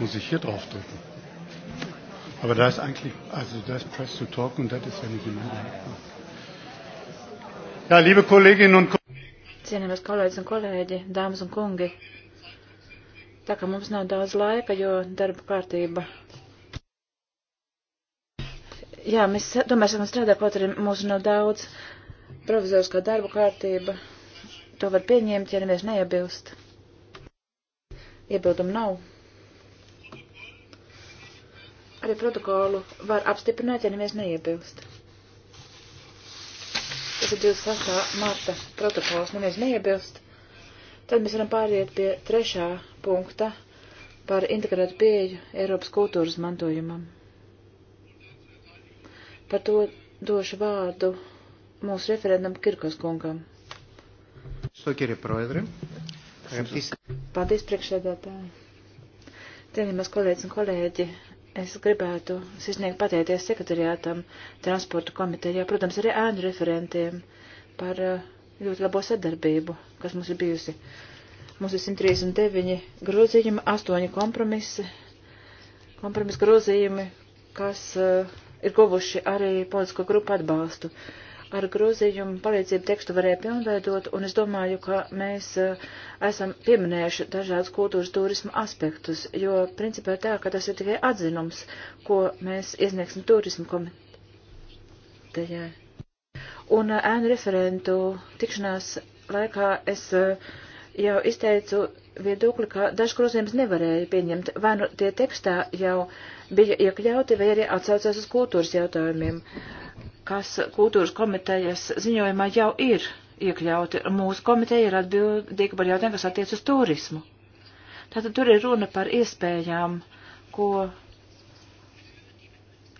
Muss ich hier drauf drücken? Aber da ist eigentlich, also da ist Press to Talk und das ist ja nicht immer. Ja, liebe Kolleginnen und Kollegen. Cienījamies kolēģis un kolēģi, dāmas un kungi. Tā kā mums nav daudz laika, jo darba kārtība. Jā, mēs tomēr esam strādājuši, kaut arī mūsu nav daudz. Provizoriskā darba kārtība. To var pieņemt, ja neviens neiebilst. Iebildumu nav arī protokolu var apstiprināt, ja neviens neiebilst. Tas ir 26. marta protokols, neviens neiebilst. Tad mēs varam pāriet pie trešā punkta par integrētu pieeju Eiropas kultūras mantojumam. Par to došu vārdu mūsu referendam Kirkos kungam. Στο κύριε Πρόεδρε, Paldies, priekšsēdētāji. Cienījamās kolēģis un kolēģi, Es gribētu sisniegt pateikties sekretariātam, transportu komitejā, protams, arī ēnu referentiem par eh, ļoti labo sadarbību, kas mums ir bijusi. Mums ir 139 grozījumi, 8 kompromisi, kompromisu grozījumi, kas uh, ir guvuši arī politisko grupu atbalstu. Uh, ar grozījumu palīdzību tekstu varēja pilnveidot, un es domāju, ka mēs eh, esam pieminējuši dažādas kultūras turisma aspektus, jo principā tā, ka tas ir tikai atzinums, ko mēs iesniegsim turismu komitejai. Un eh, ēnu referentu tikšanās laikā es eh, jau izteicu viedokli, ka dažs grozījums nevarēja pieņemt, vai nu tie tekstā jau bija iekļauti, vai arī atsaucās uz kultūras jautājumiem. Uh, kas kultūras komitejas ziņojumā jau ir iekļauti. Mūsu komiteja ir atbildīga par jautājumu, kas attiec uz turismu. Tātad tur ir runa par iespējām, ko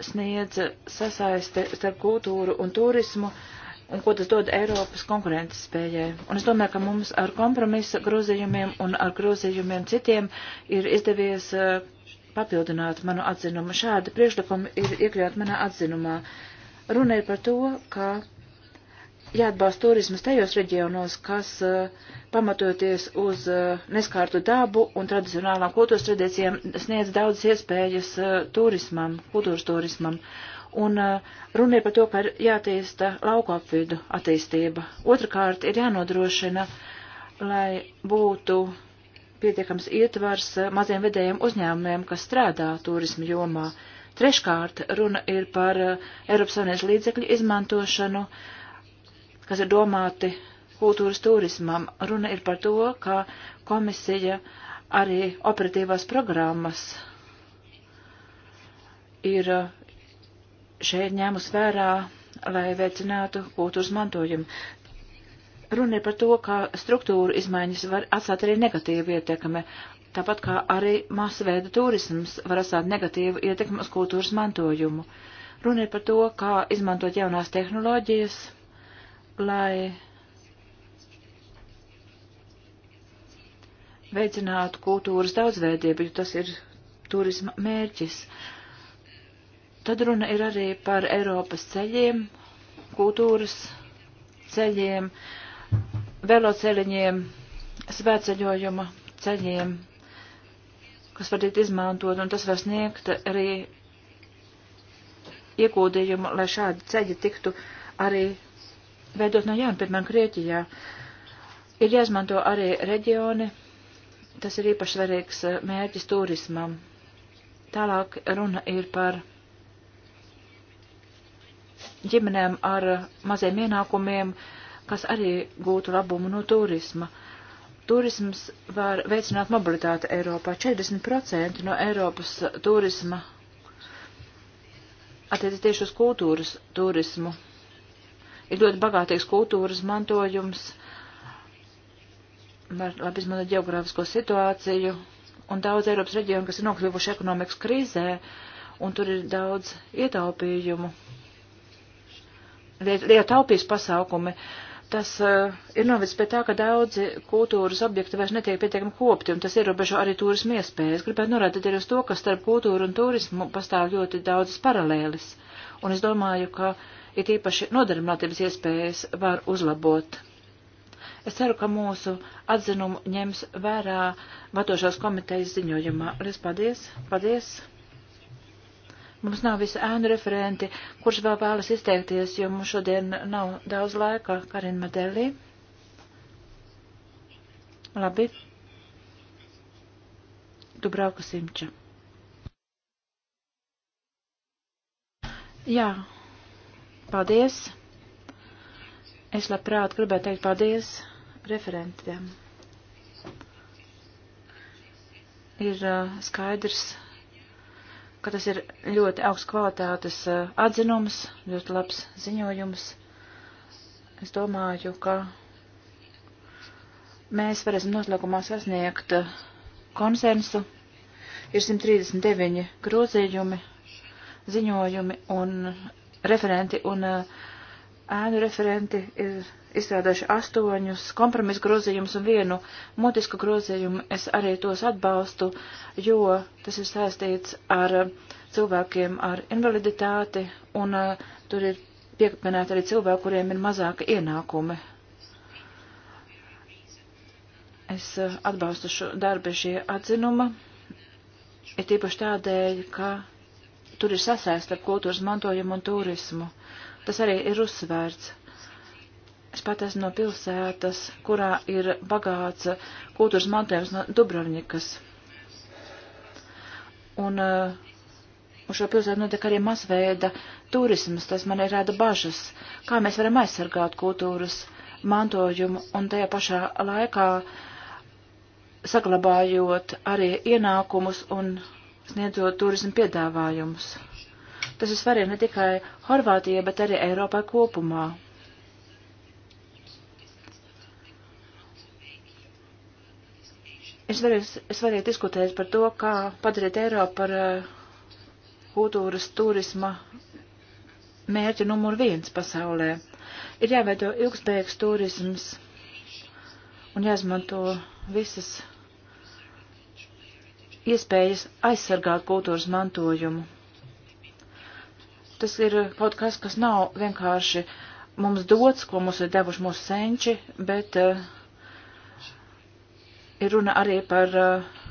sniedz sasaiste starp kultūru un turismu un ko tas dod Eiropas konkurences spējai. Un es domāju, ka mums ar kompromisa grozījumiem un ar grozījumiem citiem ir izdevies eh, papildināt manu atzinumu. Šādi priekšlikumi ir iekļaut manā atzinumā. Runa ir par to, ka jāatbalsta turismas tajos reģionos, kas uh, pamatoties uz uh, neskārtu dabu un tradicionālām kultūras tradīcijām sniedz daudz iespējas uh, turismam, kultūras turismam. Un runa ir par to, ka ir jātīsta lauku apvidu attīstība. Otrakārt ir jānodrošina, lai būtu pietiekams ietvars maziem vedējiem uzņēmumiem, kas strādā turismu jomā. Uh, Treškārt runa ir par eh, Eiropas Savienības līdzekļu izmantošanu, kas ir domāti kultūras turismam. Runa ir par to, ka komisija arī operatīvās programmas ir eh, šeit ņēmus vērā, lai veicinātu kultūras mantojumu. Runa ir par to, ka struktūra izmaiņas var atstāt arī negatīvu ietekmi tāpat kā arī masveida turisms var atstāt negatīvu ietekmi uz kultūras mantojumu. Runa ir par to, kā izmantot jaunās tehnoloģijas, lai veicinātu kultūras daudzveidību, jo tas ir turisma mērķis. Tad runa ir arī par Eiropas ceļiem, kultūras ceļiem, veloceļiem, svētceļojuma ceļiem kas var tikt izmantot, un tas var sniegt arī iegūdījumu, lai šādi ceļi tiktu arī veidot no jauna, piemēram, Grieķijā. Ir jāizmanto arī reģioni, tas ir īpaši svarīgs eh, mērķis turismam. Tālāk runa ir par ģimenēm ar maziem ienākumiem, kas arī gūtu labumu no turisma. Uh, Turisms var veicināt mobilitāti Eiropā. 40% no Eiropas turisma attiecas tieši uz kultūras turismu. Ir ļoti bagātīgs kultūras mantojums, var labi izmantot geogrāfisko situāciju, un daudz Eiropas reģionu, kas ir nokļuvuši ekonomikas krīzē, un tur ir daudz ietaupījumu. Liet, lietaupīs pasākumi. Uh, tas uh, ir novedis pie tā, ka daudzi kultūras objekti vairs netiek pietiekami kopti, un tas ierobežo arī turismu iespējas. Gribētu norādīt arī uz to, ka starp kultūru un turismu pastāv ļoti daudzas paralēlis, un es domāju, ka it īpaši nodarbinātības iespējas var uzlabot. Es ceru, ka mūsu atzinumu ņems vērā vatošās komitejas ziņojumā. Lies, paldies! Paldies! Mums nav visi ēnu referenti, kurš vēl vēlas izteikties, jo mums šodien nav daudz laika. Karina Madelī. Labi. Dubrauka Simča. Jā, paldies. Es labprāt gribētu teikt paldies referentiem. Ir uh, skaidrs, ka tas ir ļoti augsts kvalitātes eh, atzinums, ļoti labs ziņojums. Es domāju, ka mēs varēsim noslēgumā sasniegt eh, konsensu. Ir 139 grozījumi, ziņojumi un referenti un uh, ēnu referenti ir izstrādājuši astoņus kompromisu grozījumus un vienu mutisku grozījumu. Es arī tos atbalstu, jo tas ir saistīts ar eh, cilvēkiem ar invaliditāti, un uh, tur ir pieminēti arī cilvēki, kuriem ir mazāka ienākumi. Es uh, atbalstu šo darbu šie atzinuma, ir tīpaši tādēļ, ka tur ir sasaista ar kultūras mantojumu un turismu. Uh, Tas arī ir uzsvērts. Es pat esmu no pilsētas, kurā ir bagāts kultūras mantojums no Dubrovnikas. Un uh, uz šo pilsētu notiek arī masveida turisms, tas man ir rada bažas, kā mēs varam aizsargāt kultūras mantojumu un tajā pašā laikā saglabājot arī ienākumus un sniedzot turismu piedāvājumus. Tas ir svarīgi ne tikai Horvātijai, bet arī Eiropā kopumā. Es varēju, es varēju diskutēt par to, kā padarīt Eiropu par eh, kultūras turisma mērķi numur viens pasaulē. Ir jāveido ilgspējīgs turisms un jāizmanto visas iespējas aizsargāt kultūras mantojumu tas ir kaut kas, kas nav vienkārši mums dots, ko mums ir devuši mūsu senči, bet uh, ir runa arī par uh,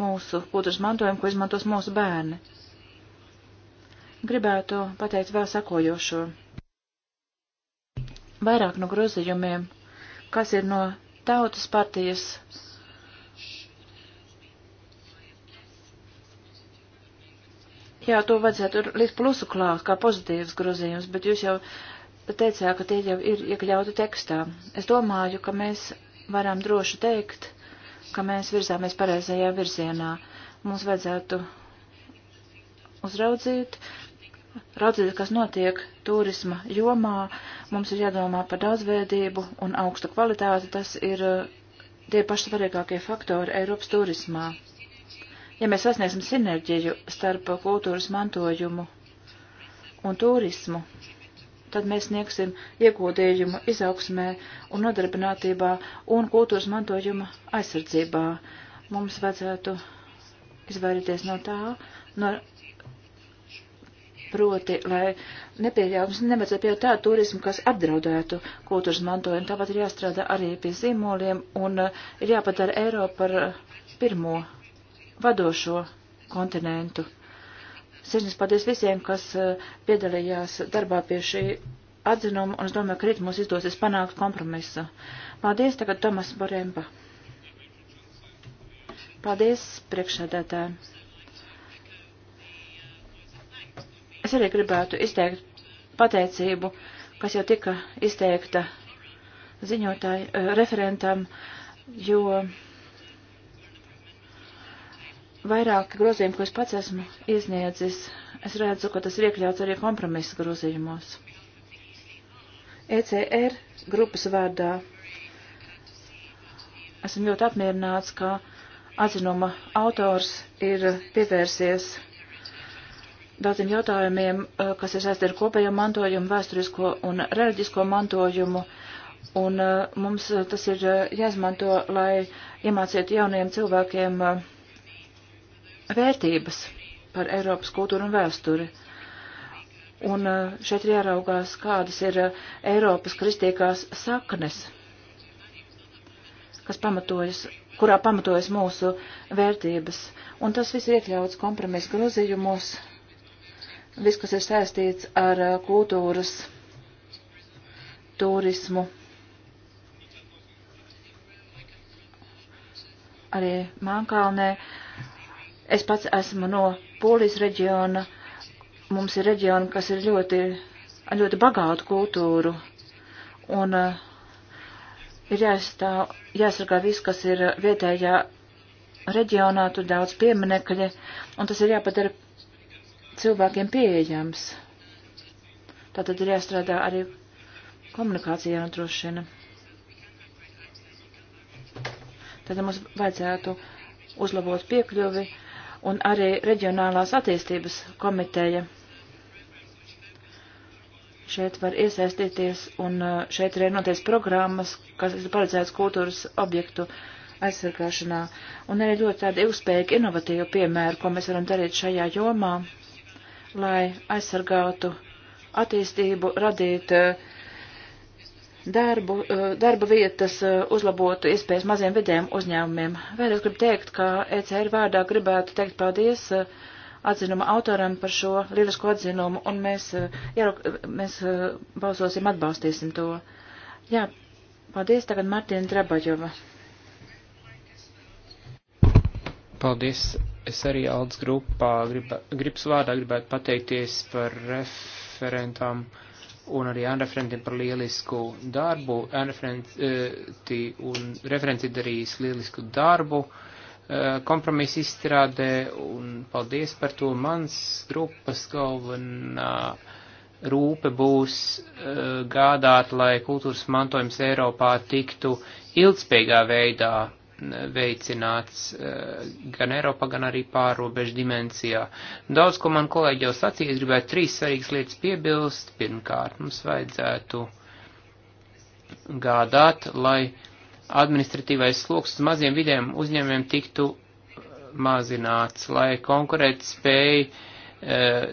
mūsu kultūras mantojumu, ko izmantos mūsu bērni. Gribētu pateikt vēl sakojošo. Vairāk no grozījumiem, kas ir no tautas partijas Jā, to vajadzētu likt plusu klāt kā pozitīvs grozījums, bet jūs jau teicāt, ka tie jau ir iekļauti tekstā. Es domāju, ka mēs varam droši teikt, ka mēs virzāmies pareizajā virzienā. Mums vajadzētu uzraudzīt, raudzīt, kas notiek turisma jomā. Mums ir jādomā par daudzveidību un augstu kvalitāti. Tas ir uh, tie pašsvarīgākie faktori Eiropas turismā. Ja mēs sasniegsim sinerģiju starp kultūras mantojumu un turismu, tad mēs sniegsim ieguldījumu izaugsmē un nodarbinātībā un kultūras mantojuma aizsardzībā. Mums vajadzētu izvairīties no tā, no proti, lai nepieļaujums nevajadzētu pie tādu turismu, kas apdraudētu kultūras mantojumu. Tāpat ir jāstrādā arī pie zīmoliem un ir jāpadara Eiropa par pirmo vadošo kontinentu. Sirsnīgs paldies visiem, kas eh, piedalījās darbā pie šī atzinuma, un es domāju, ka rīt mums izdosies panākt kompromisu. Paldies tagad Tomas Boremba. Paldies priekšsēdētājiem. Es arī gribētu izteikt pateicību, kas jau tika izteikta ziņotāju eh, referentam, jo vairāki grozījumi, ko es pats esmu iesniedzis, es redzu, ka tas ir iekļauts arī kompromisa grozījumos. ECR grupas vārdā esam ļoti apmierināts, ka atzinuma autors ir pievērsies daudziem jautājumiem, eh, kas ir saistīti ar kopējo mantojumu, vēsturisko un reliģisko mantojumu. Un eh, mums tas ir eh, jāizmanto, lai iemācītu jauniem cilvēkiem uh, vērtības par Eiropas kultūru un vēsturi. Un e, šeit ir jāraugās, kādas ir e, Eiropas kristīgās saknes, kas pamatojas, kurā pamatojas mūsu vērtības. Un tas viss ir iekļauts kompromisu grozījumos, viss, kas ir saistīts ar e, kultūras, turismu. Arī Mānkalnē uh, Es pats esmu no Polijas reģiona. Mums ir reģioni, kas ir ļoti, ļoti bagātu kultūru. Un uh, ir jāizstāv, jāsargā viss, kas ir vietējā reģionā, tur daudz pieminekļi, un tas ir jāpadara cilvēkiem pieejams. Tātad ir jāstrādā arī komunikācijā nodrošina. Tad mums vajadzētu uzlabot piekļuvi un arī reģionālās attīstības komiteja. Šeit var iesaistīties, un uh, šeit arī noties programmas, kas ir paredzētas kultūras objektu aizsargāšanā, un arī ļoti tādi ilgspējīgi inovatīvi piemēri, ko mēs varam darīt šajā jomā, lai aizsargātu attīstību, radītu uh, darbu, eh, darba vietas eh, uzlabotu iespējas maziem vidējiem uzņēmumiem. Vēlreiz gribu teikt, ka ECR vārdā gribētu teikt paldies eh, atzinuma autoram par šo lielisko atzinumu, un mēs, jā, mēs balsosim, atbalstīsim to. Jā, paldies tagad Martina Trabaģova. Paldies. Es arī Aldas grupā grib, gribas vārdā gribētu pateikties par referentām. Uh, un arī Anreferentiem par lielisku darbu. Anreferenti eh, un referenti darījis lielisku darbu eh, kompromisu izstrādē, un paldies par to. Mans grupas galvenā rūpe būs eh, gādāt, lai kultūras mantojums Eiropā tiktu ilgspējīgā veidā veicināts eh, gan Eiropā, gan arī pārobežu dimensijā. Daudz, ko man kolēģi jau sacīja, es gribētu trīs svarīgas lietas piebilst. Pirmkārt, mums vajadzētu gādāt, lai administratīvais sloks uz maziem vidiem uzņēmumiem tiktu mazināts, lai konkurēt spēju Eh,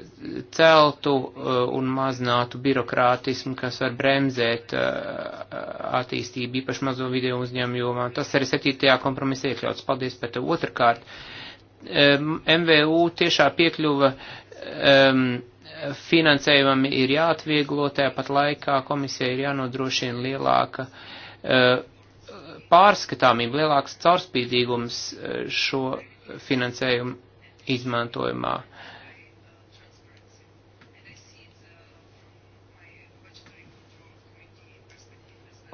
celtu eh, un mazinātu birokrātismu, kas var bremzēt eh, attīstību īpaši mazo video uzņēmumu jomā. Tas arī septītajā kompromisā iekļauts. Paldies par to. Otrakārt, MVU tiešā piekļuva um, finansējumam ir jāatvieglo, tāpat laikā komisija ir jānodrošina lielāka uh, pārskatāmība, lielāks caurspīdīgums šo finansējumu izmantojumā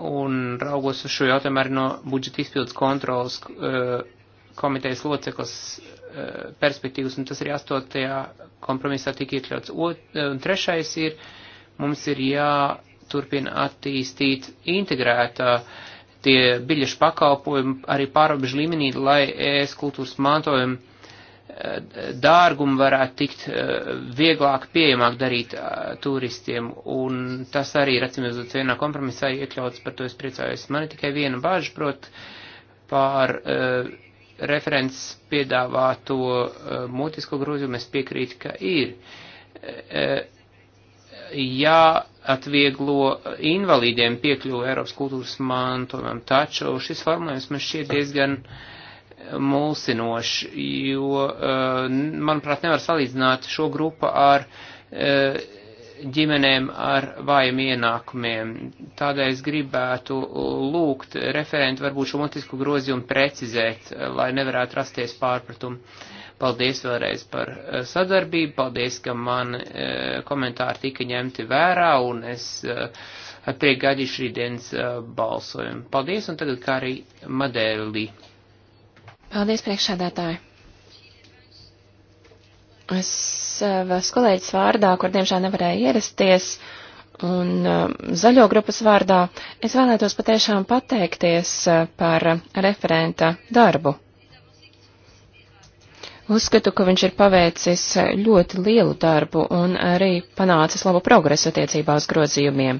un raugos uz šo jautājumu arī no budžeta izpildes kontrolas eh, komitejas loceklas eh, perspektīvas, un tas arī astotajā kompromisā tika iekļauts. Ot, eh, un trešais ir, mums ir jāturpina attīstīt integrētā tie biļešu pakalpojumi arī pārobežu līmenī, lai ēst e kultūras mantojumu dārgumu varētu tikt eh, vieglāk pieejamāk darīt eh, turistiem, un tas arī ir atsimredzot vienā kompromisā iekļauts, par to es priecājos. Man ir tikai viena bāža, prot, pār uh, eh, referents piedāvāto uh, mutisko grozījumu es piekrītu, ka ir. Uh, jāatvieglo invalīdiem piekļuvu Eiropas kultūras mantojumam, taču šis formulējums man šķiet diezgan uh, mulsinoši, jo, eh, manuprāt, nevar salīdzināt šo grupu ar eh, ģimenēm ar vājiem ienākumiem. Tādēļ es gribētu lūgt referentu varbūt šo mutisku grozījumu precizēt, eh, lai nevarētu rasties pārpratumu. Paldies vēlreiz par sadarbību, paldies, ka man komentāri tika ņemti vērā un es ar prieku gaidīšu rītdienas balsojumu. Paldies un tagad kā arī Madēlī. Paldies, priekšsēdētāji. Es savas kolēģis vārdā, kur diemžēl nevarēja ierasties, un um, zaļo grupas vārdā, es vēlētos patiešām pateikties uh, par referenta darbu. Uzskatu, ka viņš ir paveicis ļoti lielu darbu un arī panācis labu progresu attiecībā uz grozījumiem.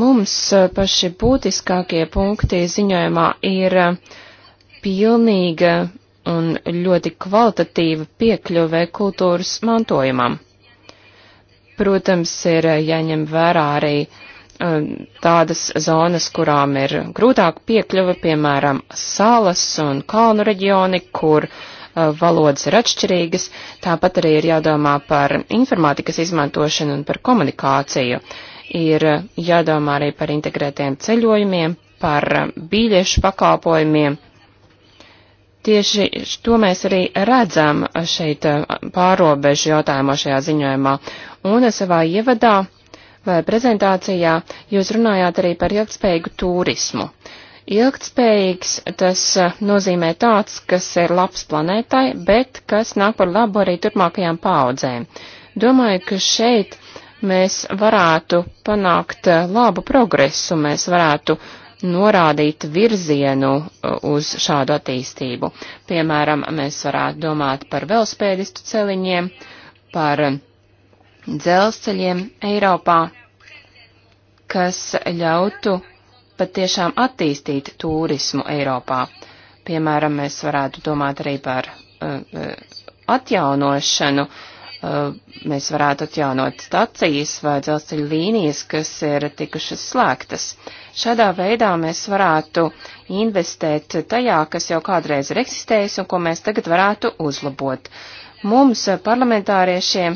Mums uh, paši būtiskākie punkti ziņojumā ir uh, pilnīga un ļoti kvalitatīva piekļuve kultūras mantojumam. Protams, ir jāņem vērā arī um, tādas zonas, kurām ir grūtāk piekļuve, piemēram, salas un kalnu reģioni, kur uh, valodas ir atšķirīgas, tāpat arī ir jādomā par informātikas izmantošanu un par komunikāciju. Ir jādomā arī par integrētiem ceļojumiem, par um, bīļiešu pakalpojumiem Tieši to mēs arī redzam šeit eh, pārobežu jautājumā šajā ziņojumā. Un savā ievadā vai prezentācijā jūs runājāt arī par ilgspējīgu turismu. Ilgtspējīgs tas eh, nozīmē tāds, kas ir labs planētai, bet kas nāk par labu arī turpmākajām paaudzēm. Domāju, ka šeit mēs varētu panākt eh, labu progresu, mēs varētu norādīt virzienu uh, uz šādu attīstību. Piemēram, mēs varētu domāt par velospēdistu celiņiem, par dzelzceļiem Eiropā, kas ļautu patiešām attīstīt turismu Eiropā. Piemēram, mēs varētu domāt arī par uh, uh atjaunošanu, uh, Uh, mēs varētu atjaunot stacijas vai dzelzceļa līnijas, kas ir tikušas slēgtas. Šādā veidā mēs varētu investēt tajā, kas jau kādreiz ir eksistējis un ko mēs tagad varētu uzlabot. Mums, uh, parlamentāriešiem,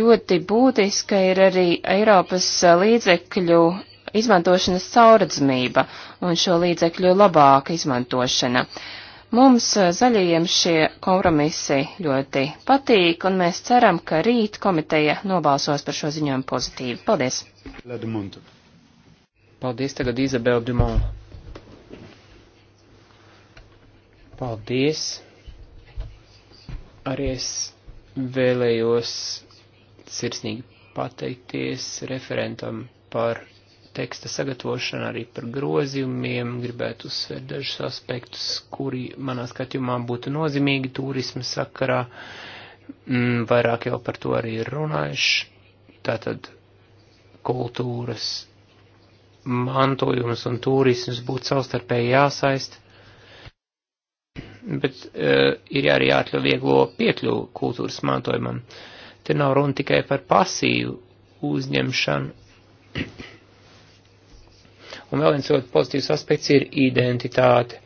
ļoti būtiska ir arī Eiropas uh, līdzekļu izmantošanas cauradzmība un šo līdzekļu labāka izmantošana. Uh, Mums eh, zaļajiem šie kompromisi ļoti patīk, un mēs ceram, ka rīt komiteja nobalsos par šo ziņojumu pozitīvi. Paldies! Paldies tagad Izabela Dumont. Paldies! Arī es vēlējos sirsnīgi pateikties referentam par teksta sagatavošanu, arī par grozījumiem, gribētu uzsvērt dažus aspektus, kuri manā skatījumā būtu nozīmīgi turisma sakarā. Mm, vairāk jau par to arī ir runājuši. Tātad kultūras mantojums un turisms būtu savstarpēji jāsaist. Bet uh, ir arī jāatļauj vieglo piekļuvu kultūras mantojumam. Te nav runa tikai par pasīvu uzņemšanu, Un vēl viens ļoti pozitīvs aspekts ir identitāte,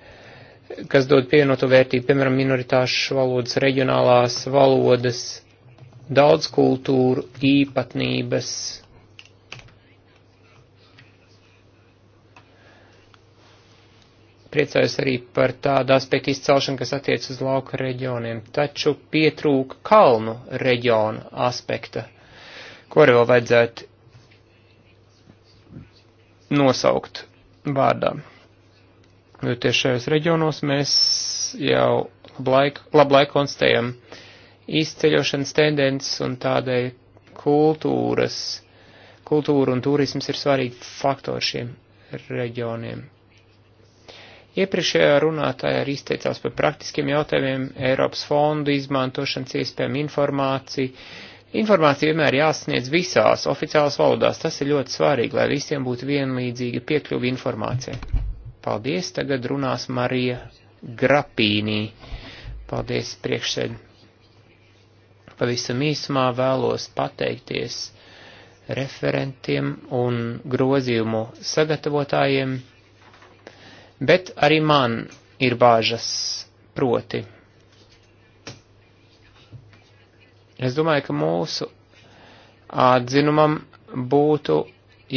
kas dod pievienoto vērtību, piemēram, minoritāšu valodas, reģionālās valodas, daudz kultūru, īpatnības. Priecājos arī par tādu aspektu izcelšanu, kas attiec uz lauka reģioniem, taču pietrūka kalnu reģiona aspekta, ko vēl vajadzētu nosaukt vārdā. Jo tieši šajos reģionos mēs jau lablaik, lablaik konstatējam izceļošanas tendences un tādēļ kultūras, kultūra un turisms ir svarīgi faktori šiem reģioniem. Iepriekšējā runātāja arī izteicās par praktiskiem jautājumiem, Eiropas fondu izmantošanas iespējām, informāciju, Informācija vienmēr jāsniedz visās oficiālās valodās. Tas ir ļoti svarīgi, lai visiem būtu vienlīdzīga piekļuva informācijai. Paldies, tagad runās Marija Grapīnī. Paldies, priekšsēd. Pavisam īsumā vēlos pateikties referentiem un grozījumu sagatavotājiem, bet arī man ir bāžas proti. Es domāju, ka mūsu atzinumam būtu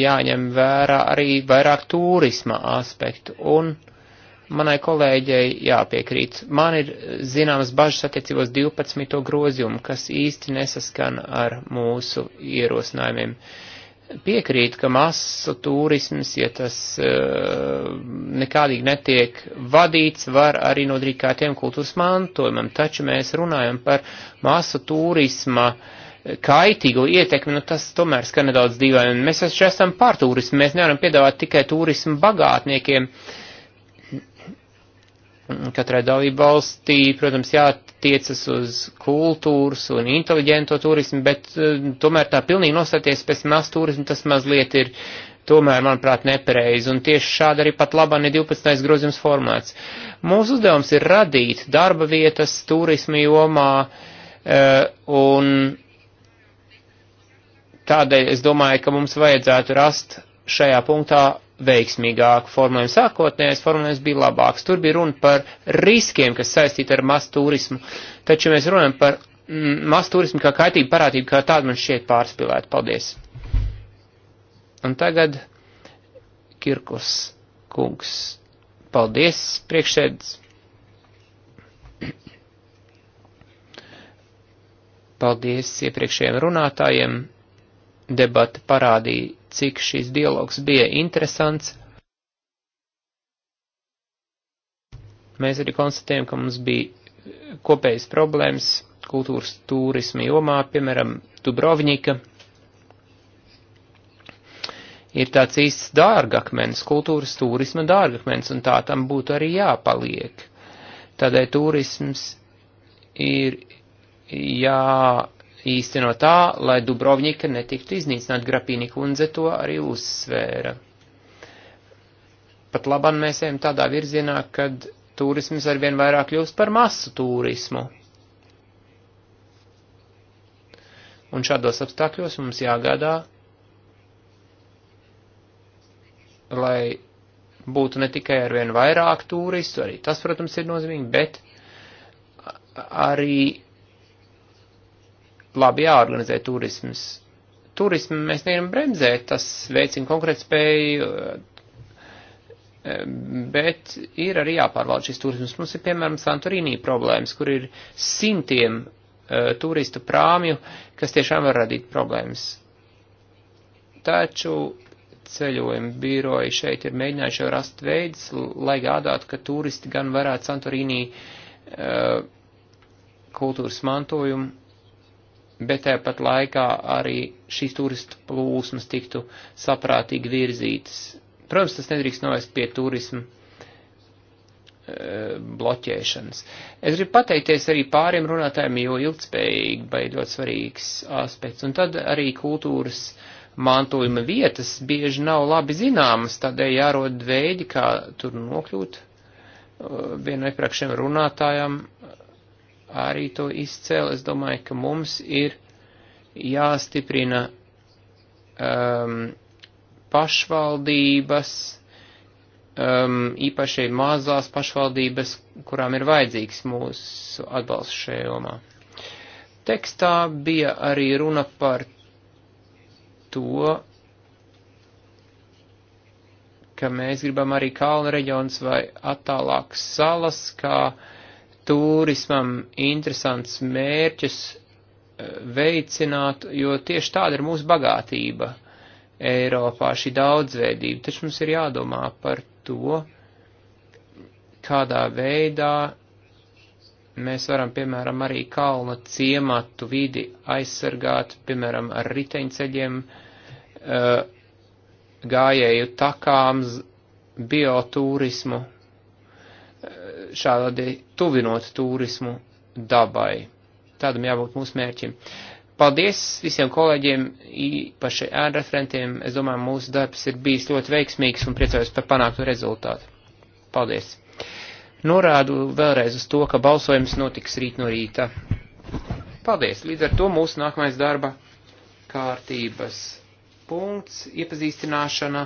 jāņem vērā arī vairāk turisma aspektu. Un manai kolēģei jāpiekrīt. Man ir zināmas bažas attiecībos 12. grozījumu, kas īsti nesaskan ar mūsu ierosinājumiem. Uh, piekrīt, ka masu turisms, ja tas e, nekādīgi netiek vadīts, var arī nodrīt kaitiem kultūras mantojumam, taču mēs runājam par masu turisma kaitīgu ietekmi, nu tas tomēr skan nedaudz dīvaini. Mēs taču esam pār turismu, mēs nevaram piedāvāt tikai turismu bagātniekiem. Uh, Mm, katrai dalību valstī, protams, jātiecas uz kultūras un inteliģento turismu, bet eh, tomēr tā pilnīgi nostāties pēc maz turismu, tas mazliet ir tomēr, manuprāt, nepareizi. Un tieši šāda arī pat labā ne 12. grozījums formāts. Mūsu uzdevums ir radīt darba vietas turismu jomā eh, un tādēļ es domāju, ka mums vajadzētu rast šajā punktā veiksmīgāku formulējumu. Sākotnējais formulējums bija labāks. Tur bija runa par riskiem, kas saistīti ar masu turismu. Taču mēs runājam par mm, masu turismu kā kaitību parādību, kā tādu man šeit pārspīlēt. Paldies. Un tagad Kirkus kungs. Paldies, priekšsēdz. Paldies iepriekšējiem runātājiem debata parādīja, cik šīs dialogs bija interesants. Mēs arī konstatējam, ka mums bija kopējas problēmas kultūras turisma jomā, piemēram, Dubrovnika. Ir tāds īsts dārgakmens, kultūras turisma dārgakmens, un tā tam būtu arī jāpaliek. Tādēļ turisms ir jā īsteno tā, lai Dubrovnika netiktu iznīcināt. Grapīni kundze to arī uzsvēra. Pat labam mēs ejam tādā virzienā, kad turisms arvien vairāk kļūst par masu turismu. Un šādos apstākļos mums jāgādā, lai būtu ne tikai arvien vairāk turistu, arī tas, protams, ir nozīmīgi, bet arī labi jāorganizē turisms. Turismu mēs nevaram bremzēt, tas veicina konkrēt spēju, eh, bet ir arī jāpārvalda šis turisms. Mums ir, piemēram, Santorīnī problēmas, kur ir simtiem uh, turistu prāmju, kas tiešām var radīt problēmas. Taču ceļojuma biroji šeit ir mēģinājuši jau rast veids, lai gādātu, ka turisti gan varētu Santorīnī uh, kultūras mantojumu bet tāpat laikā arī šīs turistu plūsmas tiktu saprātīgi virzītas. Protams, tas nedrīkst novest pie turismu e, bloķēšanas. Es gribu pateikties arī pāriem runātājiem, jo ilgtspējība ir ļoti svarīgs aspekts. Un tad arī kultūras mantojuma vietas bieži nav labi zināmas, tādēļ jārod veidi, kā tur nokļūt. E, Vienu iepriekšējiem runātājiem arī to izcēla. Es domāju, ka mums ir jāstiprina um, pašvaldības, um, īpaši mazās pašvaldības, kurām ir vajadzīgs mūsu atbalsts šajā jomā. Tekstā bija arī runa par to, ka mēs gribam arī kalnu reģions vai attālākas salas, kā uh, turismam interesants mērķis eh, veicināt, jo tieši tāda ir mūsu bagātība Eiropā, šī daudzveidība. Taču mums ir jādomā par to, kādā veidā mēs varam, piemēram, arī kalna ciematu vidi aizsargāt, piemēram, ar riteņceļiem, eh, gājēju takām, biotūrismu. Eh, šādi tuvinot turismu dabai. Tādam jābūt mūsu mērķim. Paldies visiem kolēģiem, īpaši ārreferentiem. Es domāju, mūsu darbs ir bijis ļoti veiksmīgs un priecājos par panāktu rezultātu. Paldies! Norādu vēlreiz uz to, ka balsojums notiks rīt no rīta. Paldies! Līdz ar to mūsu nākamais darba kārtības punkts - iepazīstināšana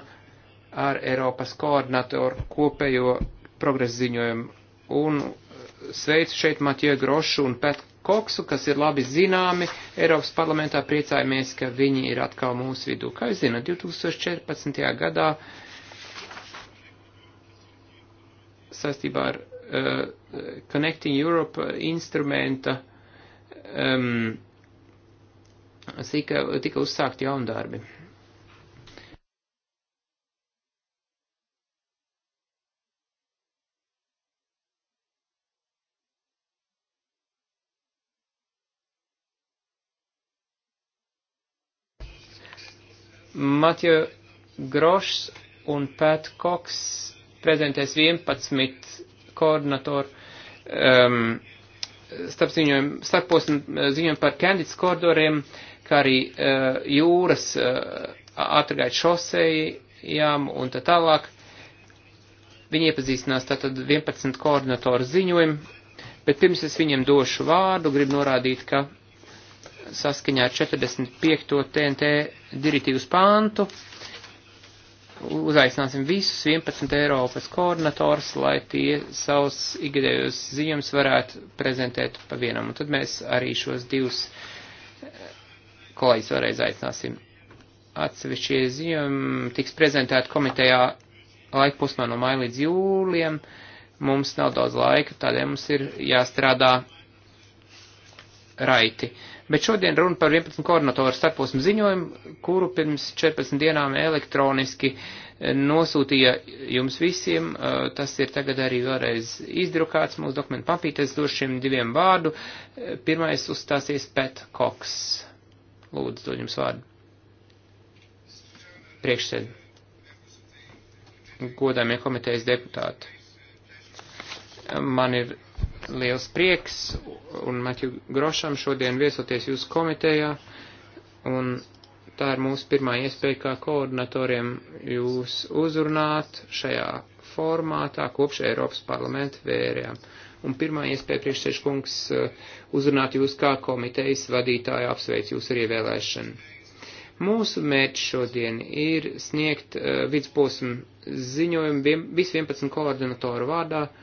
ar Eiropas koordinatoru kopējo progresa ziņojumu un sveicu šeit Matjē Grošu un Pet Koksu, kas ir labi zināmi Eiropas parlamentā. Priecājamies, ka viņi ir atkal mūsu vidū. Kā jūs zināt, 2014. gadā saistībā ar uh, Connecting Europe instrumenta um, tika, tika uzsākti jaundarbi. darbi. Matjo Grošs un Pat Koks prezentēs 11 koordinatoru um, starp ziņojumu, starp posmu uh, ziņojumu par Candids koridoriem, kā arī uh, jūras uh, atrgāt šosejām un tā tālāk. Viņi iepazīstinās tātad 11 koordinatoru ziņojumu, bet pirms es viņiem došu vārdu, gribu norādīt, ka saskaņā ar 45. TNT direktīvas pāntu. Uzaicināsim visus 11 Eiropas koordinators, lai tie savus ikgadējos ziņojums varētu prezentēt pa vienam. Un tad mēs arī šos divus eh, kolēģis vēlreiz aicināsim. Atsevišķie ziņojumi tiks prezentēti komitejā laika pusmā no maija līdz jūlijam. Mums nav daudz laika, tādēļ mums ir jāstrādā raiti. Bet šodien runa par 11 koordinatoru starposmu ziņojumu, kuru pirms 14 dienām elektroniski e, nosūtīja jums visiem. E, tas ir tagad arī vēlreiz izdrukāts mūsu dokumentu papītēs, došu šiem diviem vārdu. E, pirmais uzstāsies Pet Koks. Lūdzu, dod jums vārdu. Priekšsēd. Godāmie komitejas deputāti. Man ir liels prieks un Maķu Grošam šodien viesoties jūsu komitejā. Un tā ir mūsu pirmā iespēja kā koordinatoriem jūs uzrunāt šajā formātā kopš Eiropas parlamenta vērējām. Un pirmā iespēja priekšsēžkungs uzrunāt jūs kā komitejas vadītāju apsveic jūs ar ievēlēšanu. Mūsu mērķis šodien ir sniegt uh, eh, vidusposmu ziņojumu vien, visu 11 koordinatoru vārdā uh,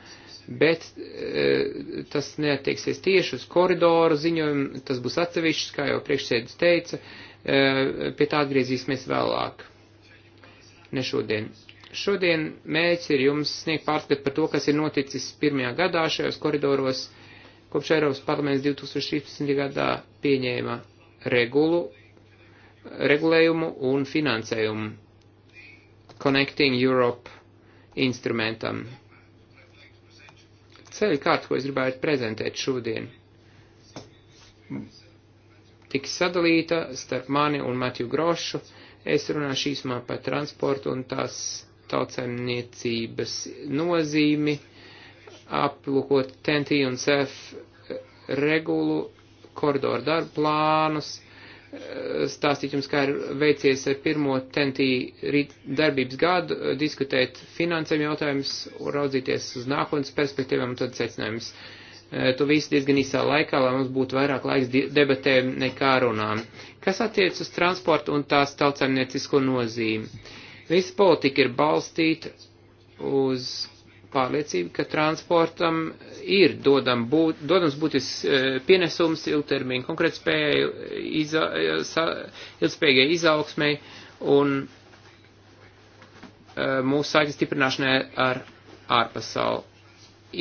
bet e, tas neatieksies tieši uz koridoru ziņojumu, tas būs atsevišķs, kā jau priekšsēdus teica, e, pie tā atgriezīsimies vēlāk, ne šodien. Šodien mērķis ir jums sniegt pārskatu par to, kas ir noticis pirmajā gadā šajos koridoros, kopš Eiropas parlaments 2016. gadā pieņēma regulu, regulējumu un finansējumu Connecting Europe instrumentam ceļu kārtu, ko es gribētu prezentēt šodien, tiks sadalīta starp mani un Matiju Grošu. Es runāšu īsumā par transportu un tās tautsēmniecības nozīmi, aplūkot TNT un CEF regulu, koridoru darbu plānus, stāstīt jums, kā ir veicies ar pirmo tentī darbības gadu, diskutēt finansēm jautājumus, raudzīties uz nākotnes perspektīvām un tad secinājumus. E, to visu diezgan īsā laikā, lai mums būtu vairāk laiks debatēm nekā runām. Kas attiec uz transportu un tās tautsēmniecisko nozīmi? Visa politika ir balstīta uz pārliecība, ka transportam ir dodam būt, dodams būtis e, pienesums ilgtermiņa konkrētspējai, iza, e, ilgspējīgai izaugsmai un e, mūsu saiknes stiprināšanai ar ārpasauli.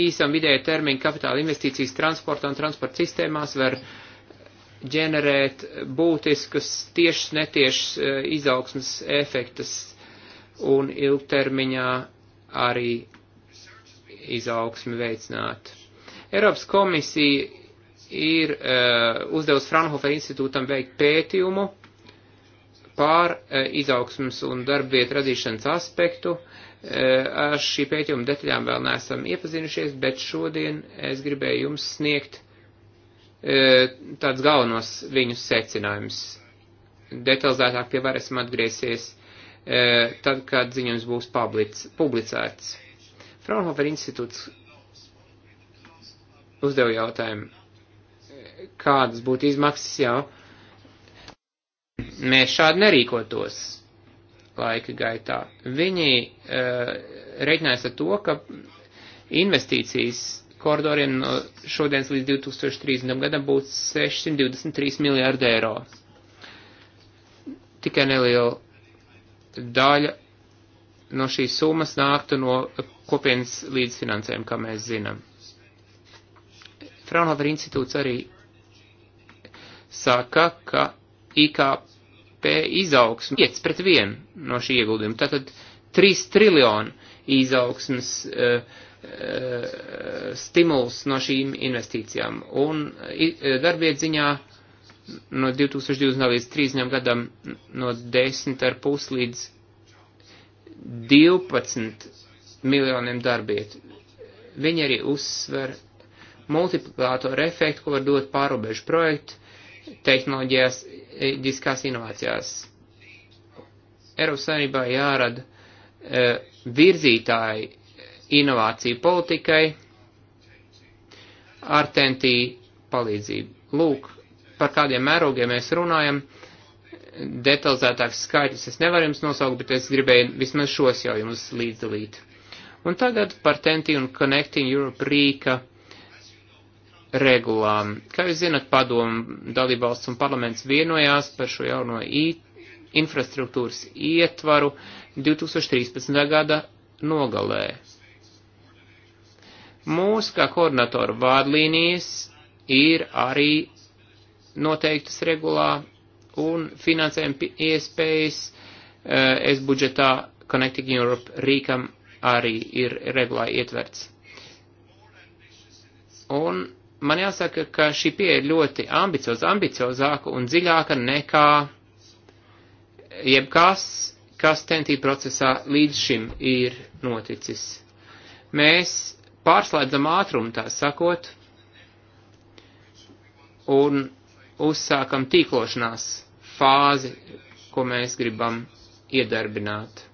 Īsam vidēja termiņa kapitāla investīcijas transportā un transporta sistēmās var ģenerēt būtiskas tiešas netiešas izaugsmas efektas un ilgtermiņā arī izaugsmi veicināt. Eiropas komisija ir uh, uzdevusi Fraunhofer institūtam veikt pētījumu pār uh, eh, izaugsmas un darbvietu radīšanas aspektu. Uh, ar šī pētījuma detaļām vēl neesam iepazinušies, bet šodien es gribēju jums sniegt uh, tāds galvenos viņu secinājums. Detalizētāk pie varas esam atgriezies uh, tad, kad ziņojums būs public, publicēts. Fraunhofer institūts uzdeva jautājumu, kādas būtu izmaksas jau. Mēs šādi nerīkotos laika gaitā. Viņi uh, eh, reiķinājās ar to, ka investīcijas koridoriem no šodienas līdz 2030. gadam būtu 623 miljārdi eiro. Tikai neliela daļa no šīs summas nāktu no kopienas līdzfinansējumu, kā mēs zinām. Fraunhofer institūts arī saka, ka IKP izaugsme 5 pret 1 no šī ieguldījuma, tātad 3 triljonu izaugsmes uh, uh, stimuls no šīm investīcijām. Un uh, eh, darbiet ziņā no 2020 līdz 30 gadam no 10,5 līdz 12 miljoniem darbietu. Viņi arī uzsver multiplikātoru efektu, ko var dot pārobežu projektu tehnoloģijās, diskās inovācijās. Eiropas Savienībā jārada e, virzītāji inovāciju politikai ar TNT palīdzību. Lūk, par kādiem mērogiem mēs runājam detalizētāks skaidrs es nevaru jums nosaukt, bet es gribēju vismaz šos jau jums līdzdalīt. Un tagad par TNT un Connecting Europe Rīka regulām. Kā jūs zinat, padomu dalībvalsts un parlaments vienojās par šo jauno infrastruktūras ietvaru 2013. gada nogalē. Mūsu kā koordinatoru vārdlīnijas ir arī noteiktas regulā un finansējuma iespējas eh, es budžetā Connecting Europe Rīkam arī ir regulā ietverts. Un man jāsaka, ka šī pieeja ir ļoti ambicioza, ambiciozāka un dziļāka nekā jebkas, kas tentī procesā līdz šim ir noticis. Mēs pārslēdzam ātrumu, tā sakot, un uzsākam tīklošanās fāzi, ko mēs gribam iedarbināt.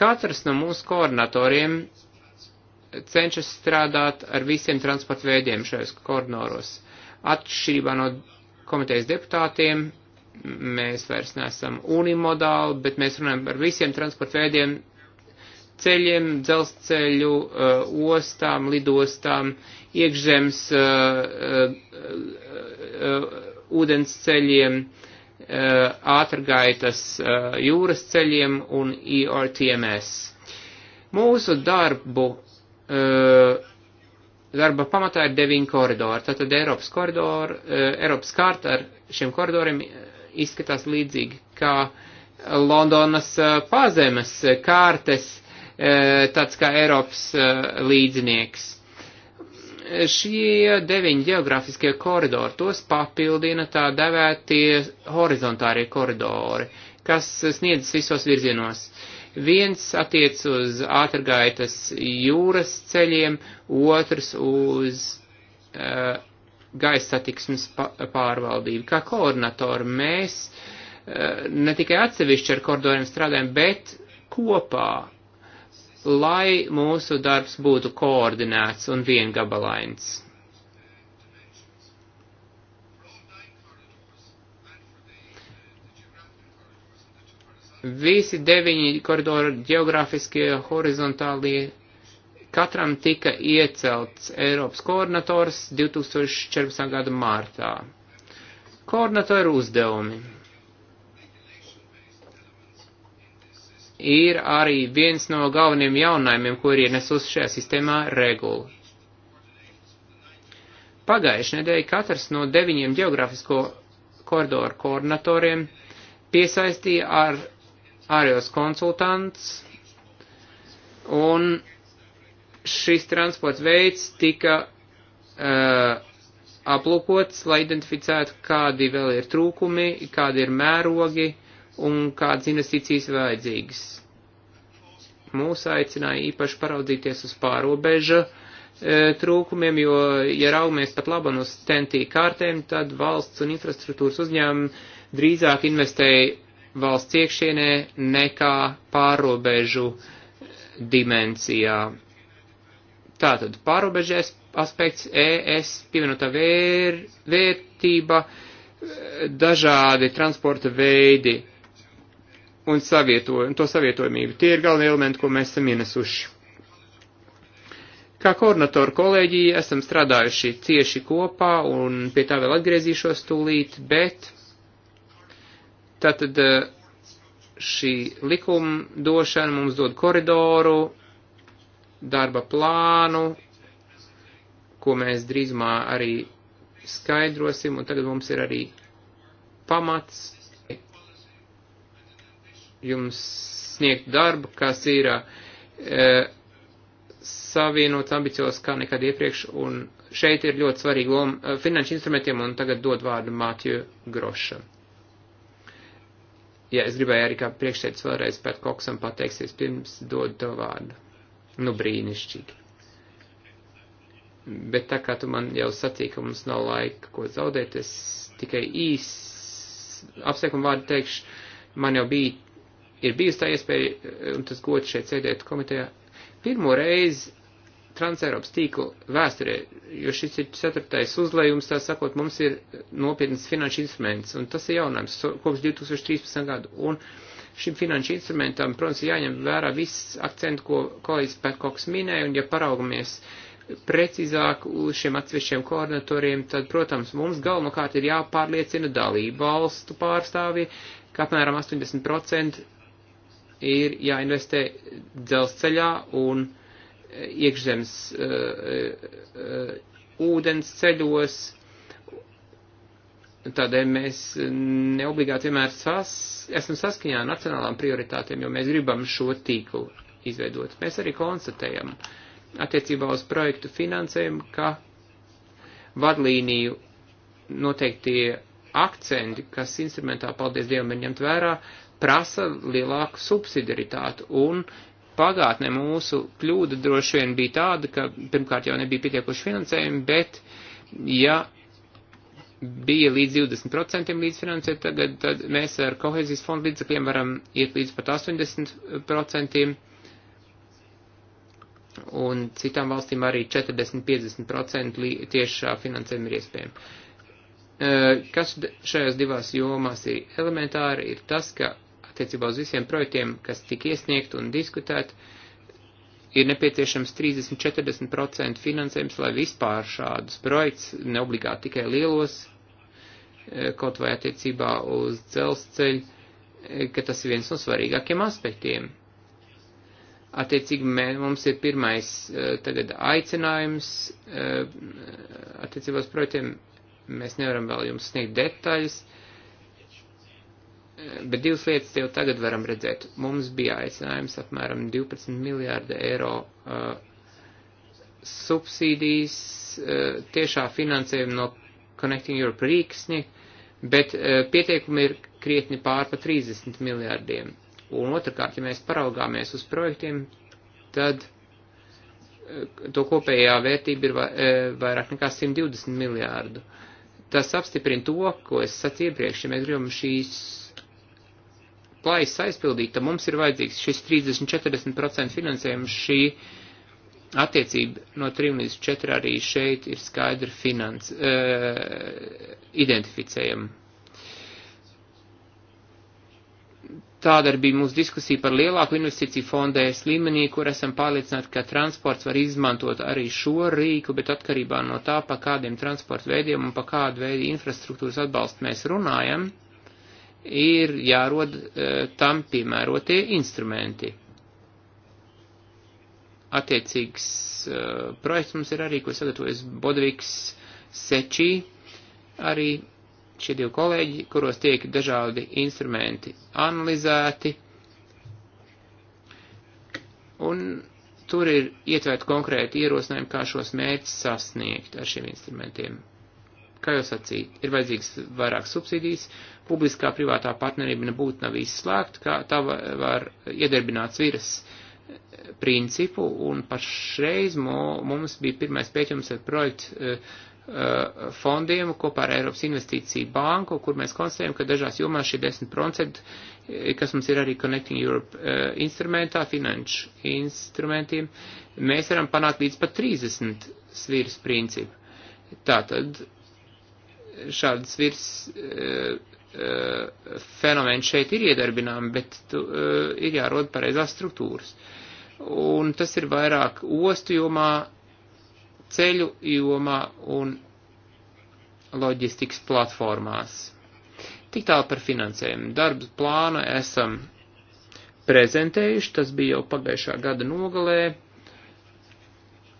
Katrs no mūsu koordinatoriem cenšas strādāt ar visiem transporta veidiem šajos koordinoros. Atšķirībā no komitejas deputātiem mēs vairs neesam unimodāli, bet mēs runājam par visiem transporta veidiem, ceļiem, dzelzceļu, uh, ostām, lidostām, iekšzemes, uh, uh, ūdens ceļiem, Uh, ātrgaitas uh, jūras ceļiem un ERTMS. Mūsu darbu, uh, darba pamatā ir deviņi koridori, tātad Eiropas koridori, Eiropas kārta ar šiem koridoriem izskatās līdzīgi kā Londonas pazemes kārtas, tāds kā Eiropas līdznieks Šie deviņi geogrāfiskie koridori, tos papildina tā devētie horizontārie koridori, kas sniedzas visos virzienos. Viens attiec uz ātrgaitas jūras ceļiem, otrs uz uh, gaisa satiksmes pārvaldību. Kā koordinatori mēs uh, ne tikai atsevišķi ar koridoriem strādājam, bet kopā lai mūsu darbs būtu koordinēts un viengabalains. Visi deviņi koridori geogrāfiskie horizontālie katram tika iecelts Eiropas koordinators 2014. gada mārtā. Koordinatoru uzdevumi ir arī viens no galveniem jaunājumiem, ko ir ienesus šajā sistēmā regula. Pagājušajā nedēļā katrs no deviņiem geografisko koridoru koordinatoriem piesaistīja ar ārējos konsultants, un šis transports veids tika uh, aplūkots, lai identificētu, kādi vēl ir trūkumi, kādi ir mērogi, uh, un kādas investīcijas vajadzīgas. Mūs aicināja īpaši paraudzīties uz pārobeža e, trūkumiem, jo, ja raugamies pat labam uz TNT kārtēm, tad valsts un infrastruktūras uzņēmumi drīzāk investēja valsts iekšienē nekā pārobežu dimensijā. Tātad pārobežais aspekts ES pievienotā vēr, vērtība, e, dažādi transporta veidi, un, savieto, un to savietojamību. Tie ir galvenie elementi, ko mēs esam ienesuši. Kā koordinatoru kolēģi esam strādājuši cieši kopā un pie tā vēl atgriezīšos tūlīt, bet tātad eh, šī likuma došana mums dod koridoru, darba plānu, ko mēs drīzumā arī skaidrosim, un tagad mums ir arī pamats jums sniegt darbu, kas ir e, savienots ambiciozs kā nekad iepriekš, un šeit ir ļoti svarīga loma eh, finanšu instrumentiem, un tagad dod vārdu Mātju Groša. Jā, es gribēju arī kā priekšsēdus vēlreiz pēc koksam pateiksies, pirms dod tev vārdu. Nu, brīnišķīgi. Bet tā kā tu man jau sacīji, ka mums nav laika, ko zaudēt, es tikai īs apsveikumu vārdu teikšu. Man jau bija ir bijusi tā iespēja, eh, un tas gods šeit sēdēt komitejā, pirmo reizi Transeiropas tīklu vēsturē, jo šis ir ceturtais uzlējums, tā sakot, mums ir nopietnas finanšu instruments, un tas ir jaunājums kopš 2013. gadu. Un šim finanšu instrumentam, protams, jāņem vērā viss akcents, ko kolēģis Pētkoks minēja, un ja paraugamies precīzāk uz šiem atsevišķiem koordinatoriem, tad, protams, mums galvenokārt ir jāpārliecina dalību valstu pārstāvi, ka apmēram 80% ir jāinvestē dzelzceļā un eh, iekšzemes eh, eh, ūdens ceļos. Tādēļ mēs neobligāti vienmēr sas, esam saskaņā ar nacionālām prioritātēm, jo mēs gribam šo tīklu izveidot. Mēs arī konstatējam attiecībā uz projektu finansējumu, ka vadlīniju noteiktie akcenti, kas instrumentā, paldies Dievam, ir ņemt vērā, prasa lielāku subsidiaritātu. Un pagātnē mūsu kļūda droši vien bija tāda, ka pirmkārt jau nebija pietiekoši finansējumi, bet ja bija līdz 20% līdzfinansēt, tagad tad mēs ar kohēzijas fondu līdzekļiem varam iet līdz pat 80%, un citām valstīm arī 40-50% tiešā finansējuma ir iespējama. Kas šajās divās jomās ir elementāri, ir tas, ka attiecībā uz visiem projektiem, kas tika iesniegt un diskutēt, ir nepieciešams 30-40% finansējums, lai vispār šādus projekts, neobligāti tikai lielos, e, kaut vai attiecībā uz dzelzceļu, e, ka tas ir viens no svarīgākiem aspektiem. Attiecīgi mē, mums ir pirmais e, tagad aicinājums attiecībā uz projektiem. Mēs nevaram vēl jums sniegt detaļas, uh, Bet divas lietas jau tagad varam redzēt. Mums bija aicinājums apmēram 12 miljārdi eiro uh, subsīdijas uh, tiešā finansējuma no Connecting Europe Rīgas sniegt, bet uh, pieteikumi ir krietni pār pa 30 miljārdiem. Un otrkārt, ja mēs paraugāmies uz projektiem, tad uh, to kopējā vērtība ir va, uh, vairāk nekā 120 miljārdu. Tas apstiprina to, ko es sacīju iepriekš, ja mēs gribam šīs plaisa aizpildīt, tad mums ir vajadzīgs šis 30-40% finansējums, šī attiecība no 3 līdz 4 arī šeit ir skaidri finans, uh, eh, identificējama. Tāda arī bija mūsu diskusija par lielāku investīciju fondu ES līmenī, kur esam pārliecināti, ka transports var izmantot arī šo rīku, bet atkarībā no tā, pa kādiem transporta veidiem un pa kādu veidu infrastruktūras atbalstu mēs runājam, uh, ir jārod e, tam piemērotie instrumenti. Attiecīgs e, projekts mums ir arī, ko sagatavojas Bodviks Sečī, arī šie divi kolēģi, kuros tiek dažādi instrumenti analizēti. Un tur ir ietvērt konkrēti ierosinājumi, kā šos mērķus sasniegt ar šiem instrumentiem. Kā jau sacīju, ir vajadzīgs vairāk subsīdijas, publiskā privātā partnerība nebūtu nav izslēgta, kā tā var iedarbināt sviras eh, principu, un pašreiz mums bija pirmais pieķums ar projektu eh, eh, fondiem kopā ar Eiropas investīciju banku, kur mēs konstatējam, ka dažās jomās šie 10%, kas mums ir arī Connecting Europe instrumentā, finanšu instrumentiem, mēs varam panākt līdz pat 30 sviras principu. Tātad šādas virs eh, eh, fenomeni šeit ir iedarbināmi, bet tu, eh, ir jārod pareizās struktūras. Un tas ir vairāk ostu jomā, ceļu jomā un loģistikas platformās. Tik tālu par finansējumu. Darba plānu esam prezentējuši, tas bija jau pagājušā gada nogalē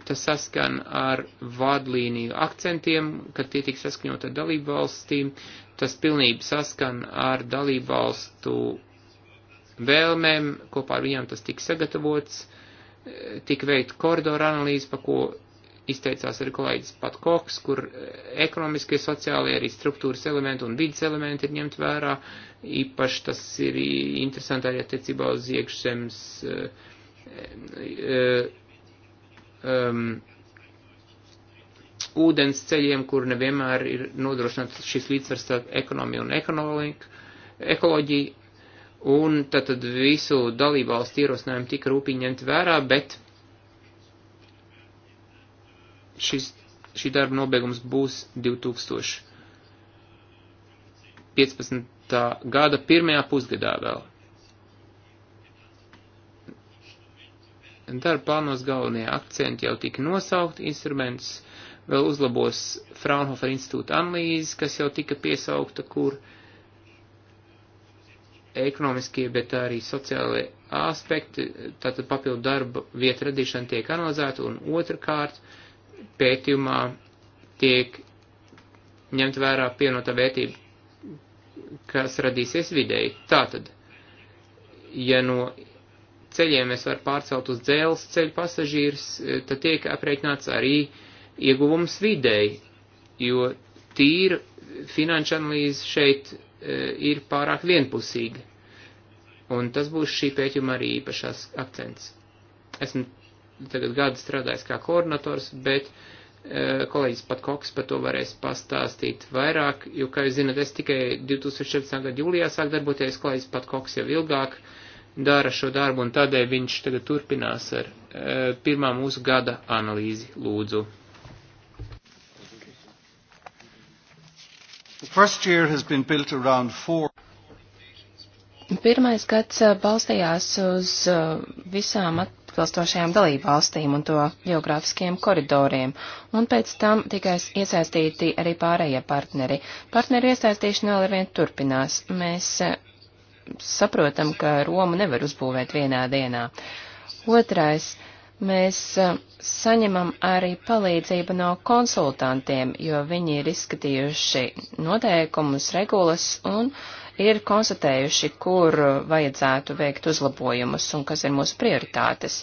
tas saskan ar vadlīniju akcentiem, ka tie tiks saskaņot ar dalību valstīm, tas pilnība saskan ar dalību valstu vēlmēm, kopā ar viņām tas tika sagatavots, tika veikt koridoru analīzi, pa ko izteicās arī kolēģis Pat Koks, kur ekonomiskie, sociālie, arī struktūras elementi un vidas elementi ir ņemt vērā, īpaši tas ir interesanti arī attiecībā uz iekšzemes uh, uh, um, ūdens ceļiem, kur nevienmēr ir nodrošināts šis līdzsvars starp ekonomiju un ekoloģiju. Un tad, tad visu dalībvalstu ierosinājumu tika rūpīgi ņemt vērā, bet šis, šī darba nobeigums būs 2015. gada pirmajā pusgadā vēl. Darba plānos galvenie akcenti jau tika nosaukti, instruments vēl uzlabos Fraunhofer institūta analīzes, kas jau tika piesaukta, kur ekonomiskie, bet arī sociālie aspekti, tātad papildu darba vietu radīšana tiek analizēta, un otrkārt pētījumā tiek ņemt vērā pienotā vērtība, kas radīsies vidēji. Tātad, ja no ceļiem es varu pārcelt uz dzēles ceļu pasažīrus, e, tad tiek aprēķināts arī ieguvums videi, jo tīra finanšu analīze šeit e, ir pārāk vienpusīga. Un tas būs šī pētījuma arī īpašās akcents. Esmu tagad gadu strādājis kā koordinators, bet e, kolēģis pat Koks par to varēs pastāstīt vairāk, jo, kā jūs zinat, es tikai 2014. gada jūlijā sāku darboties, kolēģis pat Koks jau ilgāk. Uh, dara šo darbu, un tādēļ viņš tagad turpinās ar e, pirmā mūsu gada analīzi lūdzu. Pirmais gads e, balstījās uz e, visām atbilstošajām dalībvalstīm un to geogrāfiskiem koridoriem, un pēc tam tikai iesaistīti arī pārējie partneri. Partneru iesaistīšana vēl ar vien turpinās. Mēs e, saprotam, ka Romu nevar uzbūvēt vienā dienā. Otrais, mēs saņemam arī palīdzību no konsultantiem, jo viņi ir izskatījuši noteikumus, regulas un ir konstatējuši, kur vajadzētu veikt uzlabojumus un kas ir mūsu prioritātes.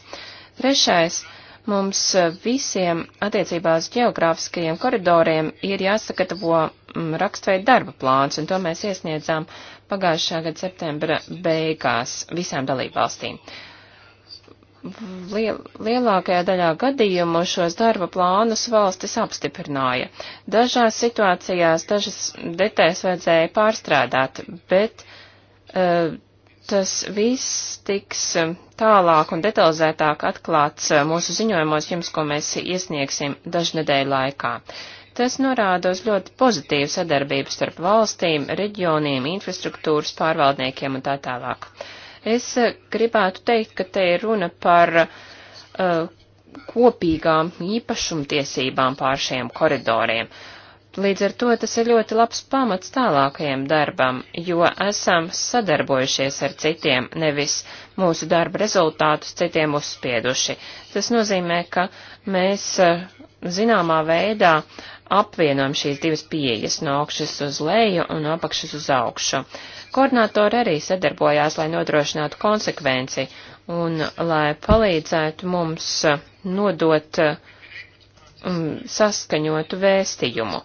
Trešais, mums visiem attiecībās geogrāfiskajiem koridoriem ir jāsagatavo rakstveida darba plāns, un to mēs iesniedzām uh, pagājušā gada septembra beigās visām dalībvalstīm. Liel, lielākajā daļā gadījumu šos darba plānus valstis apstiprināja. Dažās situācijās dažas detaļas vajadzēja pārstrādāt, bet uh, tas viss tiks tālāk un detalizētāk atklāts e, mūsu ziņojumos jums, ko mēs iesniegsim dažnedēļu laikā. Uh, Tas norāda uz ļoti pozitīvu sadarbību starp valstīm, reģioniem, infrastruktūras pārvaldniekiem un tā tālāk. Es eh, gribētu teikt, ka te ir runa par uh, kopīgām īpašumtiesībām pār šiem koridoriem. Līdz ar to tas ir ļoti labs pamats tālākajam darbam, jo esam sadarbojušies ar citiem, nevis mūsu darba rezultātus citiem uzspieduši. Tas nozīmē, ka mēs uh, zināmā veidā uh, apvienojam šīs divas pieejas no augšas uz leju un no apakšas uz augšu. Koordinātori arī sadarbojās, lai nodrošinātu konsekvenci un lai palīdzētu mums nodot um, saskaņotu vēstījumu.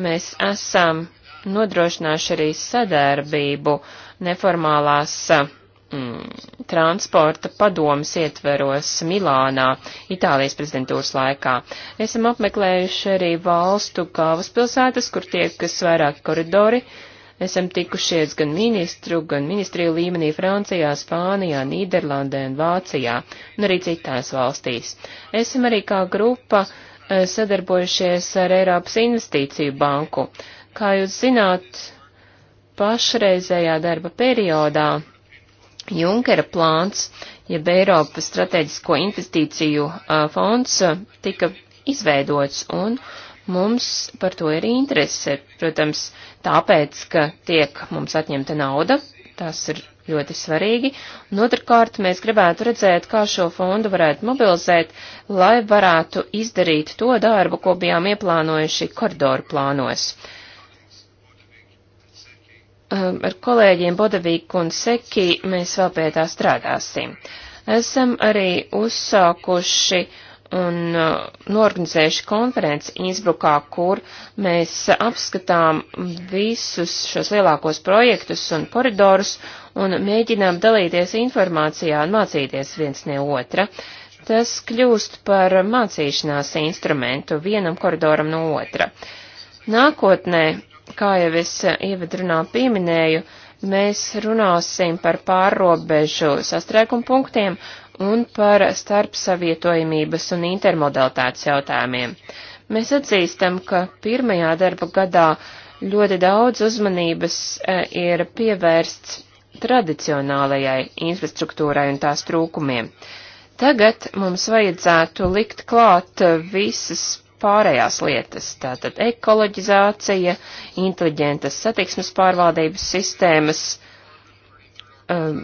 Mēs esam nodrošinājuši arī sadarbību neformālās uh, mm, transporta padomas ietveros Milānā, Itālijas prezidentūras laikā. Esam apmeklējuši arī valstu galvaspilsētas, kur tiekas vairāki koridori. Esam tikušies gan ministru, gan ministriju līmenī Francijā, Spānijā, Nīderlandē un Vācijā, un arī citās valstīs. Esam arī kā grupa e, sadarbojušies ar Eiropas investīciju banku. Kā jūs zināt, pašreizējā darba periodā Junkera plāns, jeb Eiropas strateģisko investīciju fonds tika izveidots un mums par to ir interese. Protams, tāpēc, ka tiek mums atņemta nauda, tas ir ļoti svarīgi. Un otrkārt, mēs gribētu redzēt, kā šo fondu varētu mobilizēt, lai varētu izdarīt to darbu, ko bijām ieplānojuši koridoru plānos. Uh, Um, ar kolēģiem Bodavīku un Seki mēs vēl pie tā strādāsim. Esam arī uzsākuši un uh, norganizējuši konferenci Innsbrukā, kur mēs apskatām visus šos lielākos projektus un koridorus un mēģinām dalīties informācijā un mācīties viens ne otra. Tas kļūst par mācīšanās instrumentu vienam koridoram no otra. Nākotnē kā jau es eh, ievadrunā pieminēju, mēs runāsim par pārrobežu sastrēgumu punktiem un par starpsavietojamības un intermodalitātes jautājumiem. Mēs atzīstam, ka pirmajā darba gadā ļoti daudz uzmanības eh, ir pievērsts tradicionālajai infrastruktūrai un tās trūkumiem. Tagad mums vajadzētu likt klāt eh, visas pārējās lietas, tātad ekoloģizācija, inteliģentas satiksmes pārvaldības sistēmas, um,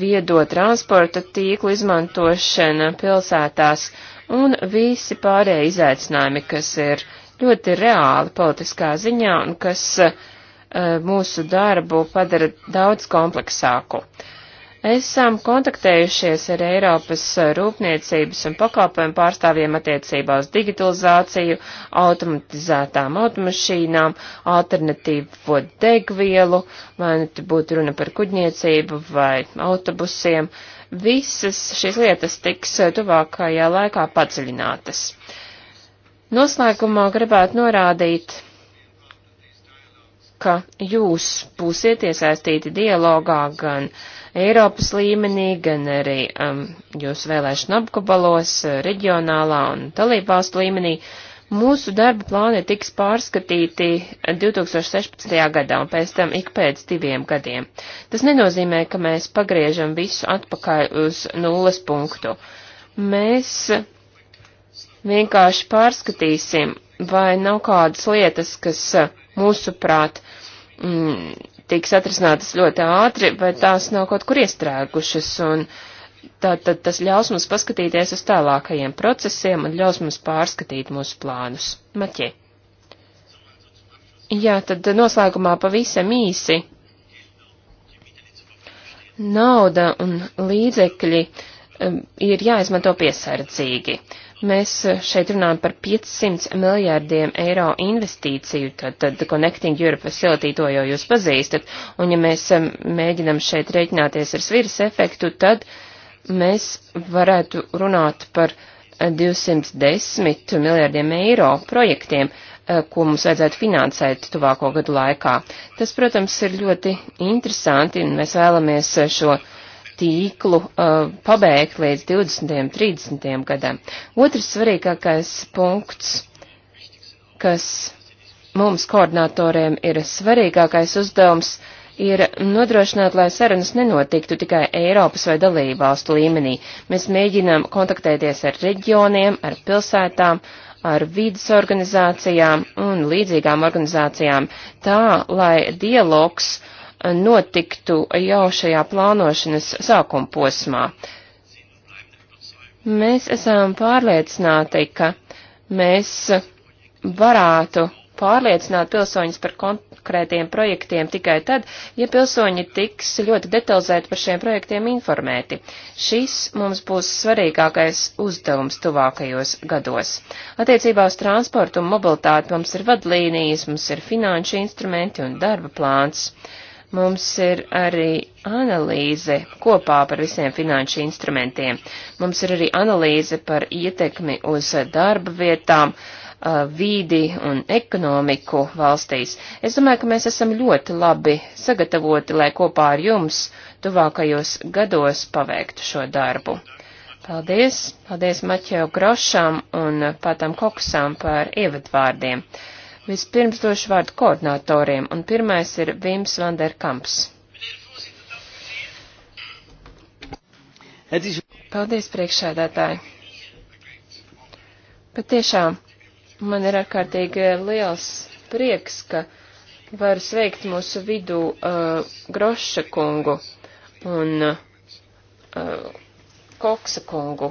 viedo transporta tīklu izmantošana pilsētās un visi pārējie izaicinājumi, kas ir ļoti reāli politiskā ziņā un kas uh, mūsu darbu padara daudz kompleksāku. Uh, Esam kontaktējušies ar Eiropas rūpniecības un pakalpojumu pārstāvjiem attiecībā uz digitalizāciju, automatizētām automašīnām, alternatīvo degvielu, vai nu būtu runa par kuģniecību vai autobusiem. Visas šīs lietas tiks tuvākajā laikā padziļinātas. Noslēgumā gribētu norādīt, ka jūs būsiet iesaistīti dialogā gan uh, Eiropas līmenī, gan arī um, jūsu vēlēšana apgabalos, uh, reģionālā un dalībvalstu līmenī. Mūsu darba plāni tiks pārskatīti 2016. gadā un pēc tam ik pēc diviem gadiem. Tas nenozīmē, ka mēs pagriežam visu atpakaļ uz nulles punktu. Mēs vienkārši pārskatīsim, vai nav kādas lietas, kas uh, mūsuprāt mm, tiks atrisinātas ļoti ātri, vai tās nav kaut kur iestrēgušas. Un tātad tas ļaus mums paskatīties uz tālākajiem procesiem un ļaus mums pārskatīt mūsu plānus. Maķie. Jā, tad noslēgumā pavisam īsi. Nauda un līdzekļi Um, ir jāizmanto piesardzīgi. Mēs uh, šeit runājam par 500 miljārdiem eiro investīciju, tad, tad Connecting Europe Facility to jau jūs pazīstat, un ja mēs um, mēģinam šeit rēķināties ar sviras efektu, tad mēs varētu runāt par 210 uh, miljārdiem eiro projektiem, uh, ko mums vajadzētu finansēt tuvāko gadu laikā. Tas, protams, ir ļoti interesanti, un mēs vēlamies šo tīklu uh, pabeigt līdz 20. un 30. gadam. Otrs svarīgākais punkts, kas mums koordinatoriem ir svarīgākais uzdevums, ir nodrošināt, lai sarunas nenotiktu tikai Eiropas vai dalībvalstu līmenī. Mēs mēģinām kontaktēties ar reģioniem, ar pilsētām, ar vidas organizācijām un līdzīgām organizācijām tā, lai dialogs uh, notiktu jau šajā plānošanas sākuma posmā. Mēs esam pārliecināti, ka mēs varētu pārliecināt pilsoņus par konkrētiem projektiem tikai tad, ja pilsoņi tiks ļoti detalizēti par šiem projektiem informēti. Šis mums būs svarīgākais uzdevums tuvākajos gados. Attiecībā uz transportu un mobilitāti mums ir vadlīnijas, mums ir finanšu instrumenti un darba plāns. Uh, Mums ir arī analīze kopā par visiem finanšu instrumentiem. Mums ir arī analīze par ietekmi uz darba vietām, vīdi un ekonomiku valstīs. Es domāju, ka mēs esam ļoti labi sagatavoti, lai kopā ar jums tuvākajos gados paveiktu šo darbu. Paldies! Paldies Maķēvu Grošam un Patam Koksam par ievadvārdiem! Vispirms došu vārdu koordinatoriem, un pirmais ir Vims Vanderkamps. Paldies, priekšsēdētāji. Pat tiešām man ir ārkārtīgi liels prieks, ka var sveikt mūsu vidū uh, Groša kungu un uh, Koksa kungu,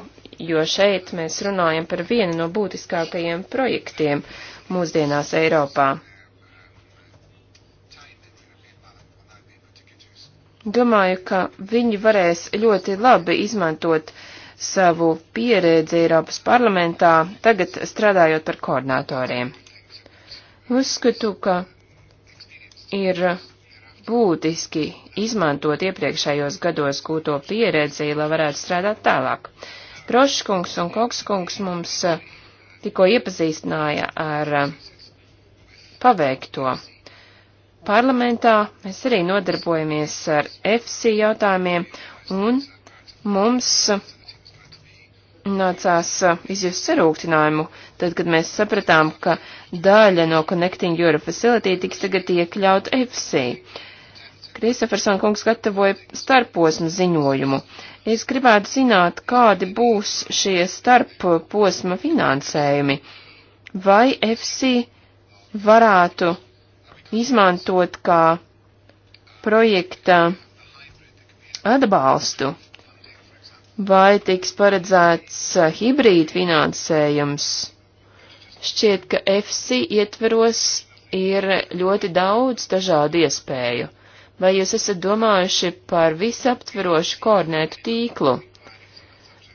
jo šeit mēs runājam par vienu no būtiskākajiem projektiem, mūsdienās Eiropā. Domāju, ka viņi varēs ļoti labi izmantot savu pieredzi Eiropas parlamentā, tagad strādājot par koordinatoriem. Uzskatu, ka ir būtiski izmantot iepriekšējos gados gūto pieredzi, lai varētu strādāt tālāk. Proškungs un Kokskungs mums uh, tikko iepazīstināja ar eh, paveikto. Parlamentā mēs arī nodarbojamies ar FC jautājumiem, un mums nācās eh, izjust sarūktinājumu, tad, kad mēs sapratām, ka daļa no Connecting Europe Facility tiks tagad iekļaut EFSI. Kristoferson kungs gatavoja starposmu ziņojumu. Es gribētu zināt, kādi būs šie starp posma finansējumi. Vai FC varētu izmantot kā projekta atbalstu? Vai tiks paredzēts hibrīd finansējums? Šķiet, ka FC ietveros ir ļoti daudz dažādu iespēju. Vai jūs esat domājuši par visaptverošu koordinētu tīklu?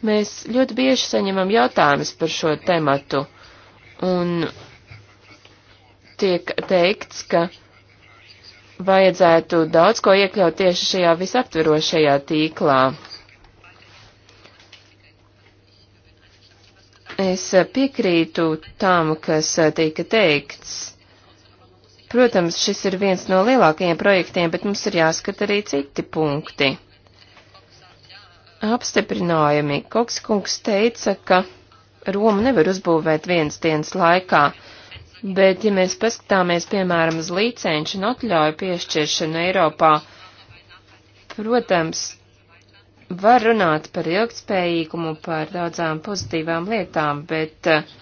Mēs ļoti bieži saņemam jautājumus par šo tematu, un tiek teikts, ka vajadzētu daudz ko iekļaut tieši šajā visaptverošajā tīklā. Es piekrītu tam, kas tika teikts Protams, šis ir viens no lielākajiem projektiem, bet mums ir jāskata arī citi punkti. Apstiprinājumi. Kokskungs teica, ka Romu nevar uzbūvēt viens dienas laikā, bet ja mēs paskatāmies, piemēram, uz licenču un atļauju piešķiršanu Eiropā, protams, var runāt par ilgtspējīgumu, par daudzām pozitīvām lietām, bet uh,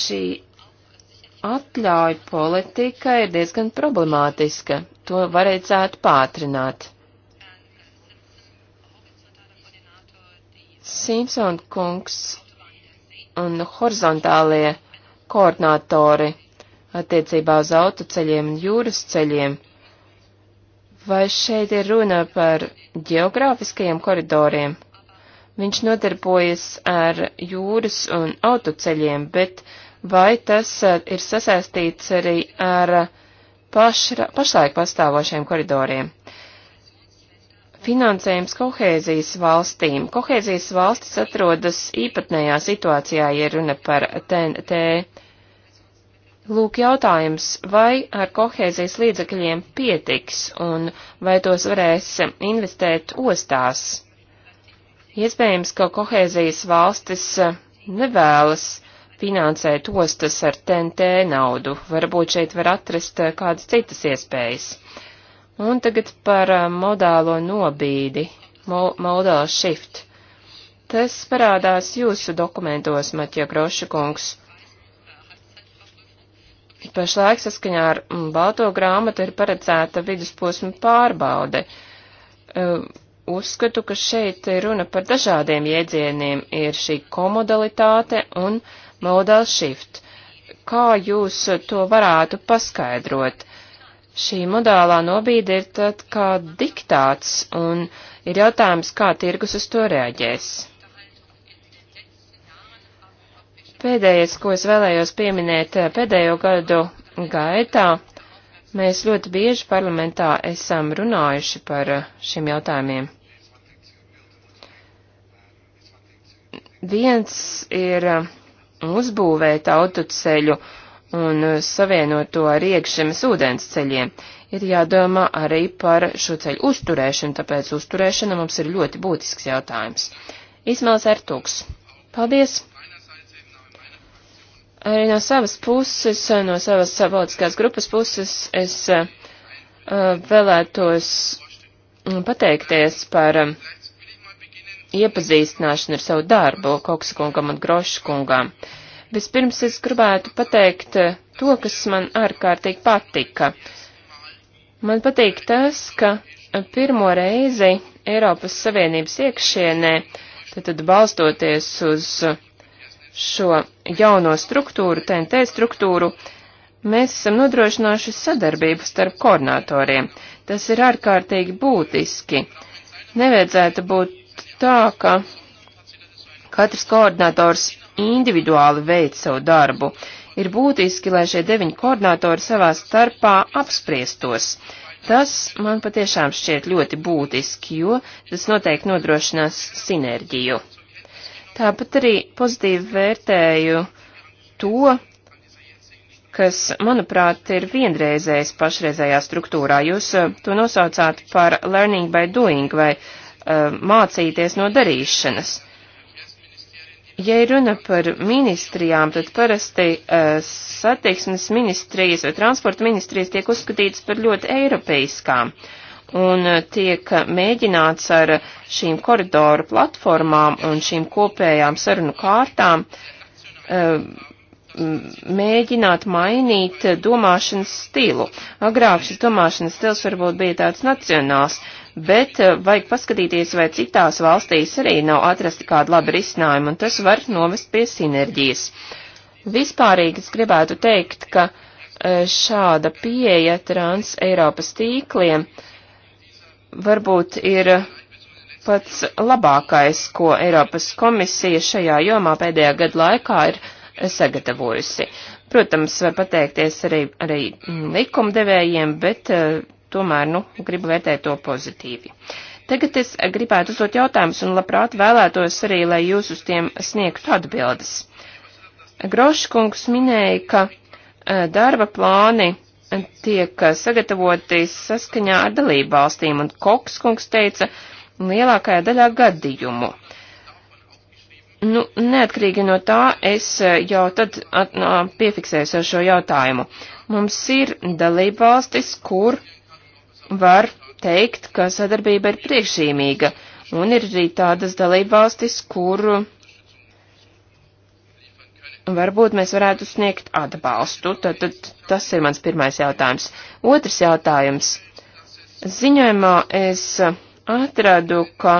šī atļauja politika ir diezgan problemātiska. To varētu pātrināt. Simpson kungs un horizontālie koordinātori attiecībā uz autoceļiem un jūras ceļiem. Vai šeit ir runa par geogrāfiskajiem koridoriem? Viņš nodarbojas ar jūras un autoceļiem, bet vai tas uh, ir sasaistīts arī ar pašra, pašlaik pastāvošiem koridoriem? Finansējums kohēzijas valstīm. Kohēzijas valstis atrodas īpatnējā situācijā, ja runa par TNT. Lūk jautājums, vai ar kohēzijas līdzekļiem pietiks un vai tos varēs investēt ostās? Iespējams, ka kohēzijas valstis eh, nevēlas finansēt ostas ar TNT naudu. Varbūt šeit var atrast eh, kādas citas iespējas. Un tagad par eh, modālo nobīdi, mo modālo shift. Tas parādās jūsu dokumentos, Matija Groša kungs. Pašlaik saskaņā ar mm, balto grāmatu ir paredzēta vidusposma pārbaude uzskatu, ka šeit runa par dažādiem jēdzieniem ir šī komodalitāte un modal shift. Kā jūs to varētu paskaidrot? Šī modālā nobīde ir tad kā diktāts un ir jautājums, kā tirgus uz to reaģēs. Pēdējais, ko es vēlējos pieminēt pēdējo gadu gaitā, Mēs ļoti bieži parlamentā esam runājuši par eh, šiem jautājumiem. Viens ir eh, uzbūvēt autoceļu un eh, savienot to ar iekšzemes ūdens ceļiem. Ir jādomā arī par šo ceļu uzturēšanu, tāpēc uzturēšana mums ir ļoti būtisks jautājums. Ismēls Ertūks. Paldies! Arī no savas puses, no savas politiskās grupas puses, es uh, vēlētos mm, pateikties par um, iepazīstināšanu ar savu darbu Kokskungam un Groškungam. Vispirms es gribētu pateikt to, kas man ārkārtīgi patika. Man patīk tas, ka pirmo reizi Eiropas Savienības iekšienē, tad, tad balstoties uz uh, šo jauno struktūru, TNT struktūru, mēs esam nodrošinājuši sadarbību starp koordinatoriem. Tas ir ārkārtīgi būtiski. Nevajadzētu būt tā, ka katrs koordinators individuāli veic savu darbu. Ir būtiski, lai šie deviņi koordinatori savā starpā apspriestos. Tas man patiešām šķiet ļoti būtiski, jo tas noteikti nodrošinās sinerģiju. Tāpat arī pozitīvi vērtēju to, kas, manuprāt, ir vienreizējs pašreizējā struktūrā. Jūs eh, to nosaucāt par learning by doing vai uh, mācīties no darīšanas. Ja runa par ministrijām, tad parasti uh, satiksmes ministrijas vai transporta ministrijas tiek uzskatītas par ļoti eiropeiskām. Uh, un eh, tiek mēģināts ar šīm koridoru platformām un šīm kopējām sarunu kārtām eh, mēģināt mainīt domāšanas stilu. Agrāk šis domāšanas stils varbūt bija tāds nacionāls, bet eh, vajag paskatīties, vai citās valstīs arī nav atrasti kādu labu risinājumu, un tas var novest pie sinerģijas. Vispārīgi es gribētu teikt, ka šāda pieeja trans Eiropas tīkliem uh, varbūt ir pats labākais, ko Eiropas komisija šajā jomā pēdējā gada laikā ir sagatavojusi. Protams, var pateikties arī, arī likumdevējiem, bet eh, tomēr, nu, gribu vērtēt to pozitīvi. Tagad es gribētu uzdot jautājumus un labprāt vēlētos arī, lai jūs uz tiem sniegtu atbildes. Groškungs minēja, ka eh, darba plāni tiek eh, sagatavoti saskaņā ar dalību valstīm, un Koks kungs teica, lielākajā daļā gadījumu. Nu, neatkarīgi no tā, es eh, jau tad at, no, piefiksēju ar šo jautājumu. Mums ir dalība valstis, kur var teikt, ka sadarbība ir priekšīmīga, un ir arī tādas dalība valstis, kur varbūt mēs varētu sniegt atbalstu. Tad, tad tas ir mans pirmais jautājums. Otrs jautājums. Ziņojumā es atradu, ka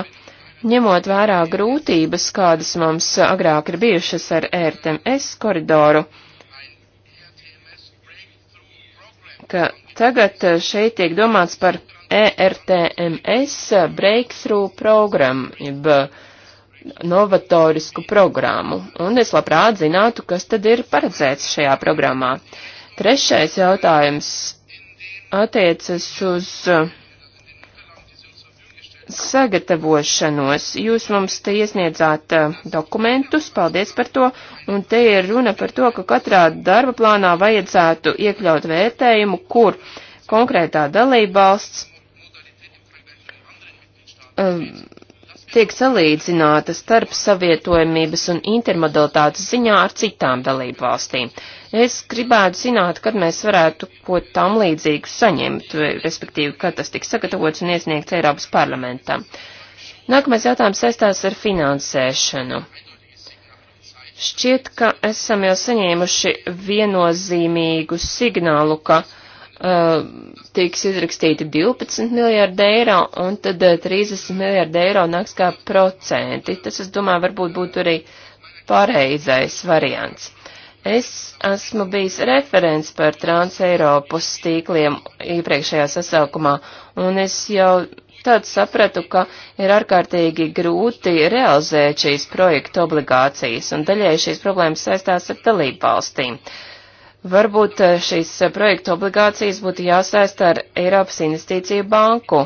ņemot vērā grūtības, kādas mums agrāk ir bijušas ar RTMS koridoru, ka tagad šeit tiek domāts par ERTMS breakthrough programmu, novatorisku programmu, un es labprāt zinātu, kas tad ir paredzēts šajā programmā. Trešais jautājums attiecas uz uh, sagatavošanos. Jūs mums te iesniedzāt uh, dokumentus, paldies par to, un te ir runa par to, ka katrā darba plānā vajadzētu iekļaut vērtējumu, kur konkrētā dalībvalsts um, tiek salīdzināta starp savietojamības un intermodalitātes ziņā ar citām dalību valstīm. Es gribētu zināt, kad mēs varētu ko tam līdzīgu saņemt, respektīvi, kad tas tiks sagatavots un iesniegts Eiropas parlamentam. Nākamais jautājums saistās ar finansēšanu. Šķiet, ka esam jau saņēmuši viennozīmīgu signālu, ka uh, uh, tiks izrakstīti 12 miljārdi eiro, un tad uh, 30 miljārdi eiro nāks kā procenti. Tas, es domāju, varbūt būtu arī pareizais variants. Es esmu bijis referents par Transeiropas tīkliem iepriekšējā sasaukumā, un es jau tad sapratu, ka ir ārkārtīgi grūti realizēt šīs projekta obligācijas, un daļēji šīs problēmas saistās ar dalību valstīm. Uh, Varbūt eh, šīs eh, projekta obligācijas būtu jāsēst ar Eiropas investīciju banku.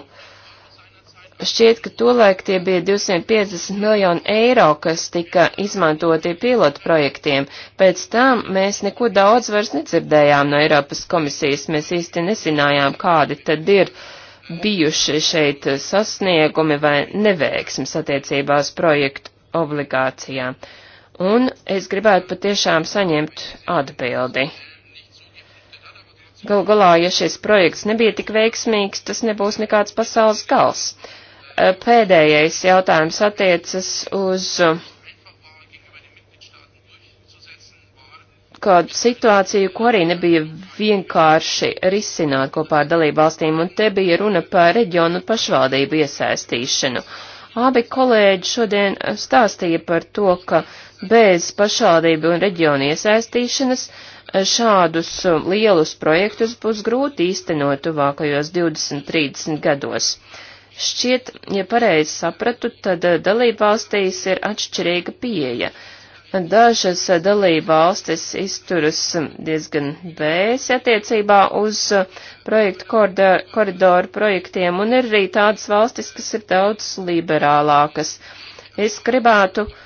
Šķiet, ka tolaik tie bija 250 miljoni eiro, kas tika izmantoti pilotu projektiem. Pēc tam mēs neko daudz vairs nedzirdējām no Eiropas komisijas. Mēs īsti nezinājām, kādi tad ir bijuši šeit eh, sasniegumi vai neveiksmes attiecībās projektu obligācijām. Un es gribētu patiešām saņemt atbildi. Gal galā, ja šis projekts nebija tik veiksmīgs, tas nebūs nekāds pasaules gals. E, pēdējais jautājums attiecas uz e, kādu situāciju, ko arī nebija vienkārši risināt kopā ar dalību valstīm, un te bija runa par reģionu pašvaldību iesaistīšanu. Abi kolēģi šodien stāstīja par to, ka bez pašvaldību un reģionu iesaistīšanas uh, šādus um, lielus projektus būs grūti īstenot tuvākajos 20-30 gados. Šķiet, ja pareizi sapratu, tad uh, dalībvalstīs ir atšķirīga pieeja. Dažas uh, dalībvalstis izturas um, diezgan bēsi attiecībā uz uh, projektu koridoru projektiem, un ir arī tādas valstis, kas ir daudz liberālākas. Es gribētu uh,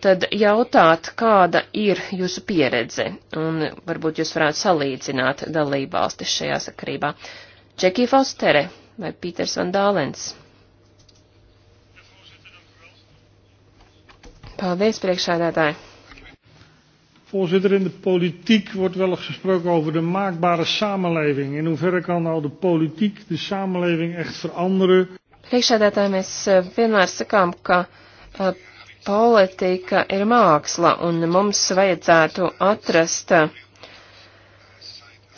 tad jautāt, kāda ir jūsu pieredze, un varbūt jūs varētu salīdzināt dalībvalstis šajā sakarībā. Džekija Fostere vai Pīters Van Dālens? Paldies, priekšādātāji! Voorzitter, in de politiek wordt wel eens gesproken over de maakbare samenleving. In hoeverre kan nou de politiek de samenleving echt veranderen? Priekšādātāji, mēs eh, vienmēr sakām, ka uh, politika ir māksla, un mums vajadzētu atrast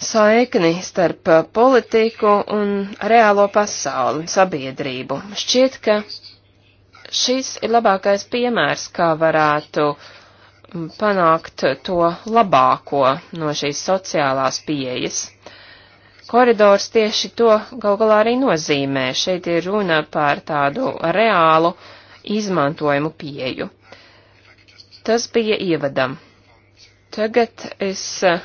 saikni starp politiku un reālo pasauli, sabiedrību. Šķiet, ka šis ir labākais piemērs, kā varētu panākt to labāko no šīs sociālās pieejas. Koridors tieši to gal galā arī nozīmē. Šeit ir runa par tādu reālu uh, izmantojumu pieju. Tas bija ievadam. Tagad es eh,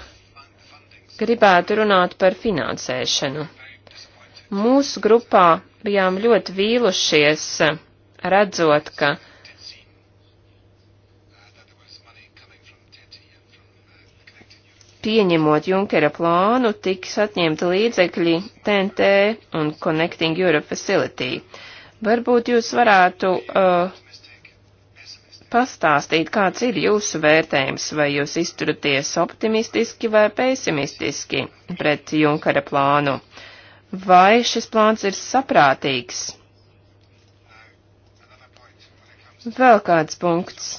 gribētu runāt par finansēšanu. Mūsu grupā bijām ļoti vīlušies, eh, redzot, ka pieņemot Junkera plānu, tiks atņemta līdzekļi TNT un Connecting Europe Facility. Varbūt jūs varētu uh, pastāstīt, kāds ir jūsu vērtējums, vai jūs izturaties optimistiski vai pesimistiski pret Junkara plānu, vai šis plāns ir saprātīgs. Vēl kāds punkts,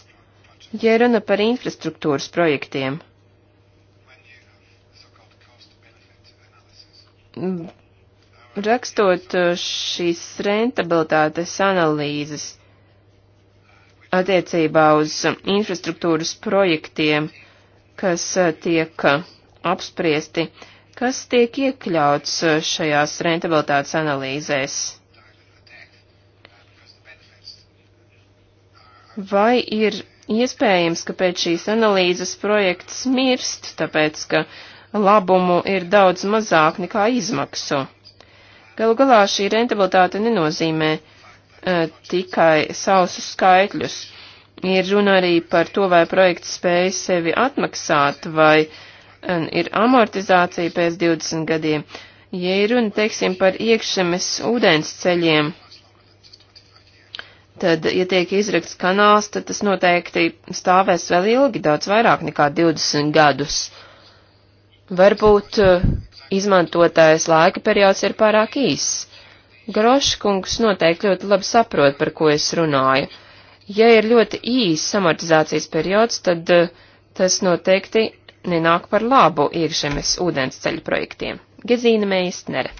ja runa par infrastruktūras projektiem rakstot uh, šīs rentabilitātes analīzes attiecībā uz uh, infrastruktūras projektiem, kas uh, tiek apspriesti, kas tiek iekļauts šajās rentabilitātes analīzēs? Vai ir iespējams, ka pēc šīs analīzes projekts mirst, tāpēc ka labumu ir daudz mazāk nekā izmaksu? Galu galā šī rentabilitāte nenozīmē uh, tikai sausus skaitļus. Ir runa arī par to, vai projekts spēj sevi atmaksāt, vai uh, ir amortizācija pēc 20 gadiem. Ja ir runa, teiksim, par iekšzemes ūdens ceļiem, tad, ja tiek izrakts kanāls, tad tas noteikti stāvēs vēl ilgi, daudz vairāk nekā 20 gadus. Varbūt e, izmantotais laika periods ir pārāk īss. Groškungs noteikti ļoti labi saprot, par ko es runāju. Ja ir ļoti īss amortizācijas periods, tad eh, tas noteikti nenāk par labu iekšzemes ūdensceļu projektiem. Gezīna Meistnere.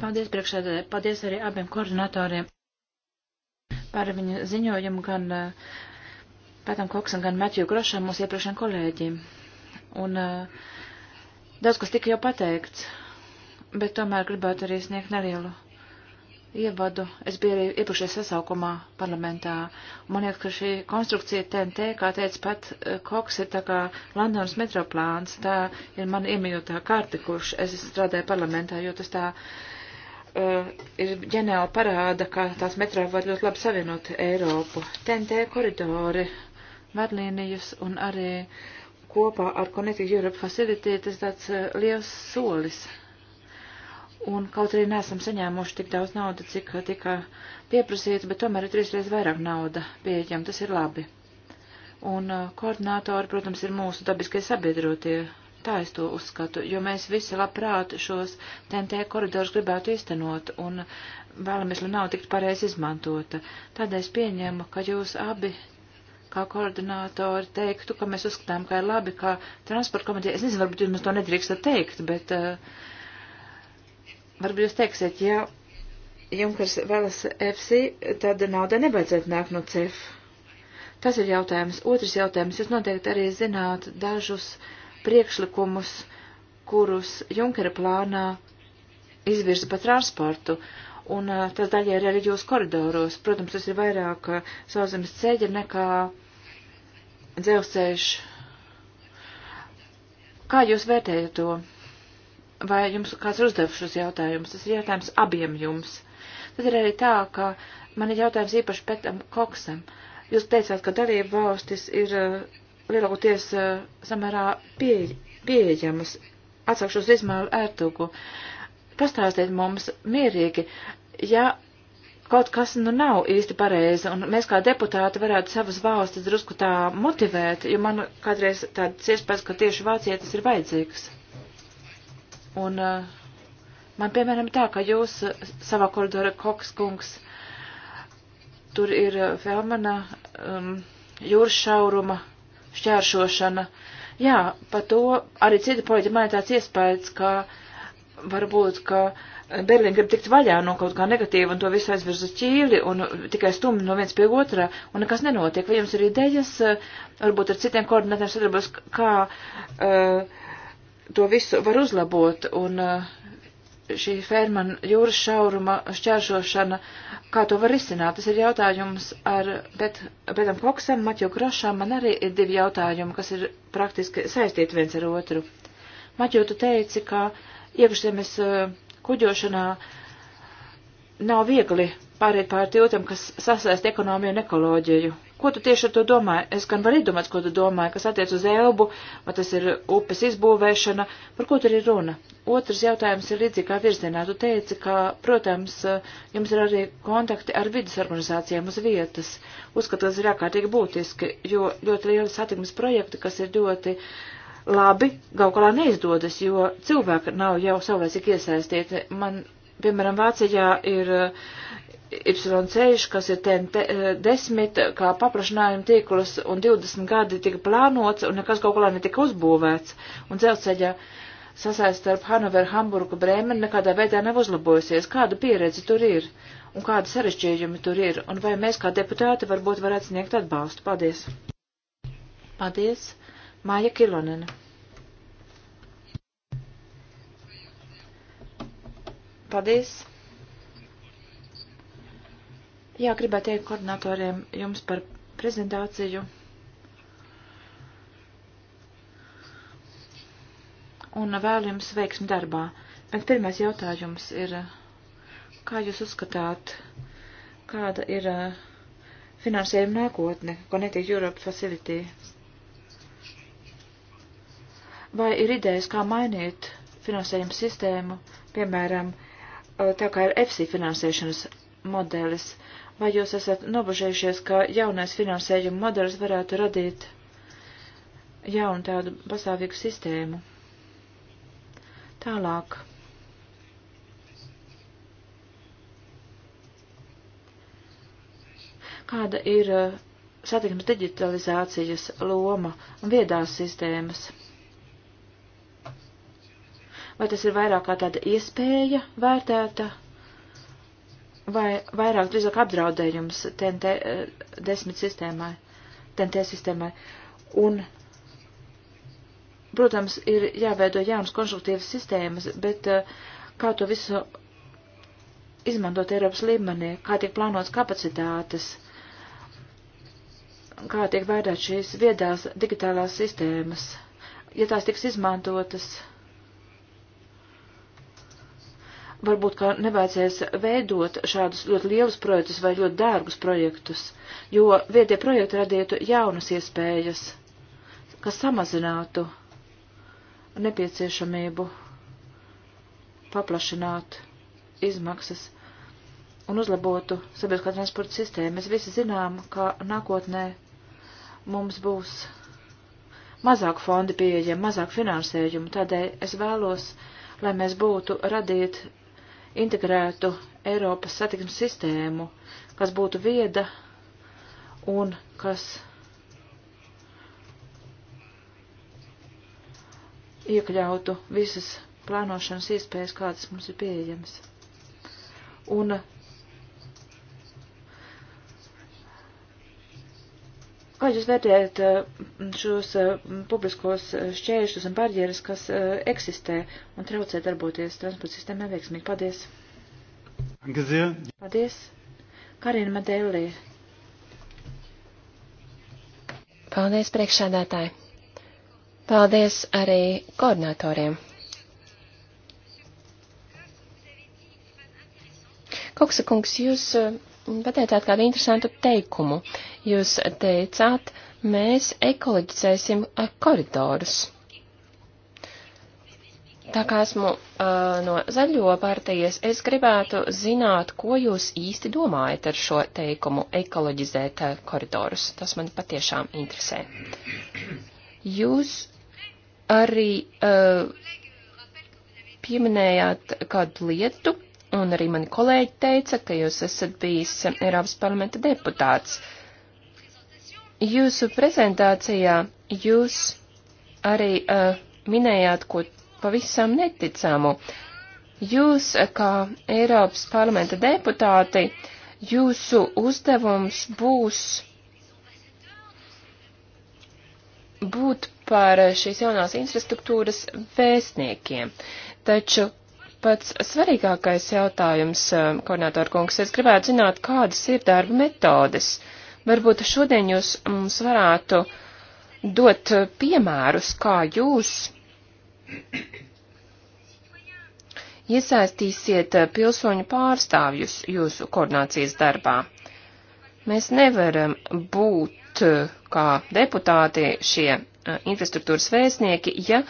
Paldies priekšsēdētāji, paldies arī abiem koordinatoriem par viņu ziņojumu gan eh, Pētam Koksam, gan Matiju Grošam, mūsu iepriekšējiem kolēģiem. Un uh, Daudz kas tika jau pateikts, bet tomēr gribētu arī sniegt nelielu ievadu. Es biju arī iepriekšējā sasaukumā parlamentā. Man liekas, ka šī konstrukcija TNT, kā teica pat eh, Koks, ir tā kā Londonas metroplāns. Tā ir man iemīļotā karte, kurš es strādāju parlamentā, jo tas tā uh, ir ģeniāli parāda, ka tās metro var ļoti labi savienot Eiropu. TNT koridori, vadlīnijas un arī. Uh, kopā ar Connecting Europe Facility, tas tāds eh, liels solis. Un kaut arī nesam saņēmuši tik daudz naudu, cik eh, tika pieprasīts, bet tomēr ir trīsreiz vairāk nauda pieejam, tas ir labi. Un eh, koordinātori, protams, ir mūsu dabiskie sabiedrotie, tā es to uzskatu, jo mēs visi labprāt šos TNT koridorus gribētu īstenot un vēlamies, lai nav tik pareizi izmantota. Tādēļ es pieņemu, ka jūs abi kā koordinātori teiktu, ka mēs uzskatām, ka ir labi, ka transporta komiteja, es nezinu, varbūt jūs mums to nedrīkstat teikt, bet uh, varbūt jūs teiksiet, ja Junkers vēlas FC, tad nauda nebaidzētu nākt no CEF. Tas ir jautājums. Otrs jautājums. Jūs noteikti arī zināt dažus priekšlikumus, kurus Junkera plānā izvirza par transportu. Un eh, tas daļai ir arī jūsu koridoros. Protams, tas ir vairāk eh, sauzemes ceļa nekā uh, dzelzceļš. Kā jūs vērtējat to? Vai jums kāds ir uzdevis šos jautājumus? Tas ir jautājums abiem jums. Tad ir arī tā, ka man ir jautājums īpaši Petam Koksam. Jūs teicāt, ka dalība valstis ir uh, lielākoties uh, samērā pie, pieejamas. Atsakšos Izmēlu ērtugu. Pastāstiet mums mierīgi, ja kaut kas nu nav īsti pareizi, un mēs kā deputāti varētu savas valstis drusku tā motivēt, jo man kādreiz tāds iespējas, ka tieši Vācijai tas ir vajadzīgs. Un uh, man piemēram tā, ka jūs eh, savā koridora Koks kungs, tur ir eh, Felmana um, jūras šauruma šķēršošana. Jā, par to arī citi poļi man ir tāds iespējas, ka varbūt, ka uh, Berlīna grib tikt vaļā no kaut kā negatīva un to visu aizvirz uz ķīli un tikai stumj no viens pie otra un nekas nenotiek. Vai jums ir idejas, varbūt ar citiem koordinatiem sadarbos, kā uh, to visu var uzlabot un uh, šī Fērmana jūras šauruma šķēršošana, kā to var izcināt? Tas ir jautājums ar Bet, Betam Koksam, Maķu Grošam. Man arī ir divi jautājumi, kas ir praktiski saistīti viens ar otru. Maķu, tu teici, ka iekšzemes uh, kuģošanā nav viegli pāriet pār tiltam, kas sasaist ekonomiju un ekoloģiju. Ko tu tieši ar to domāji? Es gan varu iedomāties, ko tu domāji, kas attiec uz elbu, vai tas ir upes izbūvēšana, par ko tur ir runa. Otrs jautājums ir līdzīgā virzienā. Tu teici, ka, protams, jums ir arī kontakti ar vidas organizācijām uz vietas. Uzskatu, tas ir ārkārtīgi būtiski, jo ļoti lieli satikmes projekti, kas ir ļoti uh, labi gal galā neizdodas, jo cilvēki nav jau savlaicīgi iesaistīti. Man, piemēram, Vācijā ir eh, Y ceļš, kas ir TN10, eh, kā paplašinājuma tīkls, un 20 gadi tika plānots, un nekas kaut kādā netika uzbūvēts. Un dzelzceļa sasaist starp Hanoveru, Hamburgu, Brēmeni nekādā veidā nav uzlabojusies. Kāda pieredze tur ir? Un kāda sarežģījumi tur ir? Un vai mēs kā deputāti varbūt varētu sniegt atbalstu? Paldies! Paldies! Māja Kilonena. Paldies! Jā, gribētu teikt koordinatoriem jums par prezentāciju. Un vēlu jums veiksmi darbā. Bet pirmais jautājums ir, kā jūs uzskatāt, kāda ir eh, finansējuma nākotne Connecticut Europe Facility? vai ir idejas, kā mainīt finansējumu sistēmu, piemēram, tā kā ir EFSI finansēšanas modelis, vai jūs esat nobažējušies, ka jaunais finansējuma modelis varētu radīt jaunu tādu pastāvīgu sistēmu? Tālāk. Kāda ir satiksmes digitalizācijas loma un viedās sistēmas? vai tas ir vairāk kā tāda iespēja vērtēta, vai vairāk drīzāk apdraudējums TNT eh, desmit sistēmai, TNT sistēmai. Un, protams, ir jāveido jaunas konstruktīvas sistēmas, bet eh, kā to visu izmantot Eiropas līmenī, kā tiek plānotas kapacitātes, kā tiek vērtēt šīs viedās digitālās sistēmas, ja tās tiks izmantotas varbūt, ka nevajadzēs veidot šādus ļoti lielus projektus vai ļoti dārgus projektus, jo viedie projekti radītu jaunas iespējas, kas samazinātu nepieciešamību paplašināt izmaksas un uzlabotu sabiedriskā transporta sistēmu. Mēs visi zinām, ka nākotnē mums būs mazāk fondi pieejami, mazāk finansējumu, tādēļ es vēlos, lai mēs būtu radīt integrētu Eiropas satiksmes sistēmu, kas būtu vieda un kas iekļautu visas plānošanas iespējas, kādas mums ir pieejamas. Un Kā jūs vērtējat eh, šos eh, publiskos eh, šķēršļus un barjeras, kas eksistē un traucē darboties transporta sistēmai veiksmīgi? Paldies! Angazie. Paldies! Karina Madēlī. Paldies, priekšsēdētāji! Paldies arī koordinatoriem! Koksa kungs, jūs pateicāt kādu interesantu teikumu. Uh, Jūs teicāt, mēs ekoloģizēsim eh, koridorus. Tā kā esmu uh, no zaļo partijas, es gribētu zināt, ko jūs īsti domājat ar šo teikumu ekoloģizēt uh, koridorus. Tas man patiešām interesē. Jūs arī uh, pieminējāt kādu lietu, un arī mani kolēģi teica, ka jūs esat bijis Eiropas parlamenta deputāts. Uh, Jūsu prezentācijā jūs arī uh, minējāt ko pavisam neticamu. Jūs, eh, kā Eiropas parlamenta deputāti, jūsu uzdevums būs būt par šīs jaunās infrastruktūras vēstniekiem. Taču pats svarīgākais jautājums, eh, koordinātor kungs, es gribētu zināt, kādas ir darba metodes. Uh, Varbūt šodien jūs mums varētu dot piemērus, kā jūs iesaistīsiet pilsoņu pārstāvjus jūsu koordinācijas darbā. Mēs nevaram būt eh, kā deputāti šie eh, infrastruktūras vēstnieki, ja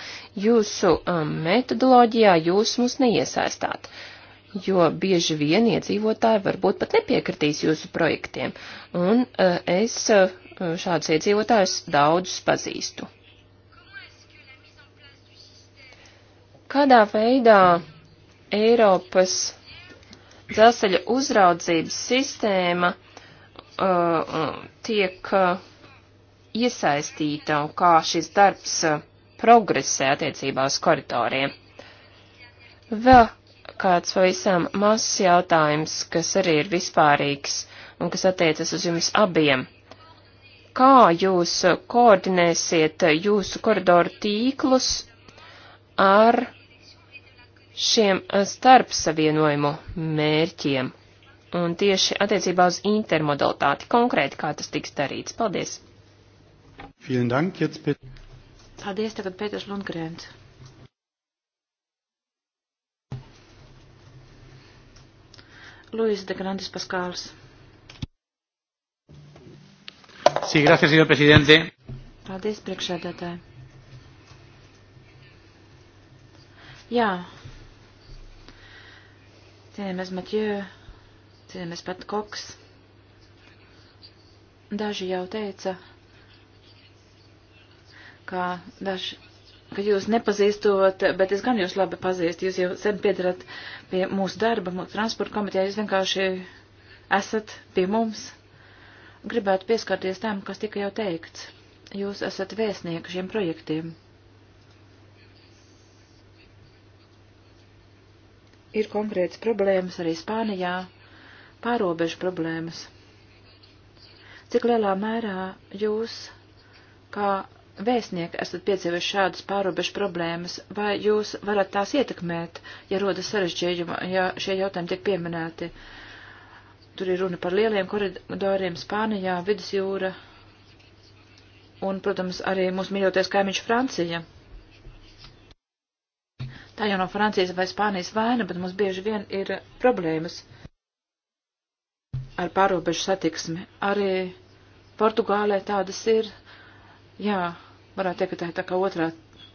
jūsu eh, metodoloģijā jūs mūs neiesaistāt jo bieži vien iedzīvotāji varbūt pat nepiekritīs jūsu projektiem, un eh, es eh, šādus iedzīvotājus daudzus pazīstu. Kādā veidā Eiropas dzelzceļa uzraudzības sistēma uh, tiek iesaistīta un kā šis darbs progresē attiecībā uz koridoriem? Vēl kāds pavisam mazs jautājums, kas arī ir vispārīgs un kas attiecas uz jums abiem. Kā jūs koordinēsiet jūsu koridoru tīklus ar šiem starpsavienojumu mērķiem un tieši attiecībā uz intermodalitāti konkrēti, kā tas tiks darīts? Paldies! Dank, Paldies, tagad Pēters Lundgrēns. Luis de Grandes Pascals. Sí, gracias, señor presidente. Paldies, priekšsēdētāji. Jā. Cienījamies Matjē, cienījamies Pat Koks. Daži jau teica, ka daži ka jūs nepazīstot, bet es gan jūs labi pazīstu. Jūs jau sen piedarat pie mūsu darba, mūsu transporta komitejā. Jūs vienkārši esat pie mums. Gribētu pieskarties tam, kas tika jau teikts. Jūs esat vēstnieki šiem projektiem. Ir konkrētas problēmas arī Spānijā, pārobežu problēmas. Cik lielā mērā jūs, kā vēstnieki esat piedzīvojuši šādas pārobežu problēmas, vai jūs varat tās ietekmēt, ja rodas sarežģījumi, ja šie jautājumi tiek pieminēti? Tur ir runa par lieliem koridoriem Spānijā, vidusjūra un, protams, arī mūsu mīļoties kaimiņš Francija. Tā jau nav no Francijas vai Spānijas vaina, bet mums bieži vien ir problēmas ar pārobežu satiksmi. Arī Portugālē tādas ir, jā, varētu teikt, ka tā ir tā kā otrā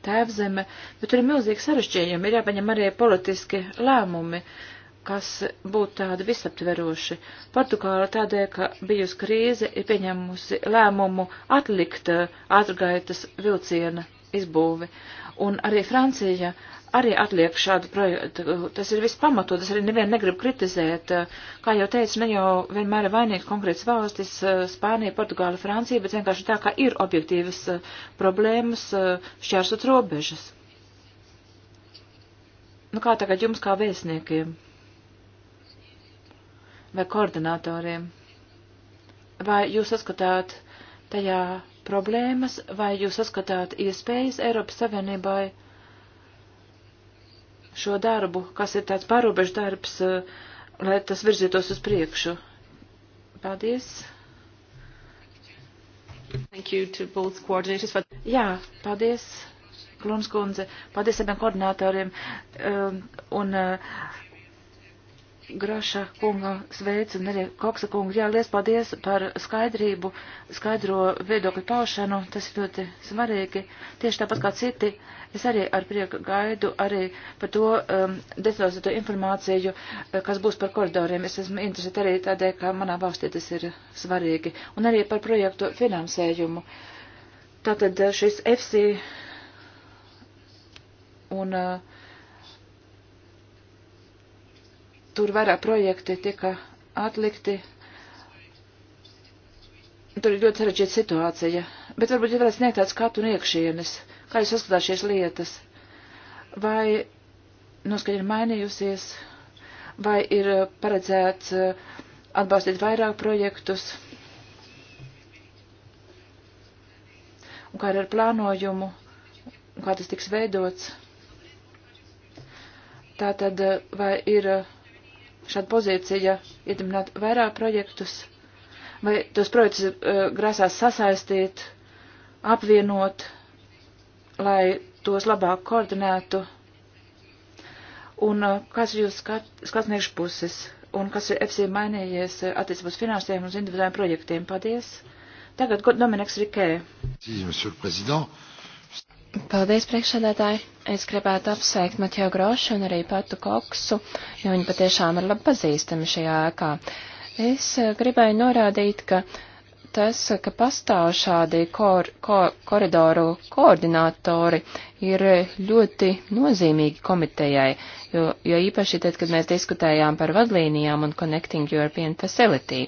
tēvzeme, bet tur ir milzīgi sarežģījumi, ir jāpaņem arī politiski lēmumi, kas būtu tādi visaptveroši. Portugāla tādēļ, ka bijusi krīze, ir pieņēmusi lēmumu atlikt uh, ātrgaitas vilciena izbūvi un arī Francija arī atliek šādu projektu. Tas ir viss pamatot, tas arī nevienu negrib kritizēt. Eh, kā jau teicu, ne jau vienmēr ir vainīgs konkrēts valstis, eh, Spānija, Portugāla, Francija, bet vienkārši tā, ka ir objektīvas eh, problēmas šķērsot robežas. Nu kā tagad jums kā vēstniekiem? Vai koordinatoriem? Vai jūs saskatāt tajā problēmas, vai jūs saskatāt iespējas Eiropas Savienībai šo darbu, kas ir tāds pārobežu darbs, eh, lai tas virzītos uz priekšu? Paldies! Thank you to both coordinators. But... Jā, paldies, Klunskundze. Paldies abiem koordinatoriem. Um, un, uh, Graša kungam sveicu un arī Koksa kungu. Jā, liels paldies par skaidrību, skaidro viedokļu paušanu. Tas ir ļoti svarīgi. Tieši tāpat kā citi, es arī ar prieku gaidu arī par to um, detalizēto informāciju, uh, kas būs par koridoriem. Es esmu interesēta arī tādēļ, ka manā valstī tas ir svarīgi. Un arī par projektu finansējumu. Tātad uh, šis FC un. Uh, tur vairāk projekti tika atlikti. Tur ir ļoti sarežģīta situācija, bet varbūt jūs varat sniegt tādu skatu un iekšienes, kā jūs saskatāt šīs lietas, vai noskaņa ir mainījusies, vai ir eh, paredzēts eh, atbalstīt vairāk projektus, un kā ir ar plānojumu, un kā tas tiks veidots. Tātad, eh, vai ir šāda pozīcija iedibināt vairāk projektus, vai tos projektus uh, grasās sasaistīt, apvienot, lai tos labāk koordinētu, un uh, kas ir jūsu skat, skatniešu puses, un kas ir FC mainījies uh, attiecībā uz finansēm un uz individuāliem projektiem. Paldies! Tagad Dominiks Rikē. Paldies, priekšsēdētāji! Es gribētu apsveikt Mateo Grošu un arī Patu Koksu, jo viņi patiešām ir labi pazīstami šajā ēkā. Es eh, gribēju norādīt, ka tas, ka pastāv šādi kor, kor, koridoru koordinātori, ir ļoti nozīmīgi komitejai, jo, jo īpaši tad, kad mēs diskutējām par vadlīnijām un Connecting European Facility.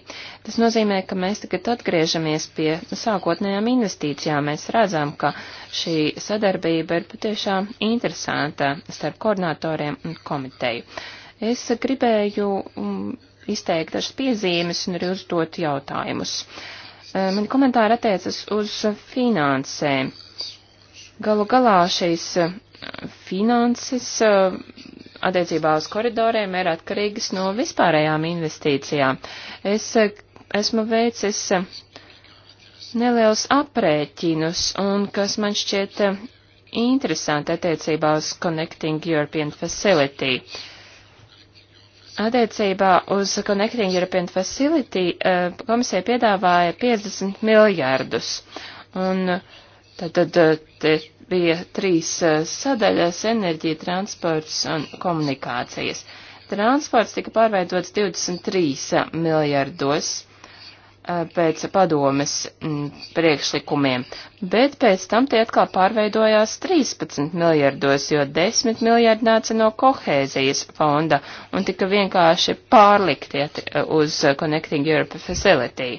Tas nozīmē, ka mēs tagad atgriežamies pie sākotnējām investīcijām. Mēs redzam, ka šī sadarbība ir patiešām interesanta starp koordinatoriem un komiteju. Es gribēju. Um, izteikt dažas piezīmes un arī uzdot jautājumus. Eh, man komentāri attiecas uz finansēm. Galu galā šīs eh, finanses eh, attiecībā uz koridoriem ir atkarīgas no vispārējām investīcijām. Es esmu veicis neliels aprēķinus, un kas man šķiet interesanti attiecībā uz Connecting European Facility. Uh, Attiecībā uz Connecting European Facility eh, komisija piedāvāja 50 miljārdus. Un tad, tad eh, te bija trīs eh, sadaļas - enerģija, transports un komunikācijas. Transports tika pārveidots 23 miljārdos. Eh, pēc padomes mm, priekšlikumiem, bet pēc tam tie atkal pārveidojās 13 miljardos, jo 10 miljardi nāca no kohēzijas fonda un tika vienkārši pārlikti eh, uz Connecting Europe Facility.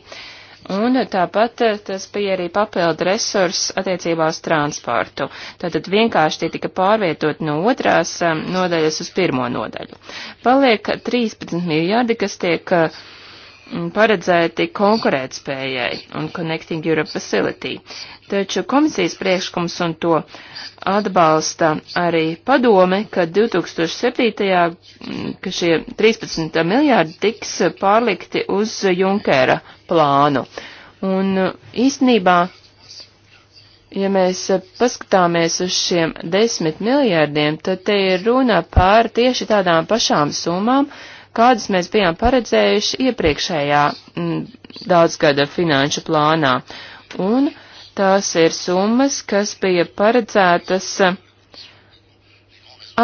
Un tāpat eh, tas bija arī papildu resurss attiecībā uz transportu. Tātad vienkārši tie tika pārvietot no otrās nodaļas uz pirmo nodaļu. Paliek 13 miljardi, kas tiek uh, Mm, paredzēti konkurētspējai un Connecting Europe Facility. Taču komisijas priekšlikums un to atbalsta arī padome, ka 2007. Mm, ka šie 13 miljārdi tiks pārlikti uz Junkera plānu. Un mm, īstenībā, ja mēs paskatāmies uz šiem 10 miljārdiem, tad te ir runa par tieši tādām pašām summām, uh, kādas mēs bijām paredzējuši iepriekšējā m, mm, daudzgada finanšu plānā. Un tās ir summas, kas bija paredzētas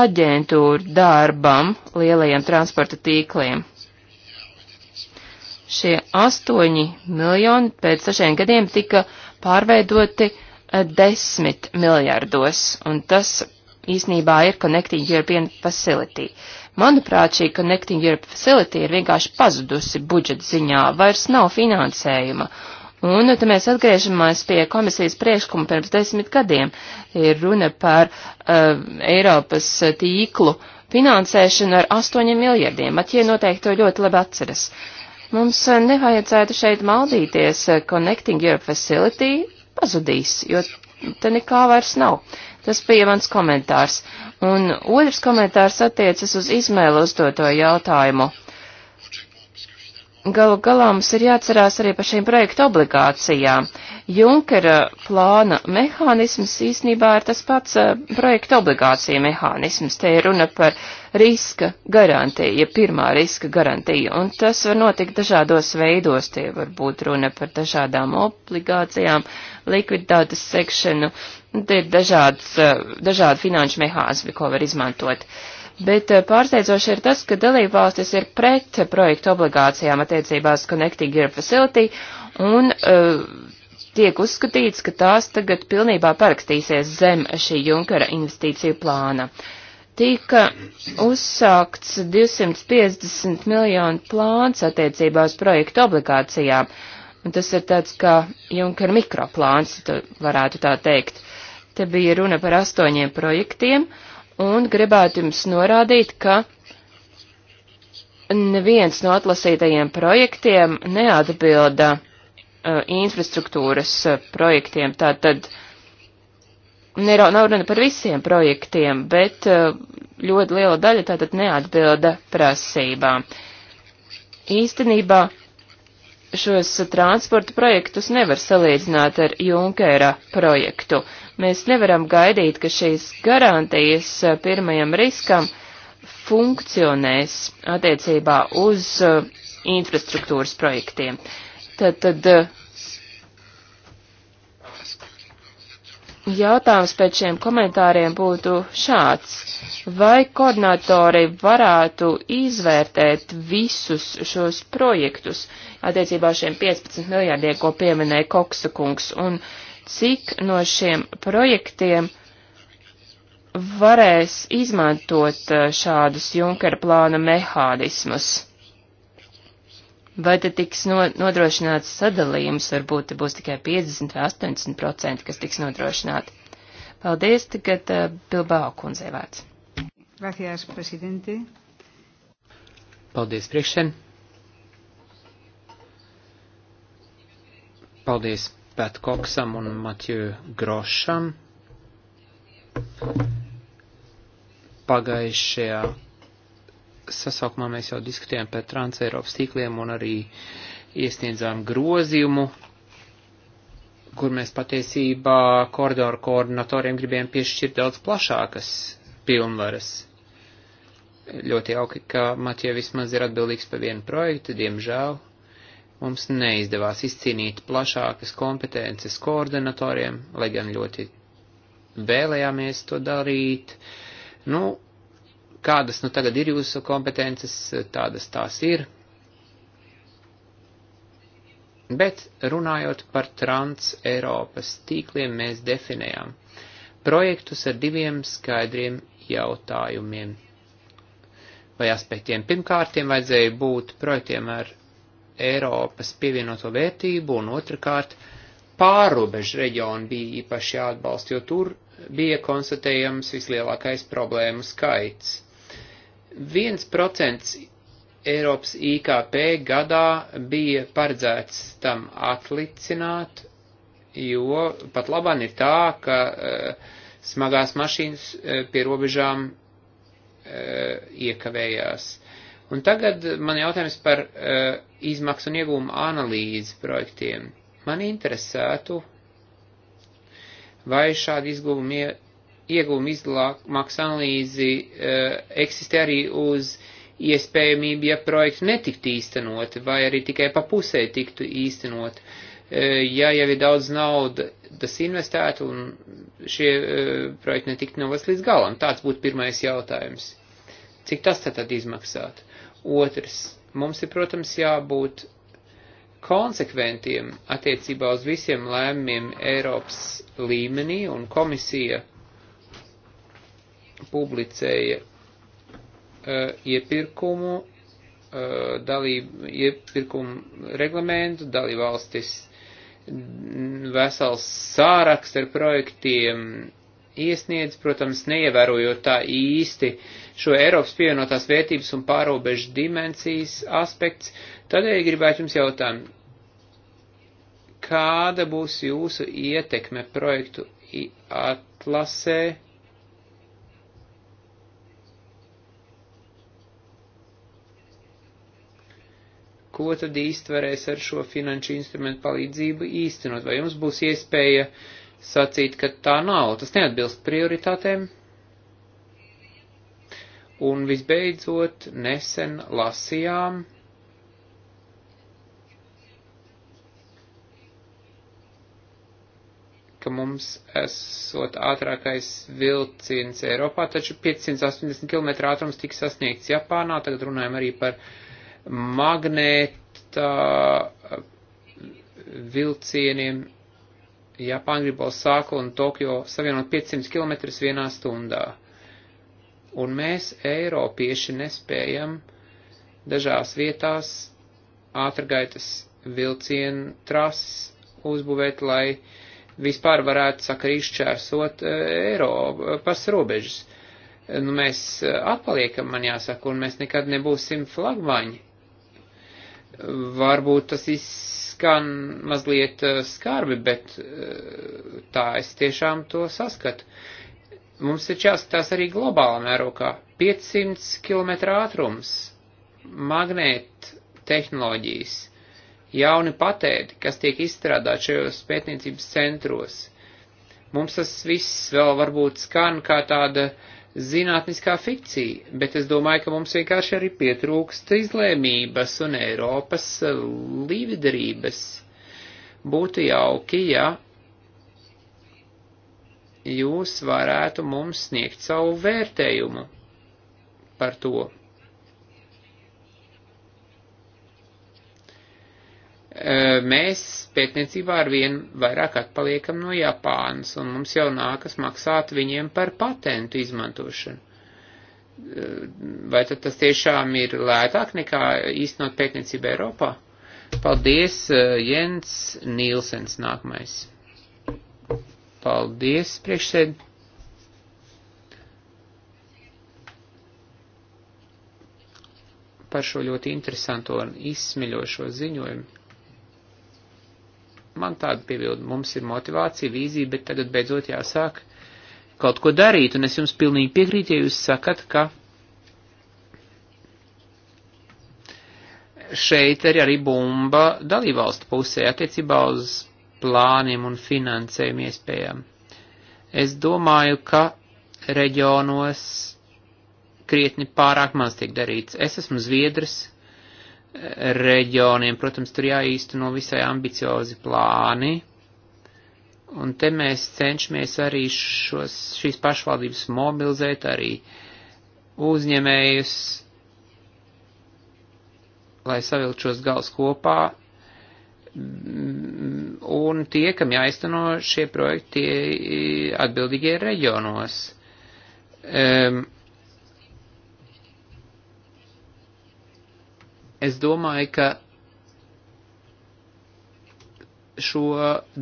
aģentūru darbam lielajiem transporta tīkliem. Šie astoņi miljoni pēc sešiem gadiem tika pārveidoti eh, desmit miljardos, un tas īsnībā ir Connecting European Facility. Manuprāt, šī Connecting Europe Facility ir vienkārši pazudusi budžeta ziņā, vairs nav finansējuma. Un tad mēs atgriežamies pie komisijas priekšlikuma pirms desmit gadiem. Ir runa par uh, Eiropas tīklu finansēšanu ar astoņiem miljardiem. Atjie noteikti to ļoti labi atceras. Mums uh, nevajadzētu šeit maldīties. Uh, Connecting Europe Facility pazudīs, jo te nekā vairs nav. Tas bija mans komentārs. Uh, Un otrs komentārs attiecas uz Izmēlu uzdoto jautājumu. Galu galā mums ir jāatcerās arī par šīm projektu obligācijām. Junkera plāna mehānisms īsnībā ir tas pats uh, eh, projekta obligācija mehānisms. Te ir runa par riska garantiju, pirmā riska garantiju, un tas var notikt dažādos veidos. Tie var būt runa par dažādām obligācijām, likviditātes sekšanu, uh, Te ir dažādas, eh, dažādi finanšu mehānismi, ko var izmantot. Bet eh, pārsteidzoši ir tas, ka dalībvalstis ir pret projektu obligācijām attiecībās Connecting Europe Facility un uh, tiek uzskatīts, ka tās tagad pilnībā parakstīsies zem šī Junkara investīciju plāna. Tika uzsākts 250 miljonu plāns attiecībās projektu obligācijām, un tas ir tāds kā Junkara mikroplāns, varētu tā teikt. Te bija runa par astoņiem projektiem, un gribētu jums norādīt, ka neviens no atlasītajiem projektiem neatbilda uh, infrastruktūras uh, projektiem. Tātad nerau, nav runa par visiem projektiem, bet uh, ļoti liela daļa tātad neatbilda prasībām. Īstenībā šos transporta projektus nevar salīdzināt ar Junkera projektu. Mēs nevaram gaidīt, ka šīs garantijas eh, pirmajam riskam funkcionēs attiecībā uz eh, infrastruktūras projektiem. Tad, tad eh, jautājums pēc šiem komentāriem būtu šāds. Vai koordinatori varētu izvērtēt visus šos projektus attiecībā šiem 15 miljārdiem, ko pieminēja Koksa kungs, un cik no šiem projektiem varēs izmantot eh, šādus Junkera plāna mehānismus? Vai tad tiks no, nodrošināts sadalījums, varbūt būs tikai 50 vai 80%, kas tiks nodrošināti? Paldies, tagad uh, Bilbao kundzei vārds. Gracias, presidente. Paldies, priekšsēn. Paldies Pēt Koksam un Matju Grošam. Pagājušajā sasaukumā mēs jau diskutējām par transeiropas tīkliem un arī iesniedzām grozījumu, kur mēs patiesībā koridoru koordinatoriem gribējām piešķirt daudz plašākas pilnvaras. Ļoti jauki, ka Matija vismaz ir atbildīgs par vienu projektu, diemžēl mums neizdevās izcīnīt plašākas kompetences koordinatoriem, lai gan ļoti vēlējāmies to darīt. Nu, kādas nu tagad ir jūsu kompetences, tādas tās ir. Bet runājot par trans-Eiropas tīkliem, mēs definējām projektus ar diviem skaidriem jautājumiem vai aspektiem. Pirmkārtiem vajadzēja būt projektiem ar Eiropas pievienoto vērtību, un otrkārt pārobežu reģionu bija īpaši jāatbalsta, jo tur bija konstatējams vislielākais problēmu skaits. 1% Eiropas IKP gadā bija paredzēts tam atlicināt, jo pat labāk ir tā, ka uh, smagās mašīnas uh, pie robežām uh, iekavējās. Un tagad man jautājums par uh, izmaksu un iegūmu analīzi projektiem. Man interesētu, vai šādi izgūmi ieguvuma izmaksu analīzi eh, eksistē arī uz iespējamību, ja projekti netikt īstenoti, vai arī tikai pa pusē tiktu īstenoti. Eh, ja jau ir daudz naudas investētu un šie eh, projekti netikt novest līdz galam, tāds būtu pirmais jautājums. Cik tas tad izmaksātu? Otrs, mums ir, protams, jābūt konsekventiem attiecībā uz visiem lēmumiem Eiropas līmenī, un komisija publicēja uh, iepirkumu, uh, dalību, iepirkumu reglamentu, dalībvalstis vesels sāraksts ar projektiem iesniedz, protams, neievērojot tā īsti šo Eiropas pievienotās vērtības un pārobežu dimensijas aspekts. Tādēļ gribētu jums jautāt, kāda būs jūsu ietekme projektu atlasē? ko tad īsti varēs ar šo finanšu instrumentu palīdzību īstenot? Vai jums būs iespēja sacīt, ka tā nav, tas neatbilst prioritātēm? Un visbeidzot, nesen lasījām ka mums esot ātrākais vilciens Eiropā, taču 580 km ātrums tika sasniegts Japānā, tagad runājam arī par magnēta eh, vilcieniem Japāna grib Osāku un Tokio savienot 500 km vienā stundā. Un mēs, Eiropieši, nespējam dažās vietās ātrgaitas vilcienu trases uzbūvēt, lai vispār varētu sakarīgi šķērsot Eiropas eh, robežas. Nu, mēs eh, atpaliekam, man jāsaka, un mēs nekad nebūsim flagmaņi Varbūt tas izskan mazliet eh, skarbi, bet eh, tā es tiešām to saskatu. Mums ir jāskatās arī globālā mērokā. 500 km ātrums, magnēt tehnoloģijas, jauni patēdi, kas tiek izstrādāti šajos pētniecības centros. Mums tas viss vēl varbūt skan kā tāda uh, zinātniskā fikcija, bet es domāju, ka mums vienkārši arī pietrūkst izlēmības un Eiropas eh, līderības. Būtu jauki, ja jūs varētu mums sniegt savu vērtējumu par to. mēs pētniecībā ar vien vairāk atpaliekam no Japānas, un mums jau nākas maksāt viņiem par patentu izmantošanu. Vai tad tas tiešām ir lētāk nekā īstenot pētniecību Eiropā? Paldies, Jens Nīlsens nākamais. Paldies, priekšsēd. Par šo ļoti interesanto un izsmiļošo ziņojumu man tāda piebilda. Mums ir motivācija, vīzija, bet tagad beidzot jāsāk kaut ko darīt, un es jums pilnīgi piekrītu, ja jūs sakat, ka šeit ir arī bumba dalībvalstu pusē attiecībā uz plāniem un finansējumu iespējām. Es domāju, ka reģionos krietni pārāk maz tiek darīts. Es esmu Zviedrs, reģioniem. Protams, tur jāīsteno visai ambiciozi plāni. Un te mēs cenšamies arī šos, šīs pašvaldības mobilizēt, arī uzņēmējus, lai savilkt šos gals kopā. Un tie, kam jāizteno šie projekti, tie atbildīgie reģionos. Um, Es domāju, ka šo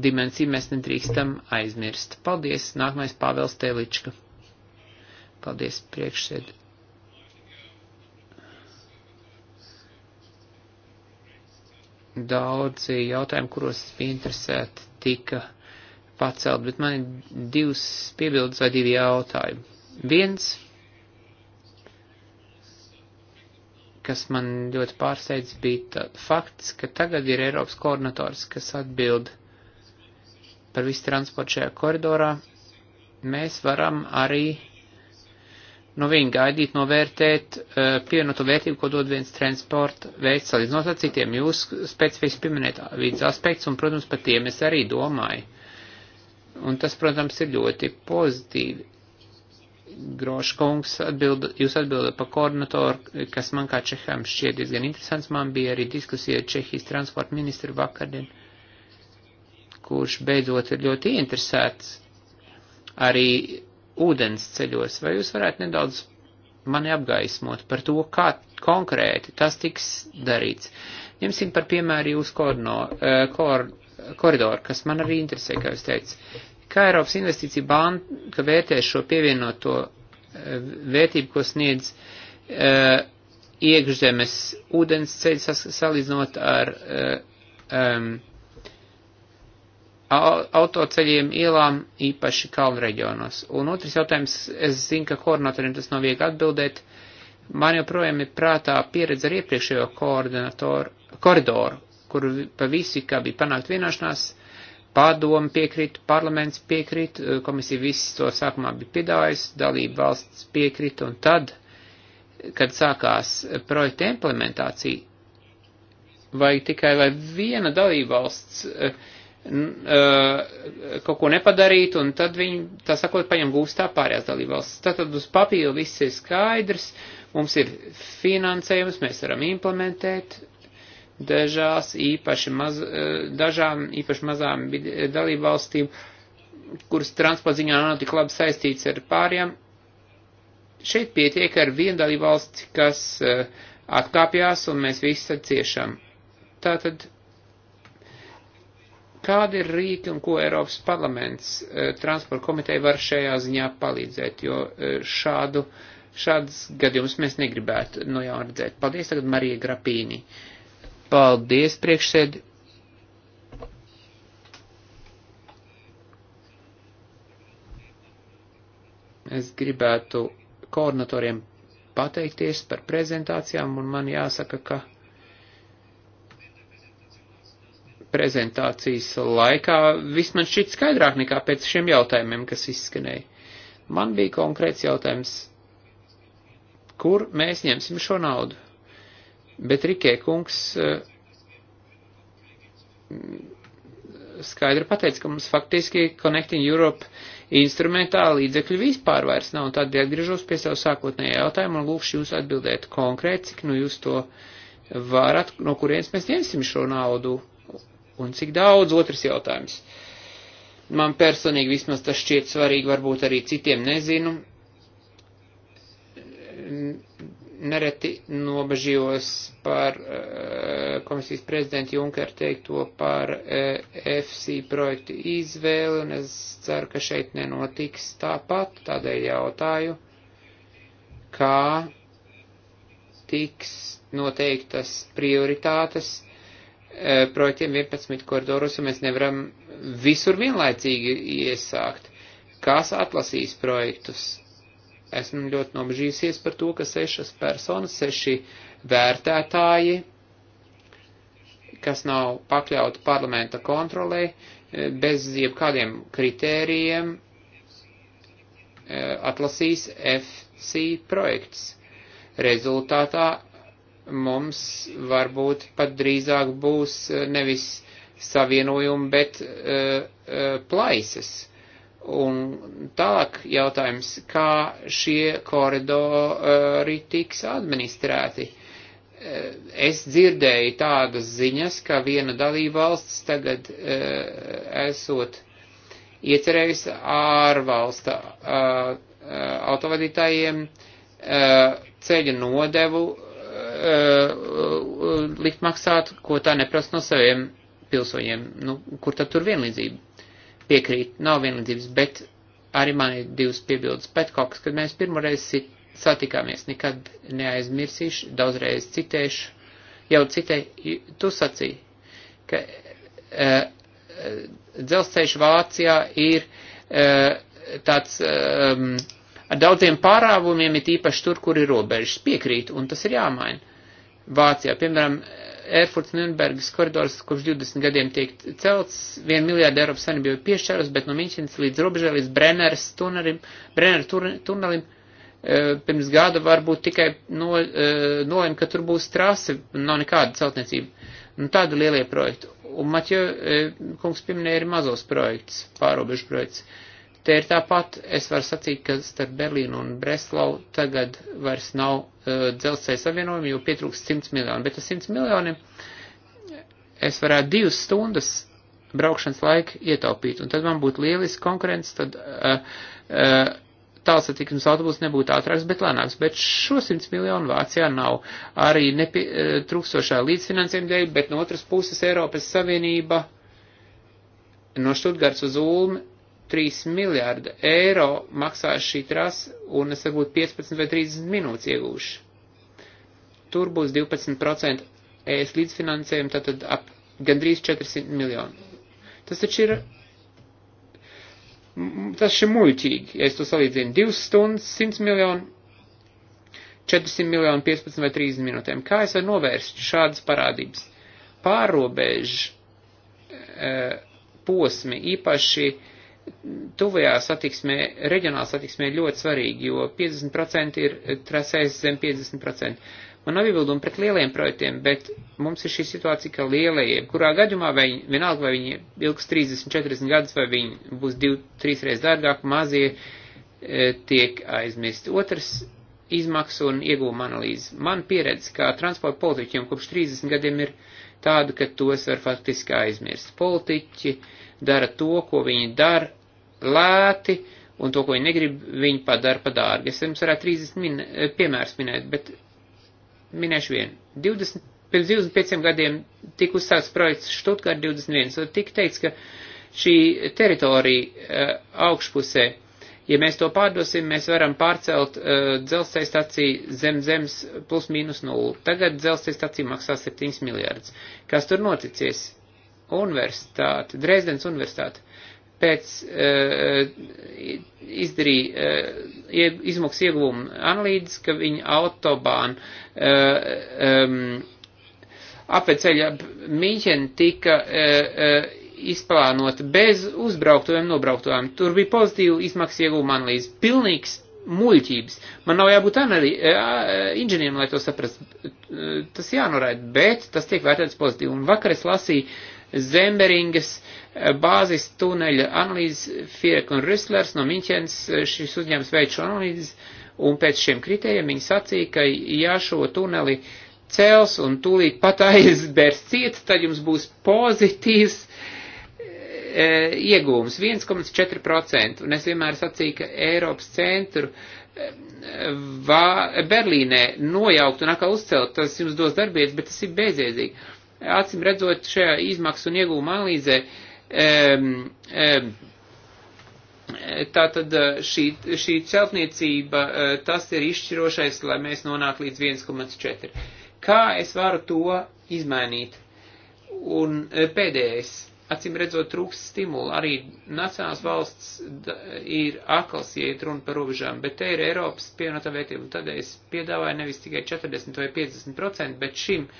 dimensiju mēs nedrīkstam aizmirst. Paldies, nākamais Pāvels Telička. Paldies, priekšsēd. Daudzi jautājumi, kuros es biju interesēti, tika pacelt, bet man ir divas piebildes vai divi jautājumi. Viens kas man ļoti pārsteidz, bija tā, fakts, ka tagad ir Eiropas koordinators, kas atbild par visu transportu šajā koridorā. Mēs varam arī no viņa gaidīt, novērtēt uh, pievienoto vērtību, ko dod viens transporta veids salīdzinot ar citiem. Jūs specifiski pieminēt vidas aspekts, un, protams, par tiem es arī domāju. Un tas, protams, ir ļoti pozitīvi. Groša kungs, atbild, jūs atbildat par koordinatoru, kas man kā Čehām šķiet diezgan interesants. Man bija arī diskusija ar Čehijas transporta ministru vakardien, kurš beidzot ir ļoti interesēts arī ūdens ceļos. Vai jūs varētu nedaudz mani apgaismot par to, kā konkrēti tas tiks darīts? Ņemsim par piemēru jūsu koordino, eh, kor, koridoru, kas man arī interesē, kā jūs teicat. Kā Eiropas investīcija banka vērtē šo pievienoto eh, vērtību, ko sniedz uh, iekšzemes ūdens ceļu salīdzinot ar uh, um, autoceļiem, ielām, īpaši kalnu reģionos. Un otrs jautājums, es zinu, ka koordinatoriem tas nav viegli atbildēt. Man joprojām ir prātā pieredze ar iepriekšējo koordinatoru, koridoru, kur pa visi, kā bija panākt vienošanās, uh, Padomu piekrita, parlaments piekrita, eh, komisija viss to sākumā bija piedāvājis, dalība valsts piekrita, un tad, kad sākās projekta implementācija, vai tikai vai viena dalība valsts uh, kaut ko nepadarīt, un tad viņi, tā sakot, paņem gūstā pārējās dalībvalstis. Tātad uz papīra viss ir skaidrs, mums ir finansējums, mēs varam implementēt, dažās īpaši maz, eh, dažām īpaši mazām eh, dalībvalstīm, kuras transpaziņā nav tik labi saistīts ar pāriem. Šeit pietiek ar vienu dalībvalsti, kas eh, atkāpjās, un mēs visi tad ciešam. Tātad, kādi ir rīki un ko Eiropas parlaments transporta komiteja var šajā ziņā palīdzēt, jo šādu, šādas gadījumus mēs negribētu no jauna redzēt. Paldies tagad Marija Grapīni. Uh, Paldies, priekšsēdi. Es gribētu koordinatoriem pateikties par prezentācijām, un man jāsaka, ka prezentācijas laikā viss man šķiet skaidrāk nekā pēc šiem jautājumiem, kas izskanēja. Man bija konkrēts jautājums, kur mēs ņemsim šo naudu? Bet Rikē kungs eh, skaidri pateica, ka mums faktiski Connecting Europe instrumentā līdzekļu vispār vairs nav, un tādēļ atgriežos pie savu sākotnējā jautājumu un lūkšu jūs atbildēt konkrēti, cik nu jūs to varat, no kurienes mēs ņemsim šo naudu, un cik daudz otrs jautājums. Man personīgi vismaz tas šķiet svarīgi, varbūt arī citiem nezinu nereti nobežījos par eh, komisijas prezidentu Junkeru teikto par eh, FC projektu izvēli, un es ceru, ka šeit nenotiks tāpat, tādēļ jautāju, kā tiks noteiktas prioritātes eh, projektiem 11 koridorus, un mēs nevaram visur vienlaicīgi iesākt. Kas atlasīs projektus? esmu ļoti nobežījusies par to, ka sešas personas, seši vērtētāji, kas nav pakļauti parlamenta kontrolē, eh, bez jebkādiem kritērijiem eh, atlasīs FC projekts. Rezultātā mums varbūt pat drīzāk būs eh, nevis savienojumi, bet uh, uh, plaisas. Uh, Un tālāk jautājums, kā šie koridori tiks administrēti. Es dzirdēju tādas ziņas, ka viena dalībvalsts tagad eh, esot iecerējusi ārvalsta eh, autovadītājiem eh, ceļa nodevu likt maksāt, ko tā neprasa no saviem pilsoņiem. Nu, kur tad tur vienlīdzība? piekrīt, nav vienlīdzības, bet arī man ir divas piebildes petkoks, kad mēs pirmoreiz satikāmies, nekad neaizmirsīšu, daudzreiz citēšu, jau citēju, tu sacīji, ka e, dzelzceļš Vācijā ir e, tāds e, ar daudziem pārāvumiem, it īpaši tur, kur ir robežas, piekrīt, un tas ir jāmaina. Vācijā, piemēram, e, Erfurts-Nürnbergas koridors kopš 20 gadiem tiek celts, 1 miljārdu Eiropas saimnība jau piešķērus, bet no Miņķinas līdz robežai, līdz Brenneras tunelim, Brenner eh, tunelim, pirms gada varbūt tikai no, eh, nolēma, ka tur būs trase, nav nekāda celtniecība. Nu, tādi lielie projekti. Un Maķo eh, kungs pieminēja arī mazos projekts, pārobežu projekts. Uh, Te ir tāpat, es varu sacīt, ka starp Berlīnu un Breslau tagad vairs nav uh, dzelzceļa savienojumi, jo pietrūkst 100 miljoni, bet ar 100 miljoniem es varētu divas stundas braukšanas laiku ietaupīt, un tad man būtu lieliski konkurence, tad uh, uh, tāls attīkums autobus nebūtu ātrāks, bet lēnāks, bet šo 100 miljonu Vācijā nav arī nepie, uh, trūkstošā līdzfinansējuma dēļ, bet no otras puses Eiropas Savienība no Štutgards uz Ulmi 3 miljārda eiro maksāja šī trasa, un es varbūt 15 vai 30 minūtes iegūšu. Tur būs 12% ES līdzfinansējumi, tātad ap gandrīz 400 miljonu. Tas taču ir, tas šim muļķīgi, ja es to salīdzinu, 2 stundas, 100 miljonu, 400 miljonu, 15 vai 30 minūtēm. Kā es varu novērst šādas parādības? Pārobežu e, posmi, īpaši uh, tuvajā satiksmē, reģionālā satiksmē ļoti svarīgi, jo 50% ir trasēs zem 50%. Man nav iebildumi pret lieliem projektiem, bet mums ir šī situācija, ka lielajiem, kurā gadījumā vai vienalga, vai viņi ilgs 30, 40 gadus, vai viņi būs 2, 3 reizes dārgāk, mazie e, tiek aizmirsti. Otrs izmaksu un iegūma analīze. Man pieredze, kā transporta politiķiem kopš 30 gadiem ir tāda, ka tos var faktiski aizmirst. Politiķi dara to, ko viņi dara, lēti, un to, ko viņi negrib, viņi padara pa dārgi. Es jums varētu 30 min, eh, piemērs minēt, bet minēšu vienu. 20, pirms 25 gadiem tika uzsāks projekts Štutgārd 21, un tika teikts, ka šī teritorija eh, augšpusē, ja mēs to pārdosim, mēs varam pārcelt uh, dzelzceļa staciju zem zemes plus mīnus nulli. Tagad dzelzceļa stacija maksā 7 miljārdus. Kas tur noticies? Universitāte, Dresdens universitāte. Uh, pēc eh, izdarīja eh, izmaksu ieguvumu analīdes, ka viņa autobāna um, eh, apveceļa Mīķena tika izplānota bez uzbrauktojiem nobrauktojiem. Tur bija pozitīva izmaksu ieguvuma analīze. Pilnīgs muļķības. Man nav jābūt anali, inženierim, lai to saprastu. Tas jānoraida, bet tas tiek vērtēts pozitīvi. Un vakar es lasīju Zemberingas eh, bāzes tuneļa analīzes Fierek un Ruslers no Miņķens eh, šis uzņēmums veic šo analīzi, un pēc šiem kritējiem viņi sacīja, ka ja šo tuneli cels un tūlīt pat aizbērs ciet, tad jums būs pozitīvs e, iegūms 1,4%, un es vienmēr sacīju, ka Eiropas centru eh, Vā, Berlīnē nojaukt un atkal uzcelt, tas jums dos darbietis, bet tas ir bezjēdzīgi. Acim redzot, šajā izmaksu un iegūma analīzē um, um, Tātad eh, šī, šī celtniecība, eh, tas ir izšķirošais, lai mēs nonāktu līdz 1,4. Kā es varu to izmainīt? Un eh, pēdējais, acīm redzot, trūks stimulu. Arī nacionāls valsts ir akls, ja ir runa par robežām, bet te ir Eiropas pievienotā vērtība. Tādēļ es piedāvāju nevis tikai 40 vai 50 procentu, bet šim uh,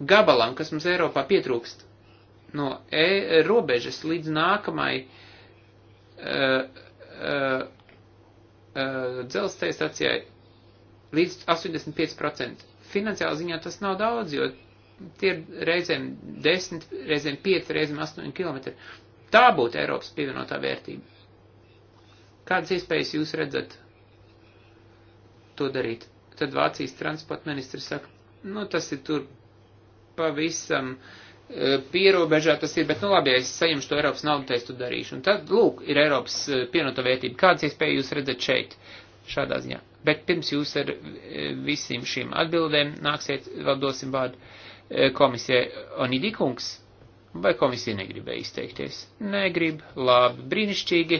gabalam, kas mums Eiropā pietrūkst, no e robežas līdz nākamai uh, uh, uh, dzelzceļa stacijai līdz 85%. Finansiāli ziņā tas nav daudz, jo tie ir reizēm 10, reizēm 5, reizēm 8 km. Tā būtu Eiropas pievienotā vērtība. Kādas iespējas jūs redzat to darīt? Tad Vācijas transporta ministrs saka, nu tas ir tur pavisam e, pierobežā tas ir, bet nu labi, ja es saņemšu to Eiropas naudu, tad es to darīšu. Un tad, lūk, ir Eiropas e, pienoto vērtība. Kādas iespējas jūs redzat šeit, šādā ziņā? Bet pirms jūs ar e, visiem šīm atbildēm nāksiet, vēl dosim vārdu komisijai Onidikungs. Vai komisija negribēja izteikties? Negrib, labi, brīnišķīgi.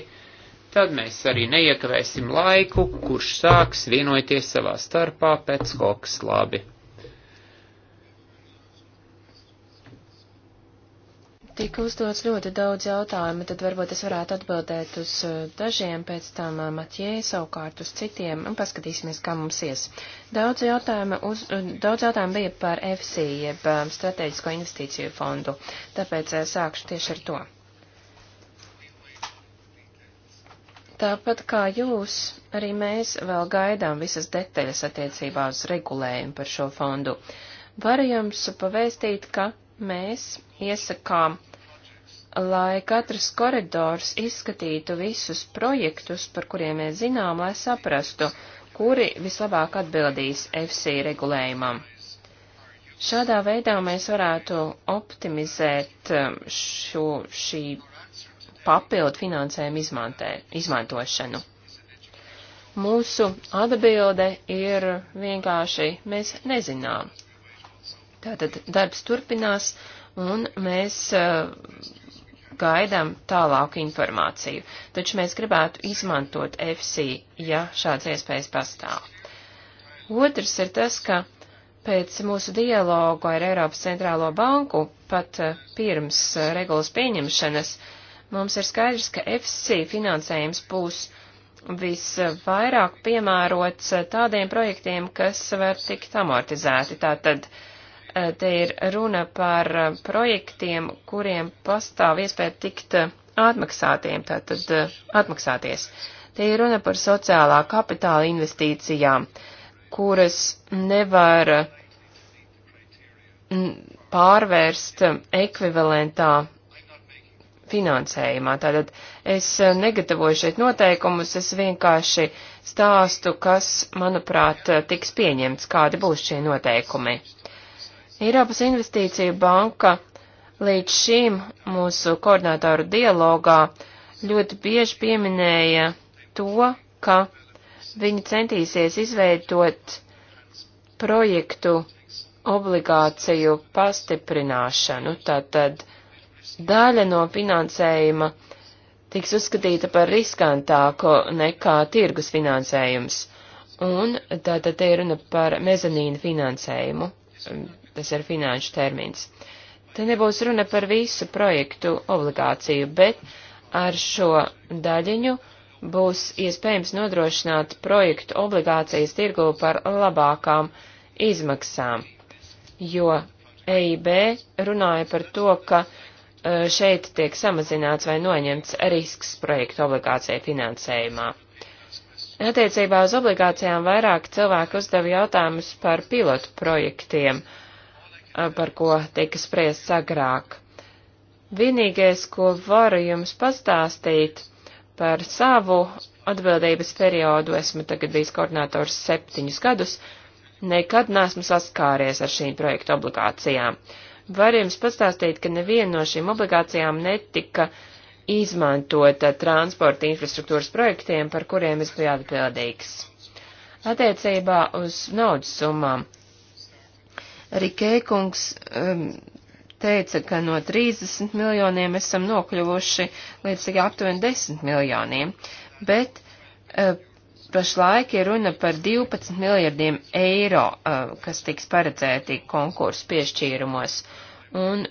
Tad mēs arī neiekavēsim laiku, kurš sāks vienoties savā starpā pēc koks labi. Tika uzdots ļoti daudz jautājumu, tad varbūt es varētu atbildēt uz eh, dažiem, pēc tam eh, Matjē savukārt uz citiem, un paskatīsimies, kā mums ies. Daudz jautājumu, uz, eh, daudz jautājumu bija par FC, jeb Strateģisko investīciju fondu, tāpēc sākšu tieši ar to. Tāpat kā jūs, arī mēs vēl gaidām visas detaļas attiecībā uz regulējumu par šo fondu. Varu jums pavēstīt, ka mēs iesakām, lai katrs koridors izskatītu visus projektus, par kuriem mēs zinām, lai saprastu, kuri vislabāk atbildīs FC regulējumam. Šādā veidā mēs varētu optimizēt um, šo, šī papildu finansējumu izmantē, izmantošanu. Mūsu atbilde ir vienkārši mēs nezinām. Tātad darbs turpinās, un mēs uh, gaidām tālāku informāciju, taču mēs gribētu izmantot FC, ja šāds iespējas pastāv. Otrs ir tas, ka pēc mūsu dialogu ar Eiropas centrālo banku, pat uh, pirms uh, regulas pieņemšanas, mums ir skaidrs, ka FC finansējums būs visvairāk piemērots tādiem projektiem, kas var tikt amortizēti. Tātad, uh, Eh, te ir runa par eh, projektiem, kuriem pastāv iespēja tikt eh, atmaksātiem, tātad atmaksāties. Te ir runa par sociālā kapitāla investīcijām, kuras nevar pārvērst ekvivalentā finansējumā. Tātad es negatavoju šeit noteikumus, es vienkārši stāstu, kas, manuprāt, tiks pieņemts, kādi būs šie noteikumi. Eiropas Investīcija banka līdz šim mūsu koordinātoru dialogā ļoti bieži pieminēja to, ka viņi centīsies izveidot projektu obligāciju pastiprināšanu, tātad daļa no finansējuma tiks uzskatīta par riskantāko nekā tirgus finansējums, un tātad te ir runa par mezanīnu finansējumu tas ir finanšu termins. Te nebūs runa par visu projektu obligāciju, bet ar šo daļiņu būs iespējams nodrošināt projektu obligācijas tirgu par labākām izmaksām, jo EIB runāja par to, ka e, šeit tiek samazināts vai noņemts risks projektu obligācija finansējumā. Attiecībā uz obligācijām vairāk cilvēku uzdeva jautājumus par pilotu projektiem par ko tika spriests agrāk. Vienīgais, ko varu jums pastāstīt par savu atbildības periodu, esmu tagad bijis koordinators septiņus gadus, nekad neesmu saskāries ar šīm projektu obligācijām. Varu jums pastāstīt, ka neviena no šīm obligācijām netika izmantota transporta infrastruktūras projektiem, par kuriem es biju atbildīgs. Attiecībā uz naudas summām Rikēkungs um, teica, ka no 30 miljoniem esam nokļuvuši līdz tikai aptuveni 10 miljoniem, bet uh, pašlaik ir runa par 12 miljardiem eiro, uh, kas tiks paredzēti konkursu piešķīrumos. Un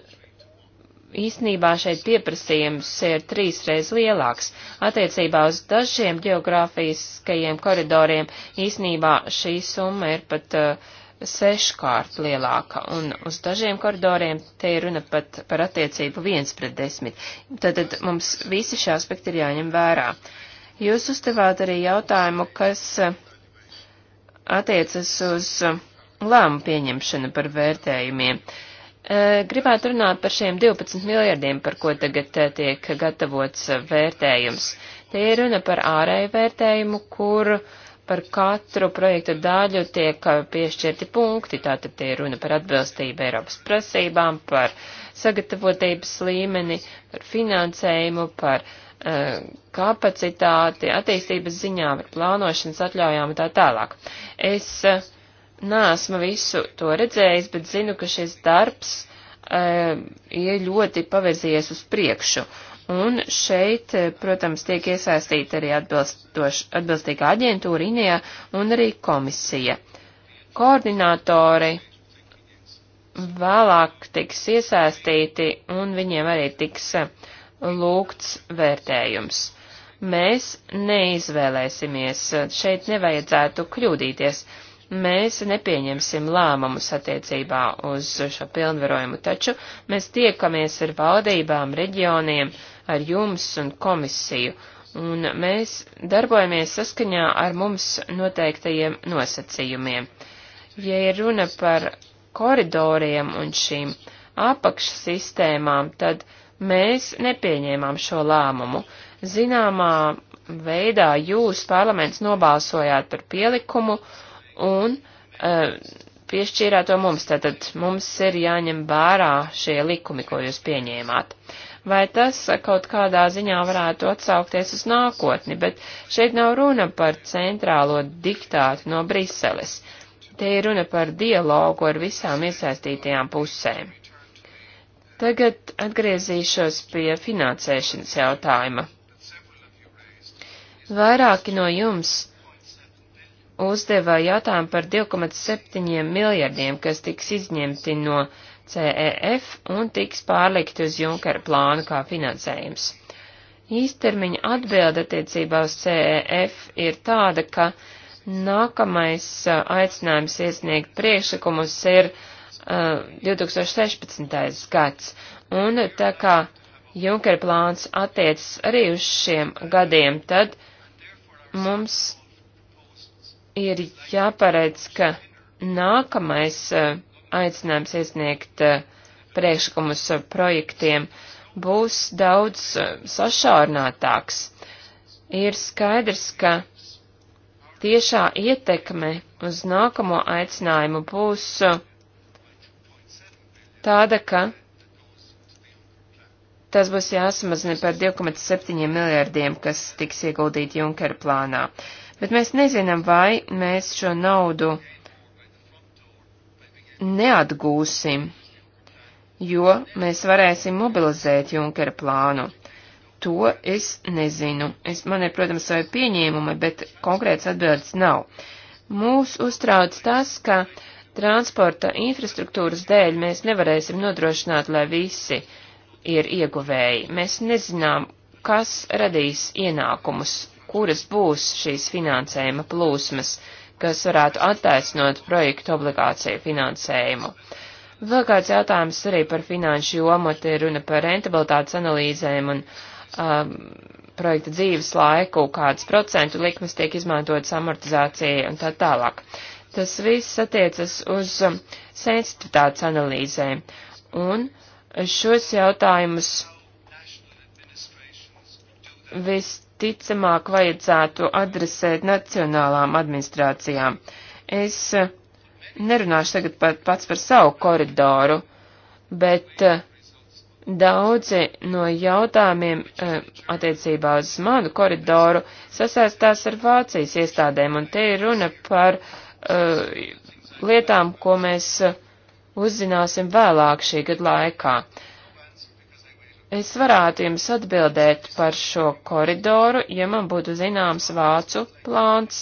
īsnībā šeit pieprasījums ir trīsreiz lielāks. Attiecībā uz dažiem geogrāfiskajiem koridoriem īsnībā šī summa ir pat uh, seškārt lielāka, un uz dažiem koridoriem te ir runa pat par attiecību viens pret desmit. Tātad mums visi šie aspekti ir jāņem vērā. Jūs uztevāt arī jautājumu, kas eh, attiecas uz eh, lēmu pieņemšanu par vērtējumiem. Eh, gribētu runāt par šiem 12 miljardiem, par ko tagad tiek gatavots vērtējums. Te ir runa par ārēju vērtējumu, kur uh, par katru projekta daļu tiek uh, piešķirti punkti, tātad tie runa par atbilstību Eiropas prasībām, par sagatavotības līmeni, par finansējumu, par uh, kapacitāti, attīstības ziņām, par plānošanas atļaujām un tā tālāk. Es uh, neesmu visu to redzējis, bet zinu, ka šis darbs uh, ir ļoti pavirzies uz priekšu, Un šeit, eh, protams, tiek iesaistīta arī atbilstīga aģentūra Inijā un arī komisija. Koordinātori vēlāk tiks iesaistīti un viņiem arī tiks eh, lūgts vērtējums. Mēs neizvēlēsimies, eh, šeit nevajadzētu kļūdīties mēs nepieņemsim lēmumus attiecībā uz šo pilnvarojumu, taču mēs tiekamies ar valdībām, reģioniem, ar jums un komisiju, un mēs darbojamies saskaņā ar mums noteiktajiem nosacījumiem. Ja ir runa par koridoriem un šīm apakšsistēmām, tad mēs nepieņēmām šo lēmumu. Zināmā veidā jūs parlaments nobalsojāt par pielikumu un uh, piešķīrāt to mums, tātad mums ir jāņem vērā šie likumi, ko jūs pieņēmāt vai tas kaut kādā ziņā varētu atsaukties uz nākotni, bet šeit nav runa par centrālo diktātu no Briseles. Te ir runa par dialogu ar visām iesaistītajām pusēm. Tagad atgriezīšos pie finansēšanas jautājuma. Vairāki no jums uzdeva jautājumu par 2,7 miljardiem, kas tiks izņemti no uh, CEF un tiks pārlikti uz Junkera plānu kā finansējums. Īstermiņa atbilde attiecībā uz CEF ir tāda, ka nākamais uh, aicinājums iesniegt priekšlikumus ir uh, 2016. gads, un tā kā Junkera plāns attiecas arī uz šiem gadiem, tad mums ir jāparedz, ka nākamais uh, aicinājums iesniegt eh, priekšlikumus eh, projektiem būs daudz eh, sašaurinātāks. Ir skaidrs, ka tiešā ietekme uz nākamo aicinājumu būs tāda, ka tas būs jāsamazina par 2,7 miljardiem, kas tiks ieguldīti Junkera plānā. Bet mēs nezinām, vai mēs šo naudu neatgūsim, jo mēs varēsim mobilizēt Junkera plānu. To es nezinu. Es, man ir, protams, savi pieņēmumi, bet konkrēts atbildes nav. Mūs uztrauc tas, ka transporta infrastruktūras dēļ mēs nevarēsim nodrošināt, lai visi ir ieguvēji. Mēs nezinām, kas radīs ienākumus, kuras būs šīs finansējuma plūsmas kas varētu attaisnot projektu obligāciju finansējumu. Vēl kāds jautājums arī par finanšu jomu, te runa par rentabilitātes analīzēm un um, projekta dzīves laiku, kādas procentu likmes tiek izmantotas amortizācijai un tā tālāk. Tas viss attiecas uz um, sensitivitātes analīzēm, un šos jautājumus vis visticamāk vajadzētu adresēt nacionālām administrācijām. Es eh, nerunāšu tagad par, pats par savu koridoru, bet eh, daudzi no jautājumiem eh, attiecībā uz manu koridoru sasaistās ar Vācijas iestādēm, un te ir runa par uh, lietām, ko mēs uzzināsim vēlāk šī gada laikā. Uh, Es varētu jums atbildēt par šo koridoru, ja man būtu zināms vācu plāns.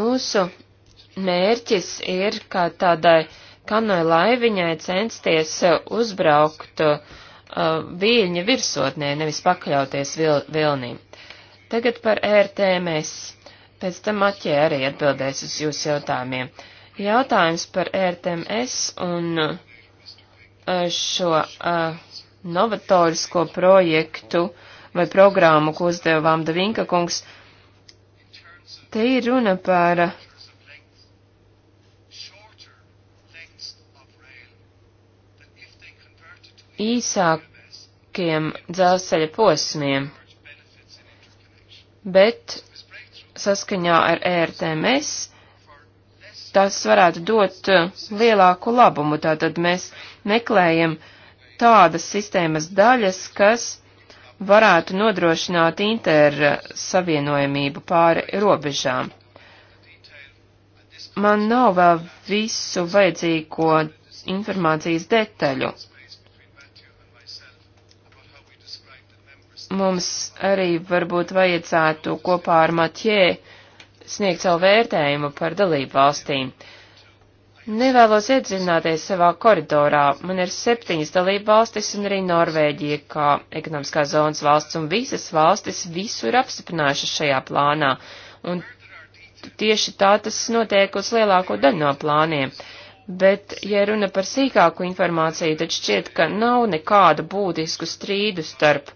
Mūsu mērķis ir kā tādai kanoja laiviņai censties uzbraukt uh, viļņa virsotnē, nevis pakļauties vil vilnīm. Tagad par ērtēmēs. Pēc tam Maķē arī atbildēs uz jūsu jautājumiem. Uh, Jautājums par RTMS un uh, šo uh, novatorisko projektu vai programmu, ko uzdeva Vamda Vinka kungs, te ir runa par uh, īsākiem dzelzceļa posmiem, bet saskaņā ar ERTMS tas varētu dot uh, lielāku labumu. Tātad mēs meklējam tādas sistēmas daļas, kas varētu nodrošināt intersavienojamību uh, pāri robežām. Man nav vēl visu vajadzīgo informācijas detaļu. Mums arī varbūt vajadzētu kopā ar Matjē uh, sniegt savu vērtējumu par dalību valstīm. Nevēlos iedzināties savā koridorā. Man ir septiņas dalība valstis un arī Norvēģija kā ekonomiskā zonas valsts, un visas valstis visu ir apstiprinājušas šajā plānā. Un tieši tā tas notiek uz lielāko daļu no plāniem. Bet, ja runa par sīkāku informāciju, tad šķiet, ka nav nekādu būtisku strīdu starp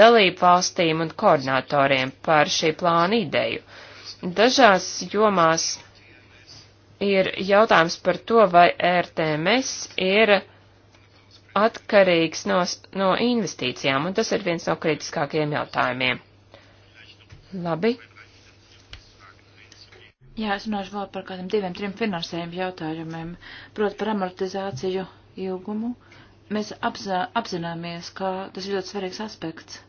dalību valstīm un koordinatoriem par šī plāna ideju. Uh, Dažās jomās ir jautājums par to, vai RTMS ir atkarīgs no, no investīcijām, un tas ir viens no kritiskākajiem jautājumiem. Labi. Jā, es runāšu vēl par kādiem diviem, trim finansējuma jautājumiem. Proti par amortizāciju ilgumu. Mēs apzināmies, ka tas ir ļoti svarīgs aspekts.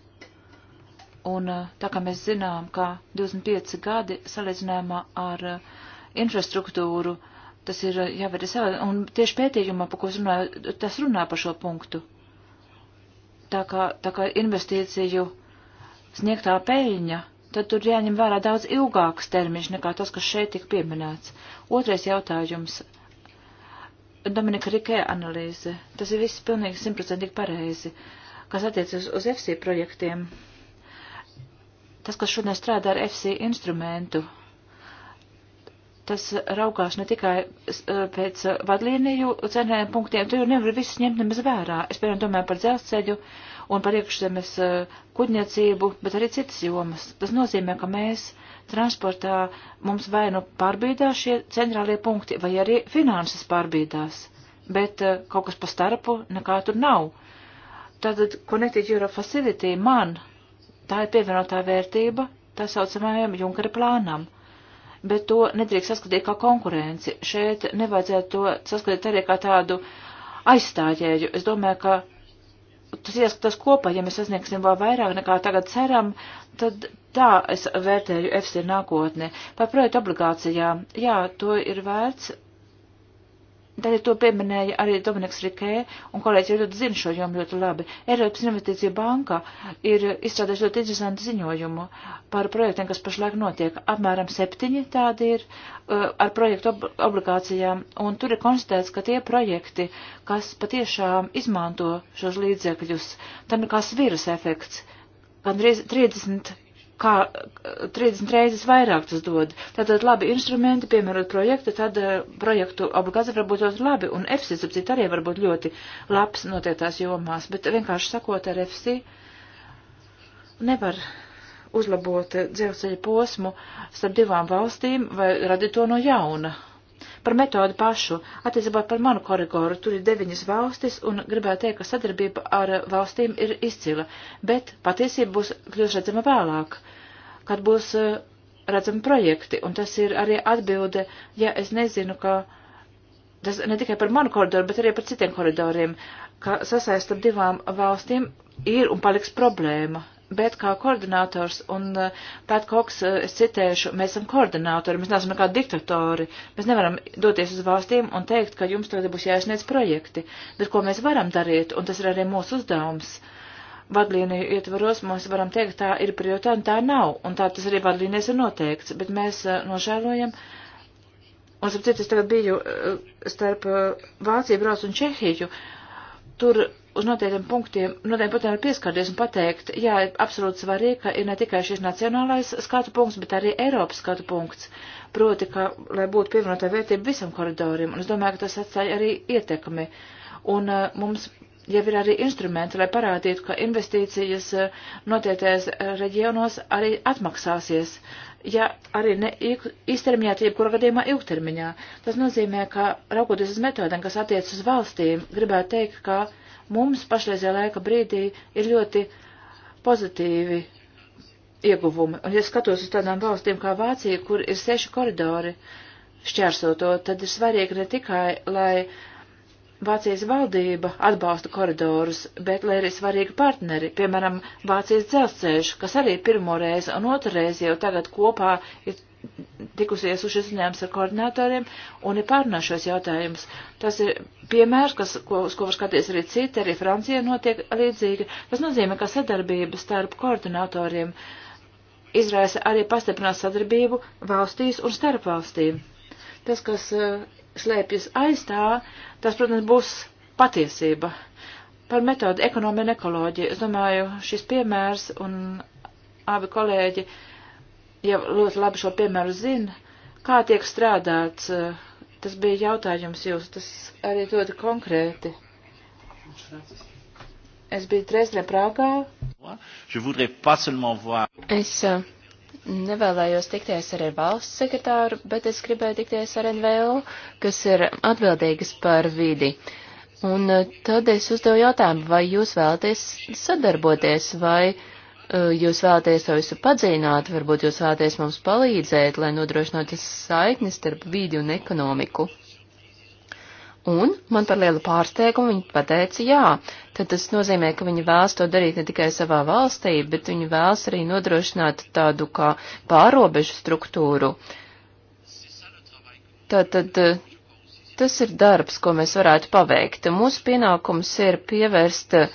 Un tā kā mēs zinām, ka 25 gadi salīdzinājumā ar infrastruktūru, tas ir jāvērtē savā, un tieši pētījumā, par ko es runāju, tas runā par šo punktu. Tā kā, tā kā investīciju sniegtā peļņa, tad tur jāņem vērā daudz ilgāks termiņš nekā tas, kas šeit tika pieminēts. Otrais jautājums. Dominika Rikē analīze. Tas ir viss pilnīgi simtprocentīgi pareizi, kas attiecas uz FC projektiem. Uh, Tas, kas šodien strādā ar FC instrumentu, tas raugās ne tikai eh, pēc vadlīniju cenējiem punktiem, tu jau nevar visus ņemt nemaz vērā. Es, piemēram, domāju par dzelzceļu un par iekšzemes eh, kuģniecību, bet arī citas jomas. Tas nozīmē, ka mēs transportā mums vai nu pārbīdā šie centrālie punkti, vai arī finanses pārbīdās, bet eh, kaut kas pa starpu nekā tur nav. Tātad Connected Europe Facility man Tā ir pievienotā vērtība tā saucamajam Junkara plānam. Bet to nedrīkst saskatīt kā konkurenci. Šeit nevajadzētu to saskatīt arī kā tādu aizstājēju. Es domāju, ka tas ieskatās kopā, ja mēs sasniegsim vēl vairāk nekā tagad ceram, tad tā es vērtēju EFSI nākotni. Par projektu obligācijām, jā, to ir vērts Tad to pieminēja arī Dominiks Rikē, un kolēģi jau ļoti zina šo jomu ļoti labi. Eiropas Investīcija banka ir izstrādājusi ļoti interesantu ziņojumu par projektiem, kas pašlaik notiek. Apmēram septiņi tādi ir uh, ar projektu ob obligācijām, un tur ir konstatēts, ka tie projekti, kas patiešām izmanto šos līdzekļus, tam ir kā sviras efekts. Gan 30 kā 30 reizes vairāk tas dod. Tātad labi instrumenti, piemērot projektu, tad uh, projektu obligācija var būt ļoti labi, un FC, ap citu, arī var būt ļoti labs noteiktās jomās, bet vienkārši sakot ar FC, nevar uzlabot dzelzceļa posmu starp divām valstīm vai radīt to no jauna. Par metodu pašu, attiecībā par manu korigoru, tur ir deviņas valstis un gribētu teikt, ka sadarbība ar valstīm ir izcila, bet patiesība būs kļūst redzama vēlāk, kad būs eh, redzami projekti, un tas ir arī atbilde, ja es nezinu, ka tas ne tikai par manu koridoru, bet arī par citiem koridoriem, ka sasaistam divām valstīm ir un paliks problēma bet kā koordinators, un eh, Pēt Koks, eh, es citēšu, mēs esam koordinatori, mēs neesam nekādi diktatori, mēs nevaram doties uz valstīm un teikt, ka jums tagad būs jāizsniedz projekti, bet ko mēs varam darīt, un tas ir arī mūsu uzdevums. Vadlīniju ietvaros mēs varam teikt, tā ir prioritāte, tā nav, un tā tas arī vadlīnijas ir noteikts, bet mēs eh, nožēlojam. Un, sapratiet, es tagad biju starp Vāciju braucu un Čehiju, tur uz noteiktiem punktiem, noteiktiem punktiem ir pieskarties un pateikt, jā, ir absolūti svarīgi, ka ir ne tikai šis nacionālais skatu punkts, bet arī Eiropas skatu punkts. Proti, ka, lai būtu pievienotā vērtība visam koridorim, un es domāju, ka tas atstāja arī ietekmi. Un uh, mums jau ir arī instrumenti, lai parādītu, ka investīcijas uh, notiekties uh, reģionos arī atmaksāsies. Ja arī ne īstermiņā, tad jebkurā gadījumā ilgtermiņā. Tas nozīmē, ka raugoties uz metodēm, kas attiec uz valstīm, gribētu teikt, ka uh, mums pašreizajā laika brīdī ir ļoti pozitīvi ieguvumi. Un, ja skatos uz tādām valstīm kā Vācija, kur ir seši koridori šķērsoto, tad ir svarīgi ne tikai, lai Vācijas valdība atbalsta koridorus, bet lai arī svarīgi partneri, piemēram, Vācijas dzelzceļš, kas arī pirmo reizi un otru reizi jau tagad kopā ir tikusies uz izņēmums ar koordinatoriem un ir pārnāšos jautājumus. Tas ir piemērs, kas, ko, uz ko var skatīties arī citi, arī Francija notiek līdzīgi. Tas nozīmē, ka sadarbība starp koordinatoriem izraisa arī pastiprināt sadarbību valstīs un starp valstīm. Tas, kas uh, slēpjas aiz tā, tas, protams, būs patiesība. Par metodu ekonomiju un ekoloģiju. Es domāju, šis piemērs un abi kolēģi uh, jau ļoti labi šo piemēru zina, kā tiek strādāts. Eh, tas bija jautājums jūs, tas arī ļoti konkrēti. Es biju Dresdē Prāgā. Es eh, nevēlējos tikties ar valsts sekretāru, bet es gribēju tikties ar NVO, kas ir atbildīgas par vidi. Un eh, tad es uzdevu jautājumu, vai jūs vēlaties sadarboties, vai uh, jūs vēlaties to visu padzīnāt, varbūt jūs vēlaties mums palīdzēt, lai nodrošinātu saiknis starp vīdi un ekonomiku. Un man par lielu pārsteigumu viņa pateica jā. Tad tas nozīmē, ka viņa vēlas to darīt ne tikai savā valstī, bet viņa vēlas arī nodrošināt tādu kā pārobežu struktūru. Tātad tas ir darbs, ko mēs varētu paveikt. Mūsu pienākums ir pievērst uh,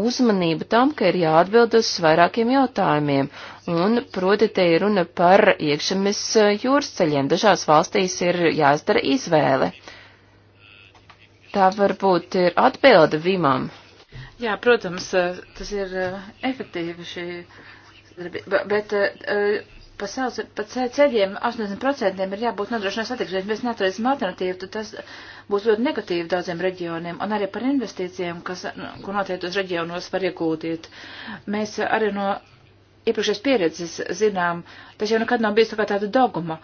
uzmanību tam, ka ir jāatbild uz vairākiem jautājumiem. Un, proti, te ir runa par iekšemes eh, jūras ceļiem. Dažās valstīs ir jāizdara izvēle. Tā varbūt ir atbilde Vimam. Jā, protams, eh, tas ir eh, efektīvi šī darbība, bet pa, savs, pa ceļiem 80% ir jābūt nodrošināt satiksmes. Mēs neatrādīsim alternatīvu, tad tas būs ļoti negatīvi daudziem reģioniem un arī par investīcijiem, kas, nu, ko noteiktos reģionos var iegūtīt. Mēs arī no iepriekšējās pieredzes zinām, tas jau nekad nav bijis tā kā tāda dogma.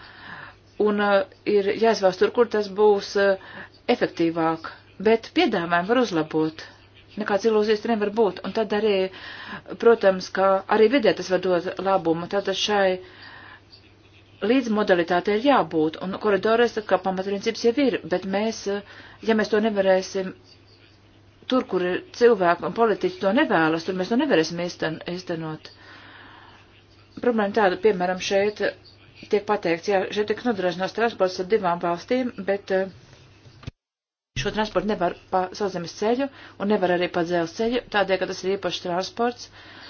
Un uh, ir jāizvēlas tur, kur tas būs uh, efektīvāk. Bet piedāvājumu var uzlabot. Nekāds ilūzijas tur nevar būt. Un tad arī, protams, ka arī vidē tas var dot labumu. Tātad šai uh, līdzmodalitāte ir jābūt, un koridores kā pamatprincips jau ir, bet mēs, eh, ja mēs to nevarēsim tur, kur cilvēki un politiķi to nevēlas, tur mēs to nevarēsim iesten, iestenot. Problēma tāda, piemēram, šeit tiek pateikts, jā, šeit tiek nodrošināts transports ar divām valstīm, bet eh, šo transportu nevar pa sauszemes ceļu un nevar arī pa dzēles ceļu, tādēļ, ka tas ir īpašs transports. Uh,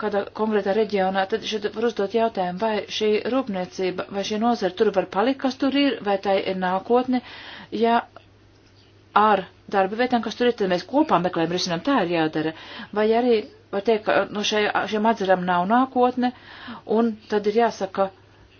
kādā konkrētā reģionā, tad šeit var uzdot jautājumu, vai šī rūpniecība, vai šī nozara tur var palikt, kas tur ir, vai tai ir nākotne, ja ar darba vietām, kas tur ir, tad mēs kopā meklējam risinājumu, tā ir jādara. Vai arī var teikt, ka no nu, šai, šiem atzaram nav nākotne, un tad ir jāsaka,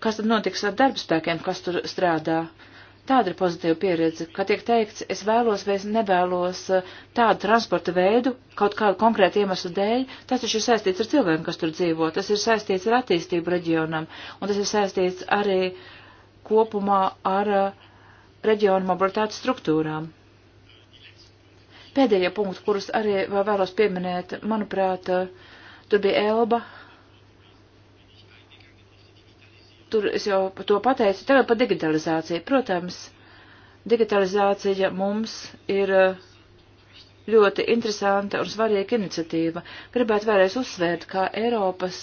kas tad notiks ar darbspēkiem, kas tur strādā. Uh, Tāda ir pozitīva pieredze, ka tiek teikts, es vēlos vai es nevēlos eh, tādu transporta veidu kaut kādu konkrētu iemeslu dēļ. Tas taču ir saistīts ar cilvēkiem, kas tur dzīvo, tas ir saistīts ar attīstību reģionam, un tas ir saistīts arī kopumā ar eh, reģionu mobilitātes struktūrām. Pēdējie punkti, kurus arī vēl vēlos pieminēt, manuprāt, eh, tur bija Elba, tur es jau par to pateicu, tagad par digitalizāciju. Protams, digitalizācija mums ir eh, ļoti interesanta un svarīga iniciatīva. Gribētu vēlreiz uzsvērt, kā Eiropas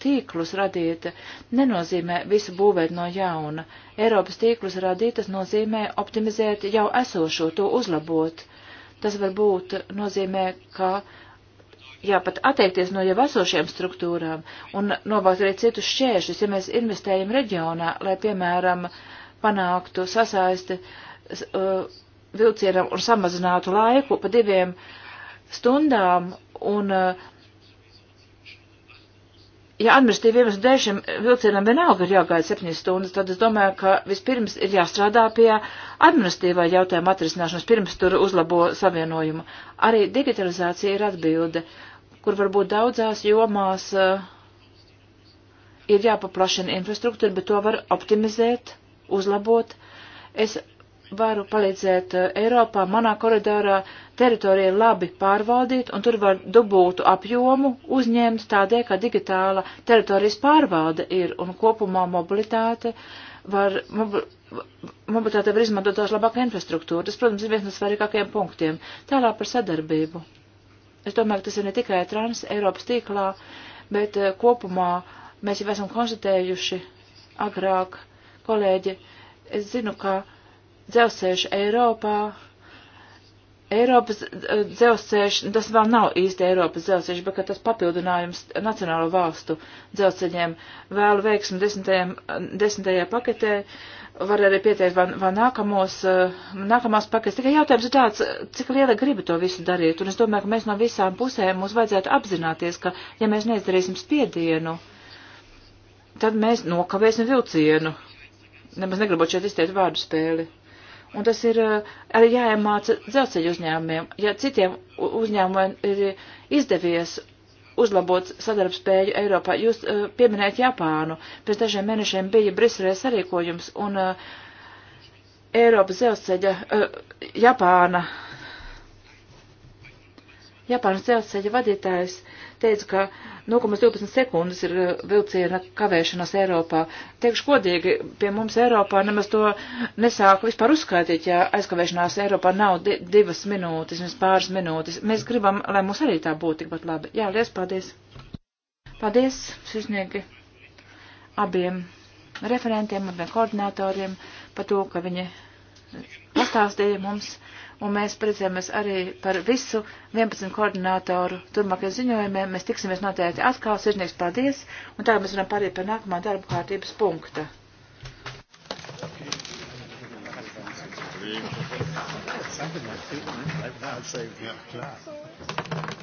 tīklus radīta nenozīmē visu būvēt no jauna. Eiropas tīklus radītas nozīmē optimizēt jau esošo, to uzlabot. Tas varbūt nozīmē, ka jāpat atteikties no jau esošiem struktūrām un novākt arī citus šķēršļus, ja mēs investējam reģionā, lai, piemēram, panāktu sasaisti uh, vilcienam un samazinātu laiku pa diviem stundām un uh, ja administratīvi iemeslu dēļ šim vilcienam vienalga ir jāgaida septiņas stundas, tad es domāju, ka vispirms ir jāstrādā pie administratīvā jautājuma atrisināšanas, pirms tur uzlabo savienojumu. Arī digitalizācija ir atbilde. Uh, kur varbūt daudzās jomās uh, ir jāpaplašina infrastruktūra, bet to var optimizēt, uzlabot. Es varu palīdzēt eh, Eiropā, manā koridorā teritorija labi pārvaldīt, un tur var dubultu apjomu uzņemt tādēļ, ka digitāla teritorijas pārvalde ir, un kopumā mobilitāte var, mobil, mobilitāte var izmantot tās labāka infrastruktūra. Tas, protams, ir viens no svarīgākajiem punktiem. Tālāk par sadarbību. Es domāju, ka tas ir ne tikai trans Eiropas tīklā, bet eh, kopumā mēs jau esam konstatējuši agrāk, kolēģi, es zinu, ka dzelzceļš Eiropā, Eiropas eh, dzelzceļš, nu, tas vēl nav īsti Eiropas dzelzceļš, bet tas papildinājums nacionālo valstu dzelzceļiem vēlu veiksmu desmitajā, eh, desmitajā paketē. Uh, var arī pieteikt vēl, vēl nākamos, eh, nākamās pakas. Tikai jautājums ir tāds, cik liela griba to visu darīt. Un es domāju, ka mēs no visām pusēm mums vajadzētu apzināties, ka ja mēs neizdarīsim spiedienu, tad mēs nokavēsim vilcienu. Nemaz negribot šeit izteikt vārdu spēli. Un tas ir eh, arī jāiemāca dzelzceļu uzņēmumiem. Ja citiem uzņēmumiem ir izdevies uzlabot sadarbspēju Eiropā. Jūs uh, pieminējat Japānu. Pēc dažiem mēnešiem bija Briselē sarīkojums un uh, Eiropas dzelzceļa uh, Japāna Japānas dzelzceļa vadītājs teica, ka 0,12 sekundes ir eh, vilciena kavēšanās Eiropā. Teikšu godīgi, pie mums Eiropā nemaz to nesāku vispār uzskaitīt, ja aizkavēšanās Eiropā nav di divas minūtes, mēs pāris minūtes. Mēs gribam, lai mums arī tā būtu tikpat labi. Jā, liels paldies! Paldies, sirsnieki, abiem referentiem un koordinatoriem par to, ka viņi pastāstīja mums un mēs priecājamies arī par visu 11 koordinātoru turmākajiem ziņojumiem. Mēs tiksimies noteikti atkal, sirsnīgs paldies, un tagad mēs varam pāriet pie nākamā darba kārtības punkta. Danke, Martin. Bleib da, ja, klar.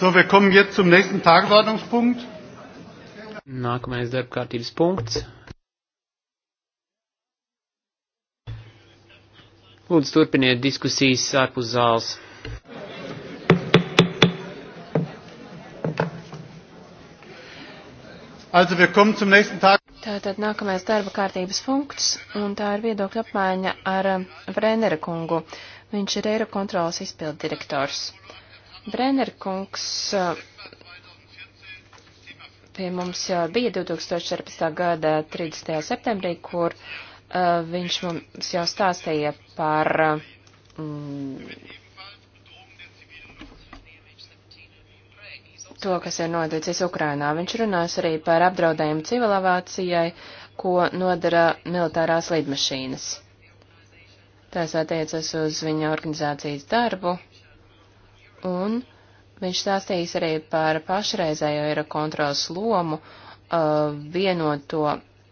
So, wir kommen jetzt zum nächsten Tagesordnungspunkt. Nākamais darbkārtības punkts. Lūdzu, turpiniet diskusijas ārpus zāles. Also, wir kommen zum nächsten Tag. Tātad nākamais darba kārtības punkts, un tā ir viedokļa apmaiņa ar Vrēnera eh, kungu. Viņš ir Eiro kontrolas izpildu direktors. Brenner kungs pie mums jau bija 2014. gada 30. septembrī, kur uh, viņš mums jau stāstīja par mm, to, kas ir noticis Ukrainā. Viņš runās arī par apdraudējumu civilavācijai, ko nodara militārās lidmašīnas. Tas attiecas uz viņa organizācijas darbu un viņš stāstījis arī par pašreizējo Eirokontrolas lomu uh, vienoto,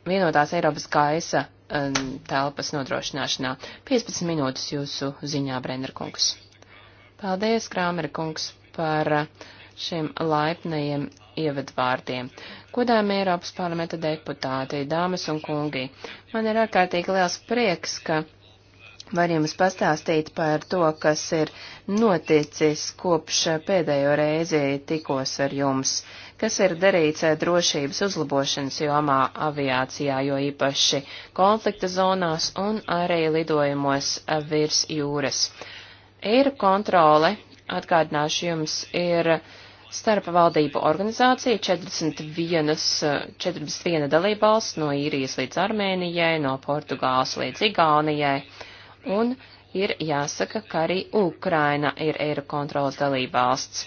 vienotās Eiropas gaisa uh, telpas nodrošināšanā. 15 minūtes jūsu ziņā, Brenner kungs. Paldies, Krāmer kungs, par šiem laipnajiem ievadvārdiem. Godājumi Eiropas parlamenta deputāti, dāmas un kungi, man ir ārkārtīgi liels prieks, ka var jums pastāstīt par to, kas ir noticis kopš pēdējo reizi tikos ar jums, kas ir darīts drošības uzlabošanas jomā aviācijā, jo īpaši konflikta zonās un arī lidojumos virs jūras. Eiro kontrole, atgādināšu jums, ir starp valdību organizācija 41, 41 dalībvalsts no īrijas līdz Armēnijai, no Portugāles līdz Igaunijai Un ir jāsaka, ka arī Ukraina ir Eirokontrolas dalībvalsts.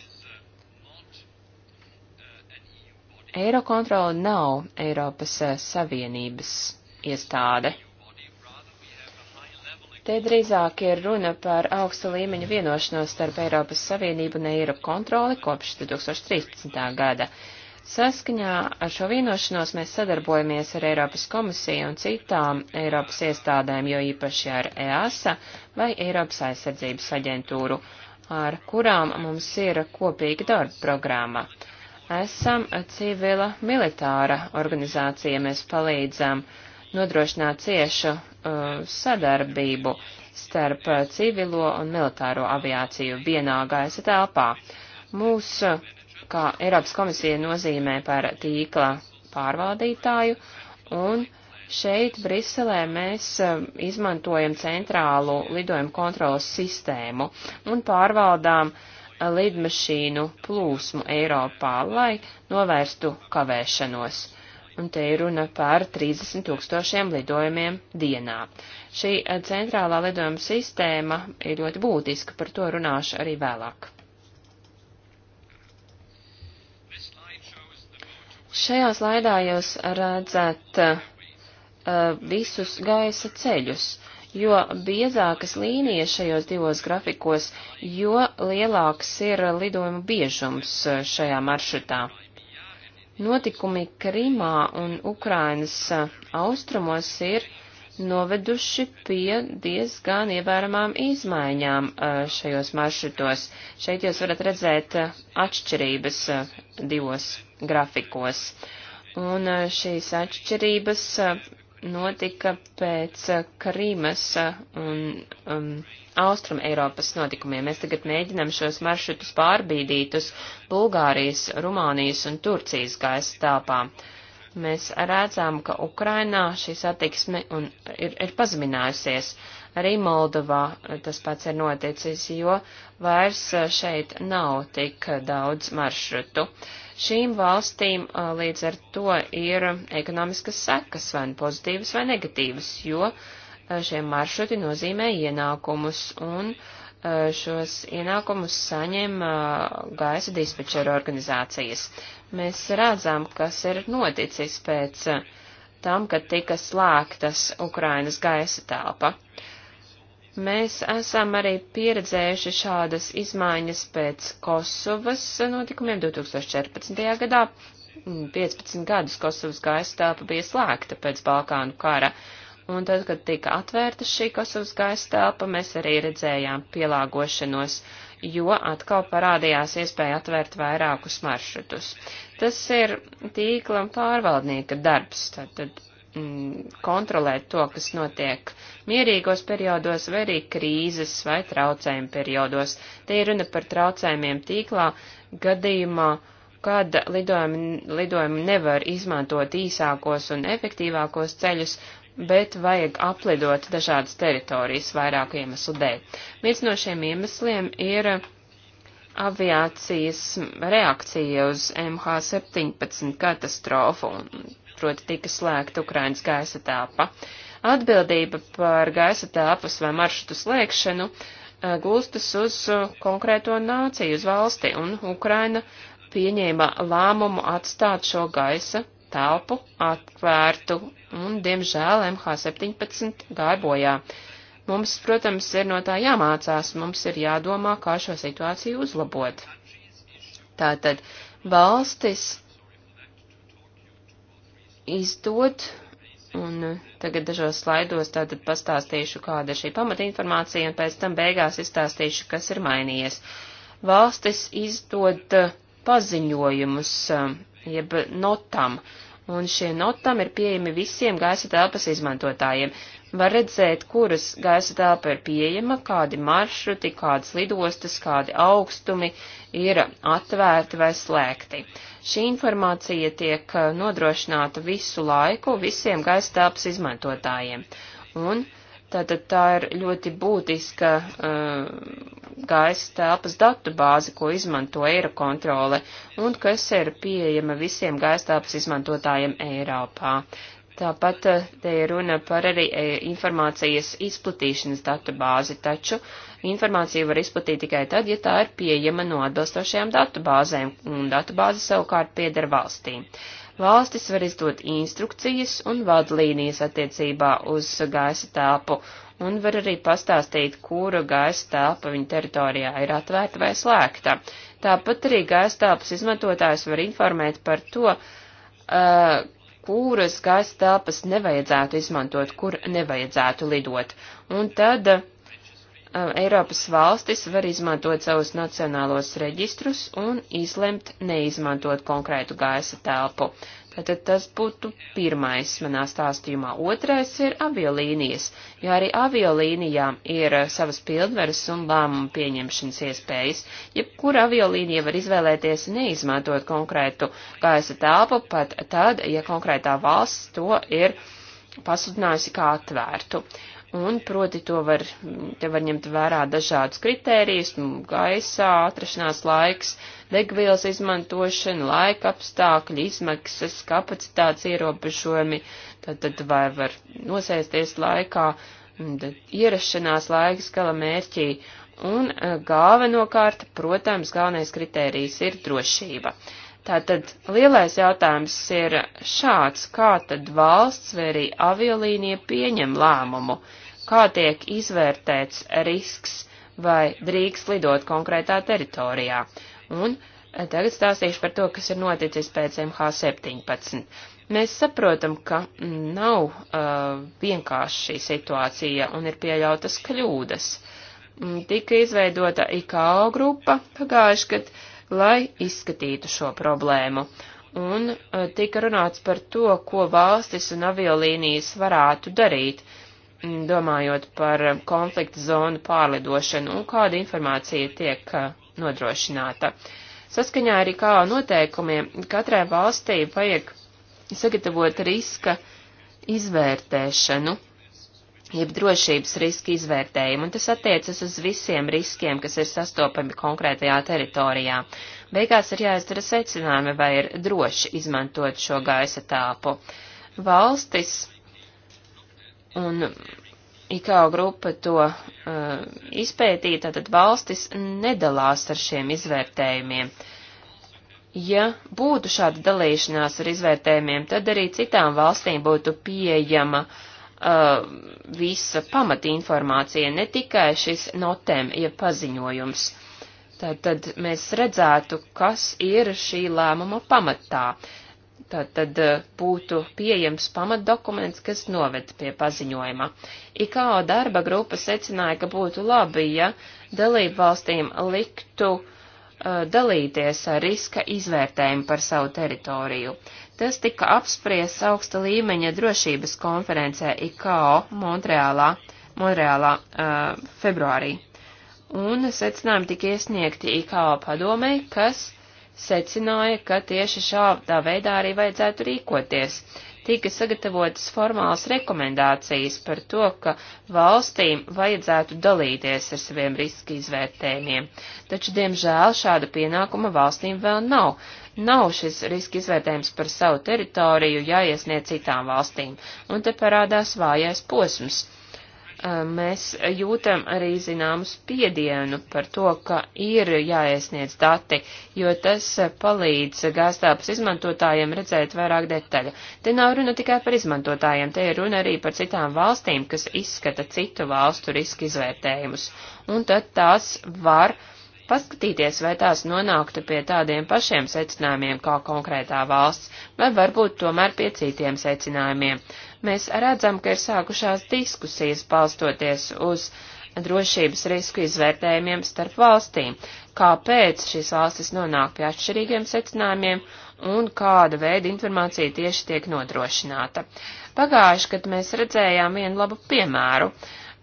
Eirokontrola nav Eiropas eh, Savienības iestāde. Te drīzāk ir runa par augsta līmeņa vienošanos starp Eiropas Savienību un Eiropa kontroli kopš 2013. gada. Saskaņā ar šo vienošanos mēs sadarbojamies ar Eiropas komisiju un citām Eiropas iestādēm, jo īpaši ar EASA vai Eiropas aizsardzības aģentūru, ar kurām mums ir kopīga darba programma. Esam civila militāra organizācija, mēs palīdzam nodrošināt ciešu uh, sadarbību starp civilo un militāro aviāciju vienā gaisa telpā. Mūsu kā Eiropas komisija nozīmē par tīkla pārvaldītāju, un šeit Briselē mēs um, izmantojam centrālu lidojumu kontrolas sistēmu un pārvaldām uh, lidmašīnu plūsmu Eiropā, lai novērstu kavēšanos. Un te ir runa par 30 tūkstošiem lidojumiem dienā. Šī uh, centrālā lidojuma sistēma ir ļoti būtiska, par to runāšu arī vēlāk. Šajā slaidā jūs redzat uh, visus gaisa ceļus. Jo biezākas līnijas šajos divos grafikos, jo lielāks ir lidojuma biežums uh, šajā maršrutā. Notikumi Krimā un Ukrainas uh, austrumos ir noveduši pie diezgan ievēramām izmaiņām uh, šajos maršrutos. Šeit jūs varat redzēt uh, atšķirības uh, divos grafikos. Un šīs atšķirības notika pēc Krīmas un um, Austrum Eiropas notikumiem. Mēs tagad mēģinam šos maršrutus pārbīdīt uz Bulgārijas, Rumānijas un Turcijas gaisa tāpām. Uh, Mēs redzam, ka Ukrainā šī satiksme un, ir, ir pazeminājusies. Arī Moldovā tas pats ir noticis, jo vairs šeit nav tik daudz maršrutu. Šīm valstīm līdz ar to ir ekonomiskas sekas, vai nu pozitīvas vai negatīvas, jo šie maršruti nozīmē ienākumus un uh, šos ienākumus saņem uh, gaisa dispečera organizācijas. Mēs redzam, kas ir noticis pēc eh, tam, kad tika slēgtas Ukrainas gaisa telpa. Mēs esam arī pieredzējuši šādas izmaiņas pēc Kosovas notikumiem 2014. gadā. 15 mm, gadus Kosovas gaisa telpa bija slēgta pēc Balkānu kara, Un tad, kad tika atvērta šī Kosovas gaisa telpa, mēs arī redzējām pielāgošanos, jo atkal parādījās iespēja atvērt vairākus maršrutus. Tas ir tīkla pārvaldnieka darbs, tātad mm, kontrolēt to, kas notiek mierīgos periodos vai arī krīzes vai traucējumu periodos. Te ir runa par traucējumiem tīklā gadījumā, kad lidojumi, lidojumi nevar izmantot īsākos un efektīvākos ceļus, bet vajag aplidot dažādas teritorijas vairāku iemeslu dēļ. Viens no šiem iemesliem ir aviācijas reakcija uz MH17 katastrofu, proti tika slēgta Ukrainas gaisa tāpa. Atbildība par gaisa tāpas vai maršrutu slēgšanu e, gulstas uz konkrēto nāciju, uz valsti, un Ukraina pieņēma lēmumu atstāt šo gaisa telpu atvērtu, un, diemžēl, MH17 gārbojā. Mums, protams, ir no tā jāmācās, mums ir jādomā, kā šo situāciju uzlabot. Tātad valstis izdod, un tagad dažos slaidos tātad pastāstīšu, kāda ir šī pamatinformācija, un pēc tam beigās izstāstīšu, kas ir mainījies. Valstis izdod paziņojumus jeb notam, un šie notam ir pieejami visiem gaisa telpas izmantotājiem. Var redzēt, kuras gaisa telpa ir pieejama, kādi maršruti, kādas lidostas, kādi augstumi ir atvērti vai slēgti. Šī informācija tiek eh, nodrošināta visu laiku visiem gaisa telpas izmantotājiem. Un uh, Tātad tā ir ļoti būtiska uh, gaisa telpas datu bāze, ko izmanto Eirokontrole un kas ir pieejama visiem gaisa telpas izmantotājiem Eiropā. Tāpat uh, te ir runa par arī e, informācijas izplatīšanas datu bāzi, taču informāciju var izplatīt tikai tad, ja tā ir pieejama no atbilstošajām datu bāzēm, un datu bāze savukārt pieder valstīm. Uh, Valstis var izdot instrukcijas un vadlīnijas attiecībā uz gaisa telpu un var arī pastāstīt, kura gaisa telpa viņa teritorijā ir atvērta vai slēgta. Tāpat arī gaisa telpas izmantotājs var informēt par to, uh, kuras gaisa telpas nevajadzētu izmantot, kur nevajadzētu lidot. Un tad uh, Eiropas valstis var izmantot savus nacionālos reģistrus un izlemt neizmantot konkrētu gaisa telpu. Tātad tas būtu pirmais manā stāstījumā. Otrais ir aviolīnijas, jo arī aviolīnijām ir savas pildveras un lēmumu pieņemšanas iespējas. Jebkura aviolīnija var izvēlēties neizmantot konkrētu gaisa telpu, pat tad, ja konkrētā valsts to ir pasludinājusi kā atvērtu. Uh, Un, proti, to var, te var ņemt vērā dažādus kritērijus, nu, gaisā, atrašanās laiks, degvielas izmantošana, laika apstākļi, izmaksas, kapacitātes ierobežojumi, tad, tad vai var nosēsties laikā, tad ierašanās laiks gala mērķī. Un eh, galvenokārt, protams, galvenais kritērijs ir drošība. Uh, Tātad lielais jautājums ir šāds, kā tad valsts vai arī aviolīnija pieņem lēmumu, kā tiek izvērtēts risks vai drīkst lidot konkrētā teritorijā. Un eh, tagad stāstīšu par to, kas ir noticis pēc MH17. Mēs saprotam, ka mm, nav uh, vienkārši šī situācija un ir pieļautas kļūdas. Mm, tika izveidota IKO grupa pagājuši, kad uh, lai izskatītu šo problēmu. Un eh, tika runāts par to, ko valstis un aviolīnijas varētu darīt, mm, domājot par eh, konflikta zonu pārlidošanu un kāda informācija tiek eh, nodrošināta. Saskaņā arī kā noteikumiem katrai valstī vajag sagatavot riska izvērtēšanu jeb drošības riska izvērtējumu, un tas attiecas uz visiem riskiem, kas ir sastopami konkrētajā teritorijā. Beigās ir jāizdara secinājumi, vai ir droši izmantot šo gaisa tāpu. Valstis un IKO grupa to uh, izpētīja, tātad valstis nedalās ar šiem izvērtējumiem. Ja būtu šāda dalīšanās ar izvērtējumiem, tad arī citām valstīm būtu pieejama uh, uh, visa pamatinformācija, ne tikai šis notēm, ja paziņojums. Tātad mēs redzētu, kas ir šī lēmuma pamatā. Tātad uh, būtu pieejams pamatdokuments, kas noved pie paziņojuma. IKO darba grupa secināja, ka būtu labi, ja dalību valstīm liktu uh, Uh, dalīties ar riska izvērtējumu par savu teritoriju. Tas tika apspriests augsta līmeņa drošības konferencē IKO Montreālā, Montreālā uh, februārī. Un secinājumi tika iesniegti IKO padomei, kas secināja, ka tieši šādā veidā arī vajadzētu rīkoties. Uh, tika sagatavotas formālas rekomendācijas par to, ka valstīm vajadzētu dalīties ar saviem riska izvērtējumiem. Taču, diemžēl, šāda pienākuma valstīm vēl nav. Nav šis riska izvērtējums par savu teritoriju jāiesniedz citām valstīm, un te parādās vājais posms Eh, mēs jūtam arī zināmu spiedienu par to, ka ir jāiesniedz dati, jo tas eh, palīdz gāztāpas izmantotājiem redzēt vairāk detaļu. Te nav runa tikai par izmantotājiem, te ir runa arī par citām valstīm, kas izskata citu valstu riska izvērtējumus. Un tad tās var paskatīties, vai tās nonāktu pie tādiem pašiem secinājumiem kā konkrētā valsts, vai varbūt tomēr pie citiem secinājumiem mēs redzam, ka ir sākušās diskusijas balstoties uz drošības risku izvērtējumiem starp valstīm, kāpēc šīs valstis nonāk pie atšķirīgiem secinājumiem un kāda veida informācija tieši tiek nodrošināta. Pagājuši, kad mēs redzējām vienu labu piemēru,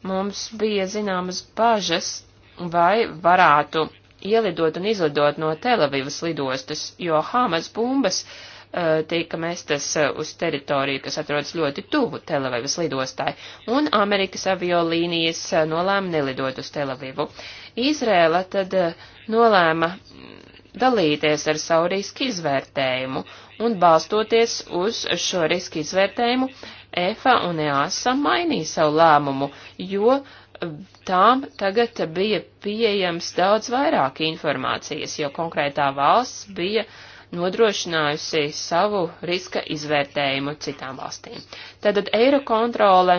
mums bija zināmas bažas, vai varētu ielidot un izlidot no Telavivas lidostas, jo Hamas bumbas uh, Eh, tika mestas eh, uz teritoriju, kas atrodas ļoti tuvu Telavivas lidostai, un Amerikas aviolīnijas eh, nolēma nelidot uz Telavivu. Izrēla tad nolēma mm, dalīties ar savu risku izvērtējumu, un balstoties uz šo risku izvērtējumu, EFA un EASA mainīja savu lēmumu, jo tām tagad bija pieejams daudz vairāk informācijas, jo konkrētā valsts bija uh, nodrošinājusi savu riska izvērtējumu citām valstīm. Tātad Eirokontrole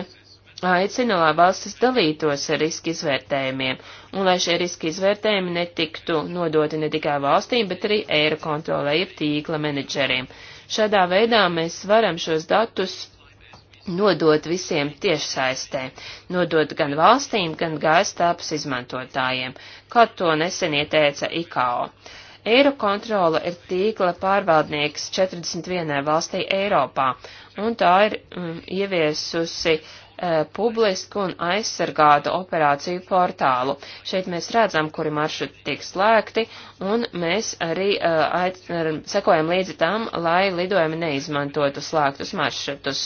aicina, lai valstis dalītos ar riska izvērtējumiem, un lai šie riska izvērtējumi netiktu nodoti ne tikai valstīm, bet arī Eirokontrolē, jeb tīkla menedžeriem. Šādā veidā mēs varam šos datus nodot visiem tiešsaistē, nodot gan valstīm, gan gaistāpas izmantotājiem, kā to nesen ieteica IKO. Eirokontrola ir tīkla pārvaldnieks 41 valstī Eiropā, un tā ir mm, ieviesusi e, publisku un aizsargātu operāciju portālu. Šeit mēs redzam, kuri maršruti tiek slēgti, un mēs arī e, aic, e, sekojam līdzi tam, lai lidojumi neizmantotu slēgtus maršrutus.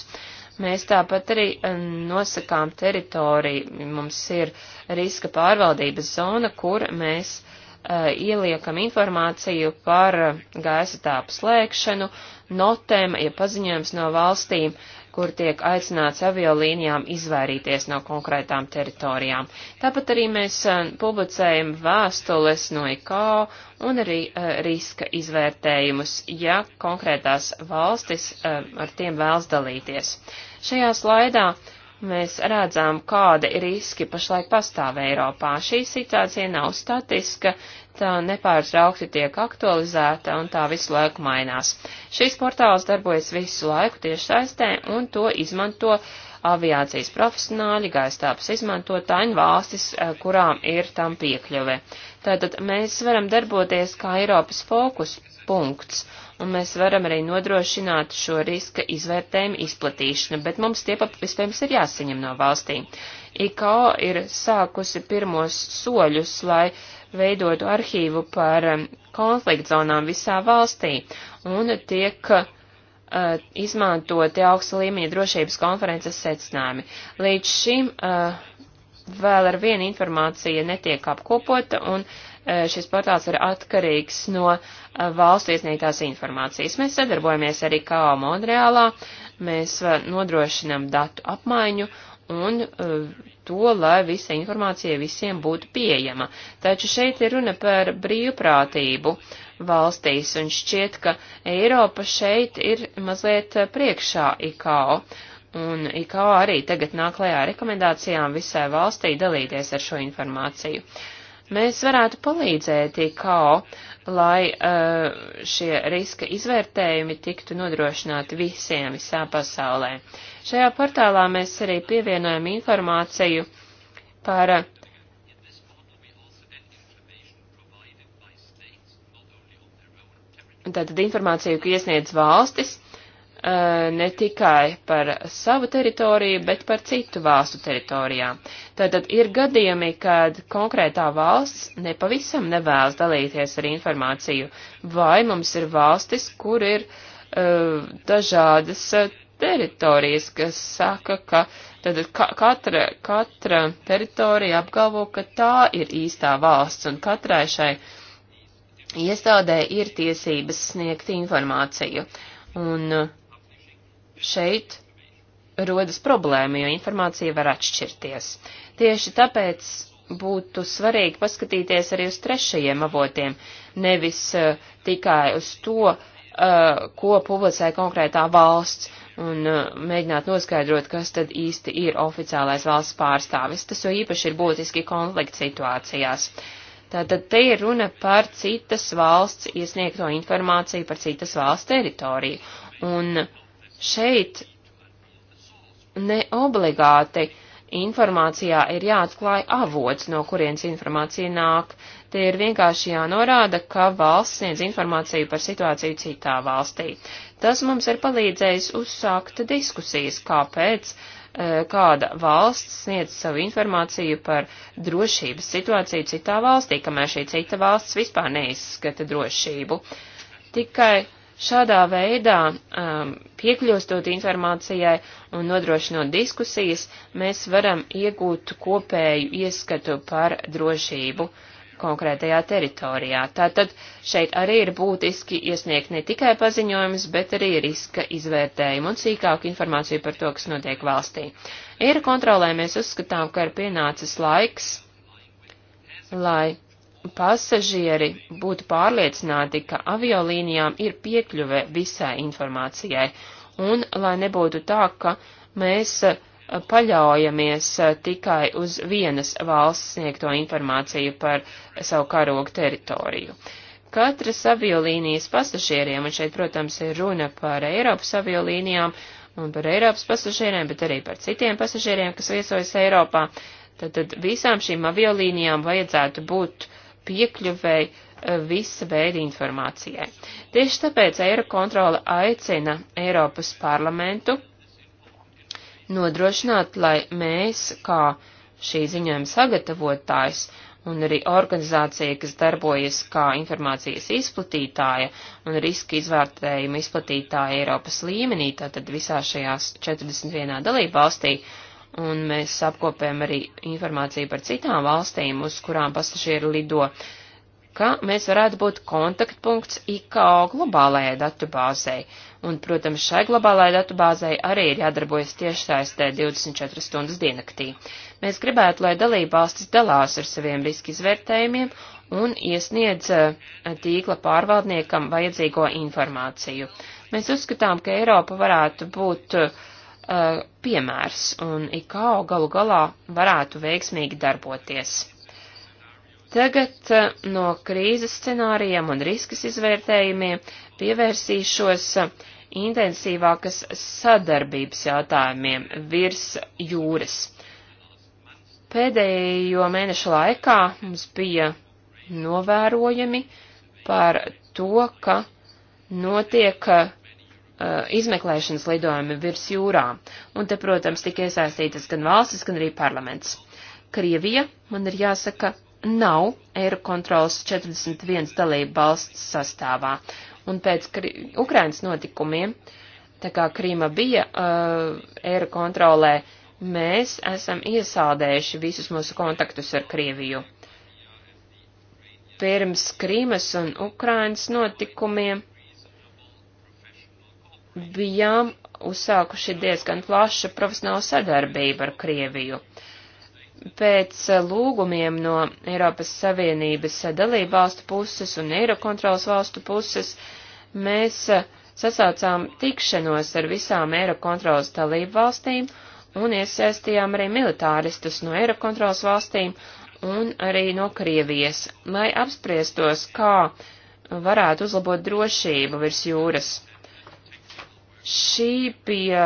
Mēs tāpat arī e, nosakām teritoriju, mums ir riska pārvaldības zona, kur mēs uh, Eh, ieliekam informāciju par eh, gaisa tāpu slēgšanu, notēm, ja paziņojums no valstīm, kur tiek aicināts aviolīnijām izvairīties no konkrētām teritorijām. Tāpat arī mēs eh, publicējam vēstules no IKO un arī riska izvērtējumus, ja konkrētās valstis ar tiem vēlas dalīties. Šajā slaidā Mēs redzam, kāda ir riski pašlaik pastāv Eiropā. Šī situācija nav statiska, tā nepārtraukti tiek aktualizēta un tā visu laiku mainās. Šīs portāls darbojas visu laiku tieši saistē un to izmanto aviācijas profesionāļi, gaistāps izmantotāji un valstis, eh, kurām ir tam piekļuve. Tātad mēs varam darboties kā Eiropas fokus punkts un mēs varam arī nodrošināt šo riska izvērtējumu izplatīšanu, bet mums tie vispirms ir jāsaņem no valstīm. IKO ir sākusi pirmos soļus, lai veidotu arhīvu par um, konfliktzonām visā valstī, un tiek uh, izmantoti augsta līmeņa drošības konferences secinājumi. Līdz šim uh, vēl ar vienu informācija netiek apkopota, un uh, Eh, šis portāls ir atkarīgs no eh, valsts iesniegtās informācijas. Mēs sadarbojamies arī KO Monreālā, mēs eh, nodrošinam datu apmaiņu un to, lai visa informācija visiem būtu pieejama. Taču šeit ir runa par brīvprātību valstīs, un šķiet, ka Eiropa šeit ir mazliet priekšā IKO. Un IKO arī tagad nāk lejā rekomendācijām visai valstī dalīties ar šo informāciju. Uh, mēs varētu palīdzēt IKO, lai uh, šie riska izvērtējumi tiktu nodrošināti visiem visā pasaulē. Šajā portālā mēs arī pievienojam informāciju par uh, Tātad informāciju, ka iesniedz valstis, Uh, ne tikai par savu teritoriju, bet par citu valstu teritorijām. Tātad ir gadījumi, kad konkrētā valsts nepavisam nevēlas dalīties ar informāciju, vai mums ir valstis, kur ir uh, dažādas uh, teritorijas, kas saka, ka tātad ka katra, katra teritorija apgalvo, ka tā ir īstā valsts, un katrai šai iestādē ir tiesības sniegt informāciju. Un uh, šeit rodas problēma, jo informācija var atšķirties. Tieši tāpēc būtu svarīgi paskatīties arī uz trešajiem avotiem, nevis uh, tikai uz to, uh, ko publicē konkrētā valsts, un uh, mēģināt noskaidrot, kas tad īsti ir oficiālais valsts pārstāvis. Tas jo īpaši ir būtiski konflikta situācijās. Tātad te ir runa par citas valsts iesniegto informāciju par citas valsts teritoriju, un uh, Šeit ne obligāti informācijā ir jāatklāj avots, no kurienes informācija nāk. Tie ir vienkārši jānorāda, ka valsts sniedz informāciju par situāciju citā valstī. Tas mums ir palīdzējis uzsākt diskusijas, kāpēc e, kāda valsts sniedz savu informāciju par drošības situāciju citā valstī, kamēr šī cita valsts vispār neizskata drošību. Tikai Šādā veidā, um, piekļūstot informācijai un nodrošinot diskusijas, mēs varam iegūt kopēju ieskatu par drošību konkrētajā teritorijā. Tātad šeit arī ir būtiski iesniegt ne tikai paziņojumus, bet arī riska izvērtējumu un sīkāku informāciju par to, kas notiek valstī. Ir kontrolē mēs uzskatām, ka ir pienācis laiks, lai pasažieri būtu pārliecināti, ka aviolīnijām ir piekļuve visai informācijai, un lai nebūtu tā, ka mēs eh, paļaujamies eh, tikai uz vienas valsts sniegto informāciju par savu karogu teritoriju. Katras aviolīnijas pasažieriem, un šeit, protams, ir runa par Eiropas aviolīnijām un par Eiropas pasažieriem, bet arī par citiem pasažieriem, kas viesojas Eiropā, tad, tad visām šīm aviolīnijām vajadzētu būt uh, piekļuvēji eh, visa veida informācijai. Tieši tāpēc Eirokontrola aicina Eiropas parlamentu nodrošināt, lai mēs, kā šī ziņojuma sagatavotājs un arī organizācija, kas darbojas kā informācijas izplatītāja un riska izvērtējuma izplatītāja Eiropas līmenī, tātad visā šajās 41 dalībvalstī, valstī, un mēs apkopējam arī informāciju par citām valstīm, uz kurām pasažieri lido, ka mēs varētu būt kontaktpunkts IKO globālajai datubāzei. Un, protams, šai globālajai datubāzei arī ir jādarbojas tiešsaistē 24 stundas diennaktī. Mēs gribētu, lai dalībvalstis dalās ar saviem riski izvērtējumiem un iesniedz eh, tīkla pārvaldniekam vajadzīgo informāciju. Mēs uzskatām, ka Eiropa varētu būt uh, uh, piemērs, un IKO galu galā varētu veiksmīgi darboties. Tagad uh, no krīzes scenārijiem un riskas izvērtējumiem pievērsīšos uh, intensīvākas sadarbības jautājumiem virs jūras. Pēdējo mēnešu laikā mums bija novērojumi par to, ka notiek uh, Eh, izmeklēšanas lidojumi virs jūrām, un te, protams, tika iesaistītas gan valstis, gan arī parlaments. Krievija, man ir jāsaka, nav Eirokontrols 41 dalību valsts sastāvā, un pēc Kri Ukrainas notikumiem, tā kā Krīma bija uh, eh, Eirokontrolē, mēs esam iesaldējuši visus mūsu kontaktus ar Krieviju. Pirms Krīmas un Ukrainas notikumiem bijām uzsākuši diezgan plašu profesionālu sadarbību ar Krieviju. Pēc lūgumiem no Eiropas Savienības dalību valstu puses un Eirokontrolas valstu puses mēs sasaucām tikšanos ar visām Eirokontrolas dalību valstīm un iesaistījām arī militāristus no Eirokontrolas valstīm un arī no Krievijas, lai apspriestos, kā varētu uzlabot drošību virs jūras. Šī bija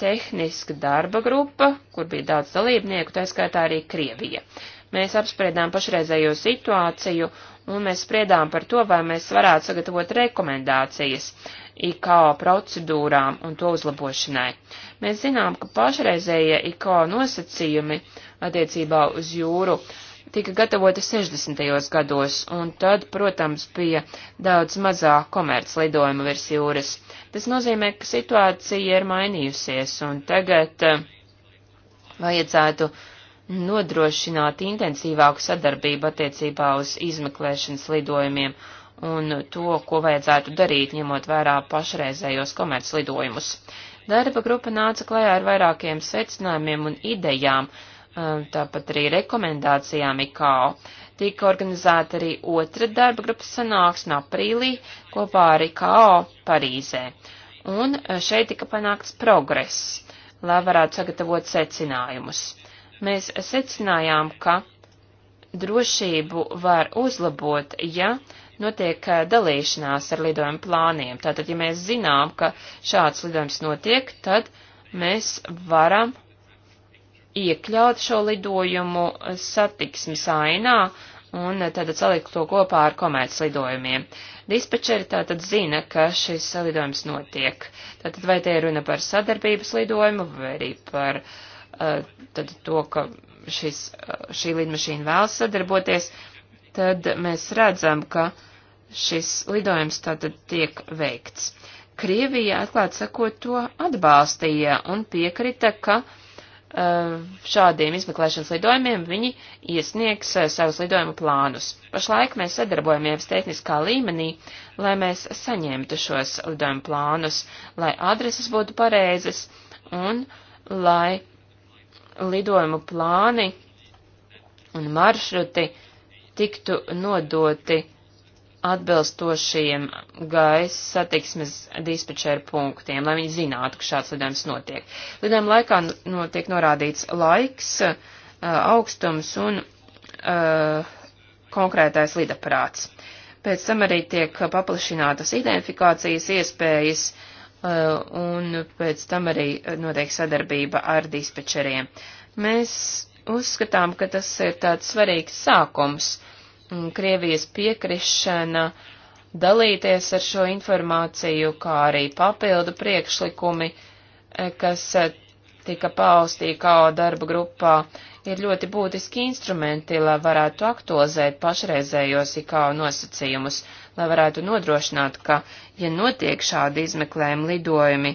tehniska darba grupa, kur bija daudz dalībnieku, tā skaitā arī Krievija. Mēs apspriedām pašreizējo situāciju un mēs spriedām par to, vai mēs varētu sagatavot rekomendācijas IKO procedūrām un to uzlabošanai. Mēs zinām, ka pašreizējie IKO nosacījumi attiecībā uz jūru uh, tika gatavota 60. gados, un tad, protams, bija daudz mazāk komerc lidojumu virs jūras. Tas nozīmē, ka situācija ir mainījusies, un tagad uh, vajadzētu nodrošināt intensīvāku sadarbību attiecībā uz izmeklēšanas lidojumiem un to, ko vajadzētu darīt, ņemot vērā pašreizējos komerc lidojumus. Darba grupa nāca klajā ar vairākiem secinājumiem un idejām, uh, Um, tāpat arī rekomendācijām IKO. Tika organizēta arī otra darba grupas sanāksme aprīlī kopā ar IKO Parīzē. Un uh, šeit tika panākts progress, lai varētu sagatavot secinājumus. Mēs secinājām, ka drošību var uzlabot, ja notiek uh, dalīšanās ar lidojumu plāniem. Tātad, ja mēs zinām, ka šāds lidojums notiek, tad mēs varam uh, iekļaut šo lidojumu satiksmes ainā un tātad salikt to kopā ar komētas lidojumiem. Dispečeri tātad zina, ka šis lidojums notiek. Tātad vai te ir runa par sadarbības lidojumu vai arī par eh, tad to, ka šis, eh, šī lidmašīna vēlas sadarboties, tad mēs redzam, ka šis lidojums tātad tiek veikts. Krievija, atklāt sakot, to atbalstīja un piekrita, ka uh, Uh, šādiem izmeklēšanas lidojumiem viņi iesniegs uh, savus lidojumu plānus. Pašlaik mēs sadarbojamies tehniskā līmenī, lai mēs saņemtu šos lidojumu plānus, lai adreses būtu pareizes un lai lidojumu plāni un maršruti tiktu nodoti atbilstošiem gaisa satiksmes dispečēru punktiem, lai viņi zinātu, ka šāds lidojums notiek. Lidojuma laikā notiek norādīts laiks, eh, augstums un uh, konkrētais lidaprāts. Pēc tam arī tiek paplašinātas identifikācijas iespējas uh, un pēc tam arī notiek sadarbība ar dispečeriem. Mēs uzskatām, ka tas ir tāds svarīgs sākums. Uh, Mm, Krievijas piekrišana dalīties ar šo informāciju, kā arī papildu priekšlikumi, e, kas e, tika paustī kā darba grupā, ir ļoti būtiski instrumenti, lai varētu aktualizēt pašreizējos IKO nosacījumus, lai varētu nodrošināt, ka, ja notiek šādi izmeklējumi lidojumi,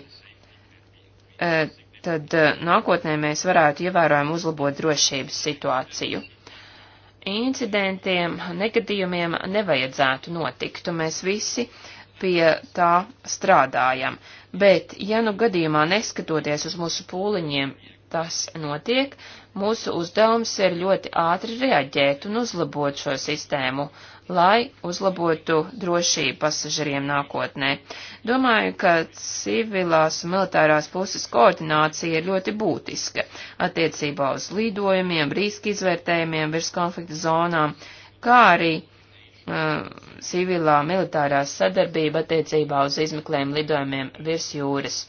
e, tad nākotnē mēs varētu ievērojami uzlabot drošības situāciju incidentiem, negadījumiem nevajadzētu notikt, un mēs visi pie tā strādājam. Bet, ja nu gadījumā neskatoties uz mūsu pūliņiem, tas notiek, mūsu uzdevums ir ļoti ātri reaģēt un uzlabot šo sistēmu, uh, lai uzlabotu drošību pasažieriem nākotnē. Domāju, ka civilās un militārās puses koordinācija ir ļoti būtiska attiecībā uz lidojumiem, riska izvērtējumiem virs konflikta zonām, kā arī uh, civilā militārā sadarbība attiecībā uz izmeklējiem lidojumiem virs jūras.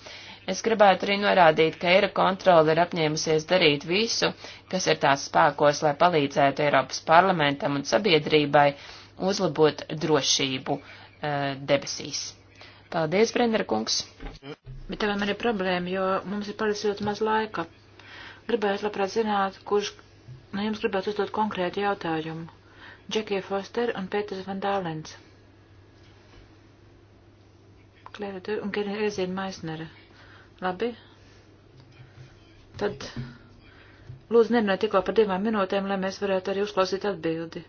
Es gribētu arī norādīt, ka Eira kontrole ir apņēmusies darīt visu, kas ir tās spēkos, lai palīdzētu Eiropas parlamentam un sabiedrībai uh, uzlabot drošību eh, debesīs. Paldies, Brendera kungs! Bet tev man ir problēma, jo mums ir palicis ļoti maz laika. Gribētu labprāt zināt, kurš no nu, jums gribētu uzdot konkrētu jautājumu. Džekija Foster un Pēters Van Dālens. Klēra tur un Gerezina Maisnere. Labi. Tad lūdzu nerunāj tikko par divām minūtēm, lai mēs varētu arī uzklausīt atbildi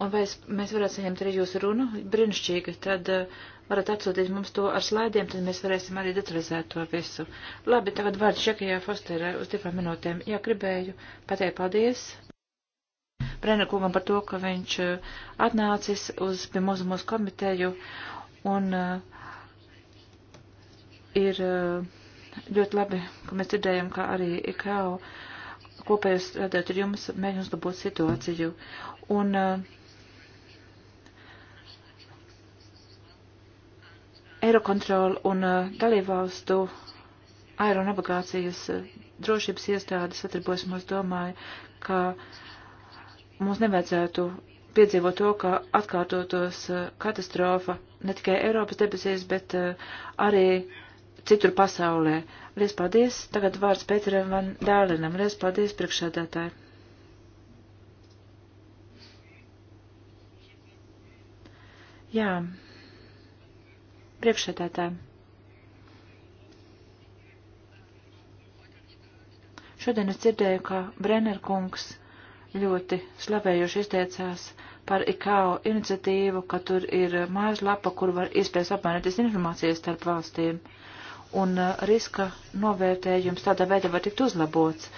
un vai mēs varētu saņemt arī jūsu runu, brīnišķīgi, tad eh, varat atsūtīt mums to ar slaidiem, tad mēs varēsim arī detalizēt to visu. Labi, tagad vārds Čekijā Fosterē uz divām minūtēm. Jā, gribēju pateikt paldies. Brenna kungam par to, ka viņš eh, atnācis uz pie mūsu mūsu komiteju un uh, ir uh, ļoti labi, ka mēs dzirdējam, ka arī IKAO kopējas redzēt ar jums mēģinās labot situāciju. Un uh, Eirokontrola un uh, dalībvalstu aeronavigācijas uh, drošības iestādes sadarbojas, mums domāju, ka mums nevajadzētu piedzīvot to, ka atkārtotos uh, katastrofa ne tikai Eiropas debesīs, bet arī citur pasaulē. Lies paldies, tagad vārds Pēteram Van Dālenam. Lies paldies, priekšsēdētāji. Jā. Yeah. Priekšsēdētāji. Šodien es dzirdēju, ka Brenner kungs ļoti slavējuši izteicās par IKO iniciatīvu, ka tur ir mājaslapa, kur var iespējas apmainīties informācijas starp valstīm, un uh, riska novērtējums tādā veidā var tikt uzlabots,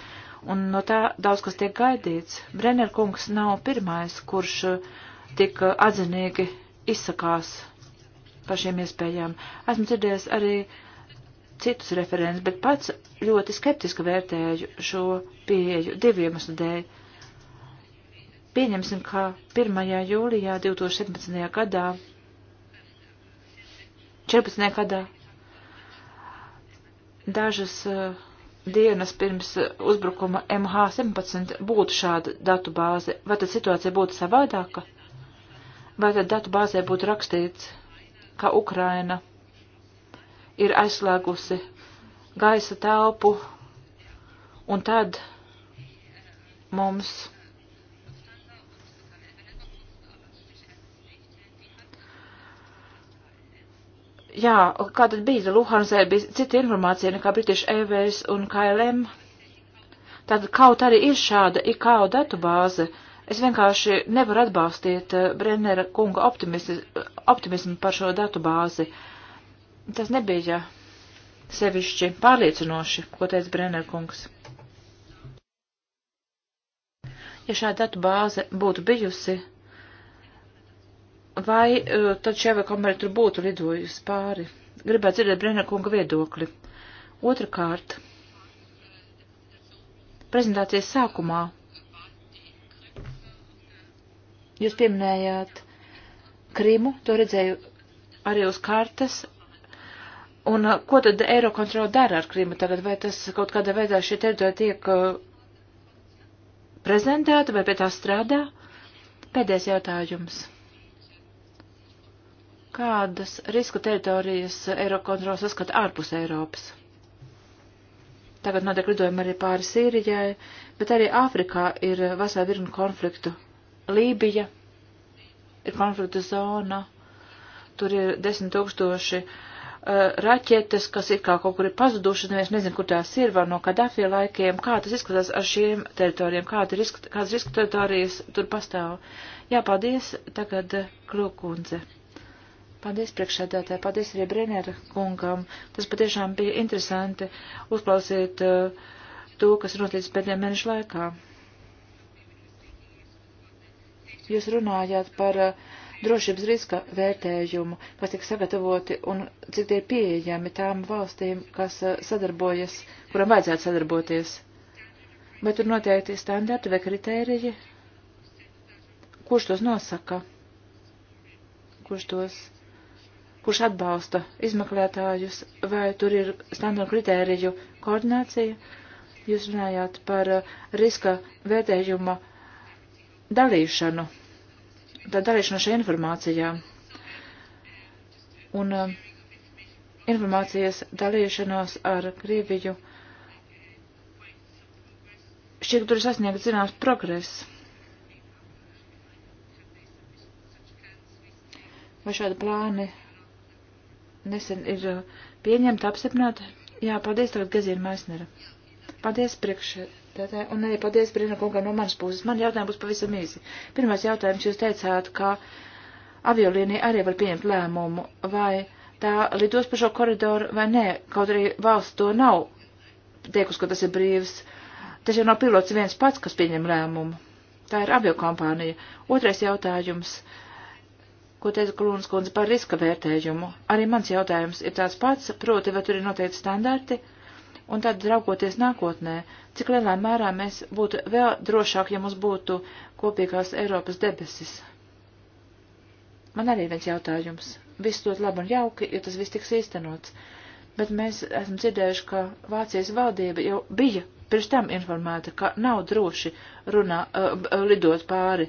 un no tā daudz kas tiek gaidīts. Brenner kungs nav pirmais, kurš uh, tik uh, atzinīgi izsakās par šiem iespējām. Esmu dzirdējis arī citus referents, bet pats ļoti skeptiski vērtēju šo pieeju diviem uzdēļ. Pieņemsim, ka 1. jūlijā 2017. gadā, 14. gadā, dažas uh, dienas pirms uzbrukuma MH17 būtu šāda datu bāze, vai tad situācija būtu savādāka? Vai tad datu bāzē būtu rakstīts ka Ukraina ir aizslēgusi gaisa telpu, un tad mums Jā, kā tad bija Luhanzē, bija cita informācija nekā British Airways un KLM. Tad kaut arī ir šāda IKO datu bāze, uh, Es vienkārši nevaru atbalstīt eh, Brennera kunga optimismu par šo datu bāzi. Tas nebija sevišķi pārliecinoši, ko teica Brenner kungs. Ja šāda datu bāze būtu bijusi, vai eh, tad ševa kamera tur būtu lidojusi pāri? Gribētu dzirdēt Brenner kunga viedokli. Otrakārt, prezentācijas sākumā Jūs pieminējāt Krimu, to redzēju arī uz kartes. Un uh, ko tad Eirokontrola dara ar Krimu tagad? Vai tas kaut kādā veidā šī teritorija tiek uh, prezentēta vai pie tā strādā? Pēdējais jautājums. Kādas riska teritorijas Eirokontrola saskata ārpus Eiropas? Tagad notiek lidojumi arī pāri Sīrijai, bet arī Āfrikā ir vesela virkni konfliktu Lībija ir konflikta zona, tur ir desmit tūkstoši eh, raķetes, kas ir kā kaut kur ir pazudušas, neviens nezin, kur tās ir, vai no Kadafija laikiem, kā tas izskatās ar šiem teritorijiem, kāda riska, kādas riska teritorijas tur pastāv. Jā, paldies, tagad eh, Krūkundze. Paldies priekšsēdētāji, paldies arī Brenera kungam. Tas patiešām bija interesanti uzklausīt uh, to, kas noticis pēdējā mēneša laikā. Jūs runājāt par eh, drošības riska vērtējumu, kas tiek sagatavoti un cik tie ir pieejami tām valstīm, kas eh, sadarbojas, kuram vajadzētu sadarboties. Vai tur noteikti standarti vai kritēriji? Kurš tos nosaka? Kurš tos? Kurš atbalsta izmeklētājus? Vai tur ir standarta kritēriju koordinācija? Jūs runājāt par eh, riska vērtējuma dalīšanu darīšana šajā informācijā. Un uh, informācijas dalīšanās ar Krieviju šķiet, ka tur ir sasniegts zināms progress. Vai šādi plāni nesen ir uh, pieņemti, apstiprināti? Jā, paldies tagad Gazīna Maisnera. Paldies priekšē. Tātad, un arī paldies Brīna kungam no manas puses. Man jautājums būs pavisam īsi. Pirmais jautājums, jūs teicāt, ka aviolīnija arī var pieņemt lēmumu, vai tā lidos pa šo koridoru vai nē, kaut arī valsts to nav teikusi, ka tas ir brīvs. Tas jau nav pilots viens pats, kas pieņem lēmumu. Tā ir aviokompānija. Otrais jautājums, ko teica Klūnas kundze par riska vērtējumu. Arī mans jautājums ir tāds pats, proti, vai tur ir noteikti standarti Un tad, raugoties nākotnē, cik lielā mērā mēs būtu vēl drošāk, ja mums būtu kopīgās Eiropas debesis. Man arī viens jautājums. Viss ļoti labi un jauki, ja tas viss tiks īstenots. Bet mēs esam dzirdējuši, ka Vācijas valdība jau bija pirms tam informēta, ka nav droši runā, uh, lidot pāri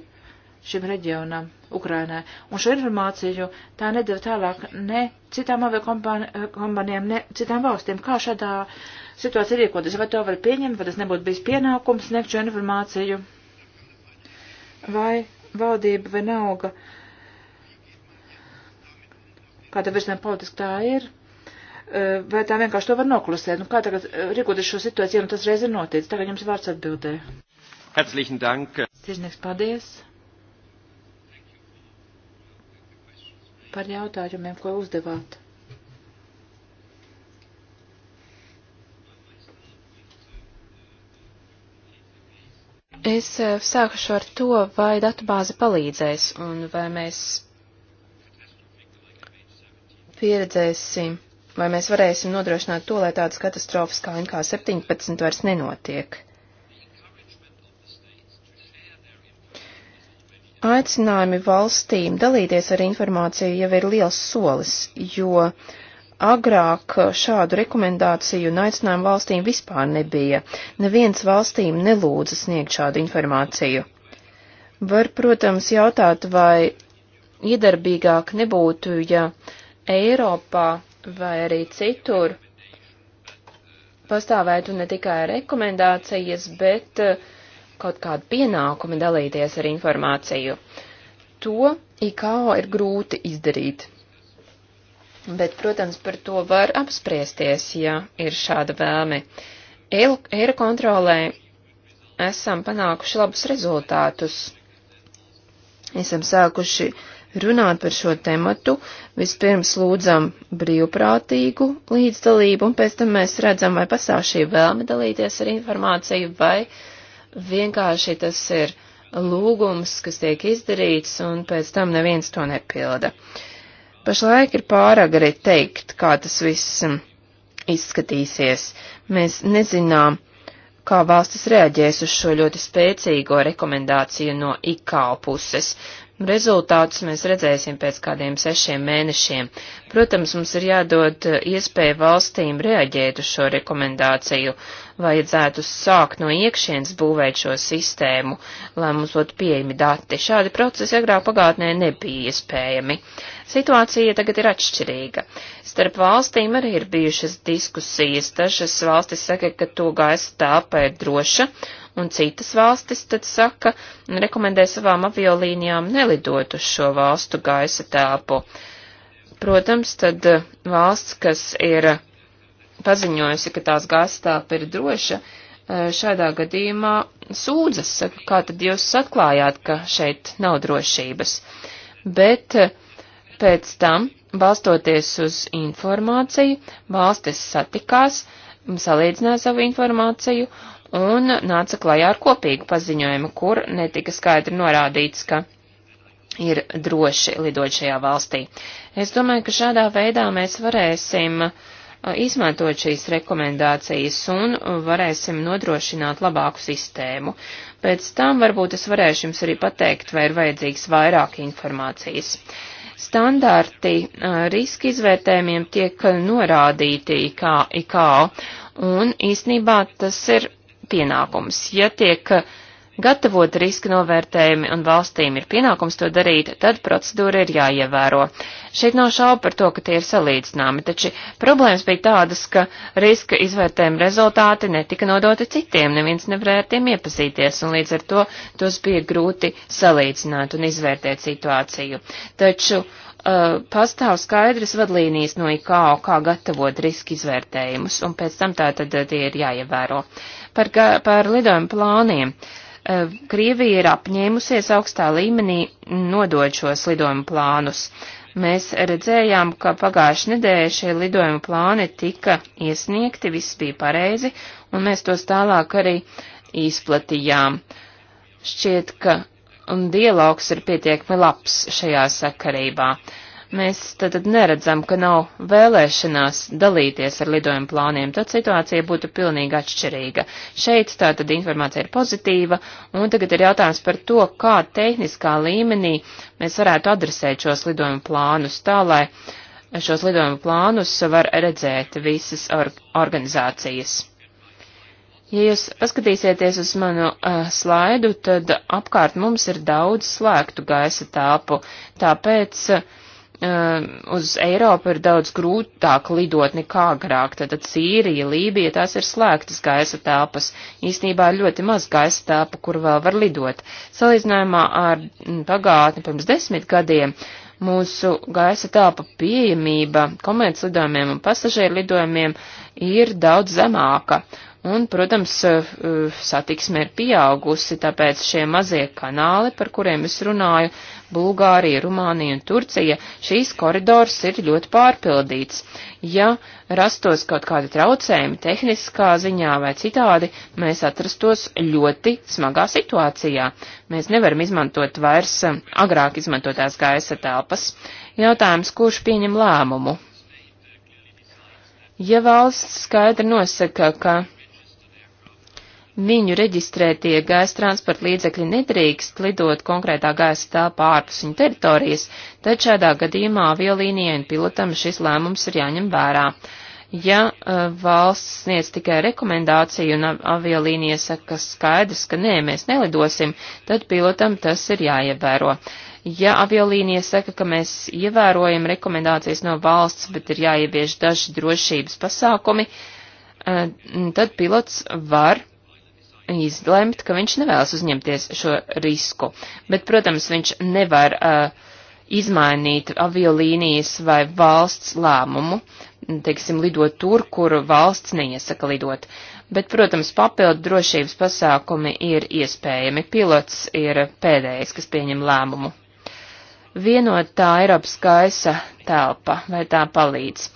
šim reģionam, Ukrainai. Un šo informāciju tā nedeva tālāk ne citām aviokompanijām, eh, ne citām valstīm. Kā šādā situācija rīkoties? Vai to var pieņemt, vai tas nebūtu bijis pienākums sniegt šo informāciju? Vai valdība vai nauga, kāda virziena politiski tā ir, eh, vai tā vienkārši to var noklusēt? Nu, kā tagad eh, rīkoties šo situāciju, un nu tas reiz ir noticis? Tagad jums vārds atbildē. Herzlichen Dank. Sirsnieks, paldies. par jautājumiem, ko uzdevāt. Es eh, sākušu ar to, vai datubāze palīdzēs un vai mēs pieredzēsim, vai mēs varēsim nodrošināt to, lai tādas katastrofas kā NK17 vairs nenotiek. Aicinājumi valstīm dalīties ar informāciju jau ir liels solis, jo agrāk šādu rekomendāciju un aicinājumu valstīm vispār nebija. Neviens valstīm nelūdza sniegt šādu informāciju. Var, protams, jautāt, vai iedarbīgāk nebūtu, ja Eiropā vai arī citur pastāvētu ne tikai rekomendācijas, bet uh, kaut kādi pienākumi dalīties ar informāciju. To IKO ir grūti izdarīt. Bet, protams, par to var apspriesties, ja ir šāda vēlme. Eiro kontrolē esam panākuši labus rezultātus. Esam sākuši runāt par šo tematu. Vispirms lūdzam brīvprātīgu līdzdalību, un pēc tam mēs redzam, vai pastāv šī vēlme dalīties ar informāciju, vai uh, vienkārši tas ir lūgums, kas tiek izdarīts, un pēc tam neviens to nepilda. Pašlaik ir pārāk arī teikt, kā tas viss mm, izskatīsies. Mēs nezinām, kā valstis reaģēs uz šo ļoti spēcīgo rekomendāciju no IKAU puses. Rezultātus mēs redzēsim pēc kādiem sešiem mēnešiem. Protams, mums ir jādod eh, iespēja valstīm reaģēt uz šo rekomendāciju, vajadzētu sākt no iekšienes būvēt šo sistēmu, lai mums būtu pieejami dati. Šādi procesi agrāk pagātnē nebija iespējami. Situācija tagad ir atšķirīga. Starp valstīm arī ir bijušas diskusijas. Dažas valstis saka, ka to gaisa tāpa ir droša, un citas valstis tad saka, rekomendē savām aviolīnijām nelidot uz šo valstu gaisa tāpu. Protams, tad valsts, kas ir paziņojusi, ka tās gāzstāpe ir droša, e, šādā gadījumā sūdzas, saka, kā tad jūs atklājāt, ka šeit nav drošības. Bet e, pēc tam, balstoties uz informāciju, valstis satikās, salīdzināja savu informāciju un nāca klajā ar kopīgu paziņojumu, kur netika skaidri norādīts, ka ir droši lidot šajā valstī. Es domāju, ka šādā veidā mēs varēsim uh, Uh, izmantot šīs rekomendācijas un uh, varēsim nodrošināt labāku sistēmu. Pēc tam varbūt es varēšu jums arī pateikt, vai ir vajadzīgs vairāk informācijas. Standarti uh, riski izvērtējumiem tiek norādīti kā IKO, un īsnībā tas ir pienākums. Ja tiek uh, gatavot riska novērtējumi un valstīm ir pienākums to darīt, tad procedūra ir jāievēro. Šeit nav šaubu par to, ka tie ir salīdzināmi, taču problēmas bija tādas, ka riska izvērtējuma rezultāti netika nodoti citiem, neviens nevarēja ar tiem iepazīties, un līdz ar to tos bija grūti salīdzināt un izvērtēt situāciju. Taču Uh, pastāv skaidras vadlīnijas no IKO, kā gatavot riski izvērtējumus, un pēc tam tā tad uh, tie ir jāievēro. Par, par lidojumu plāniem. Uh, Eh, Krievija ir apņēmusies augstā līmenī nodot šos lidojumu plānus. Mēs redzējām, ka pagājušajā nedēļā šie lidojumu plāni tika iesniegti, viss bija pareizi, un mēs tos tālāk arī izplatījām. Šķiet, ka dialogs ir pietiekami labs šajā sakarībā. Uh, mēs tad neredzam, ka nav vēlēšanās dalīties ar lidojumu plāniem, tad situācija būtu pilnīgi atšķirīga. Šeit tātad informācija ir pozitīva, un tagad ir jautājums par to, kā tehniskā līmenī mēs varētu adresēt šos lidojumu plānus tā, lai šos lidojumu plānus var redzēt visas or organizācijas. Ja jūs paskatīsieties uz manu uh, slaidu, tad apkārt mums ir daudz slēgtu gaisa tāpu, tāpēc uh, Um, uz Eiropu ir daudz grūtāk lidot nekā agrāk. Tātad Sīrija, Lībija, tās ir slēgtas gaisa telpas. Īsnībā ir ļoti maz gaisa telpa, kur vēl var lidot. Salīdzinājumā ar mm, pagātni pirms desmit gadiem mūsu gaisa telpa pieejamība komerc lidojumiem un pasažieru lidojumiem ir daudz zemāka. Un, protams, uh, uh, satiksme ir pieaugusi, tāpēc šie mazie kanāli, par kuriem es runāju, Bulgārija, Rumānija un Turcija, šīs koridors ir ļoti pārpildīts. Ja rastos kaut kādi traucējumi tehniskā ziņā vai citādi, mēs atrastos ļoti smagā situācijā. Mēs nevaram izmantot vairs um, agrāk izmantotās gaisa telpas. Jautājums, kurš pieņem lēmumu? Ja valsts skaidri nosaka, ka viņu reģistrētie gaisa transporta līdzekļi nedrīkst lidot konkrētā gaisa telpā ārpus viņa teritorijas, tad šādā gadījumā aviolīnijai un pilotam šis lēmums ir jāņem vērā. Ja uh, valsts sniedz tikai rekomendāciju un aviolīnija saka skaidrs, ka nē, mēs nelidosim, tad pilotam tas ir jāievēro. Ja aviolīnija saka, ka mēs ievērojam rekomendācijas no valsts, bet ir jāievieš daži drošības pasākumi, uh, tad pilots var izlemt, ka viņš nevēlas uzņemties šo risku. Bet, protams, viņš nevar uh, izmainīt aviolīnijas vai valsts lēmumu, teiksim, lidot tur, kur valsts neiesaka lidot. Bet, protams, papildu drošības pasākumi ir iespējami. Pilots ir pēdējais, kas pieņem lēmumu. Vienotā Eiropas gaisa telpa, vai tā palīdz?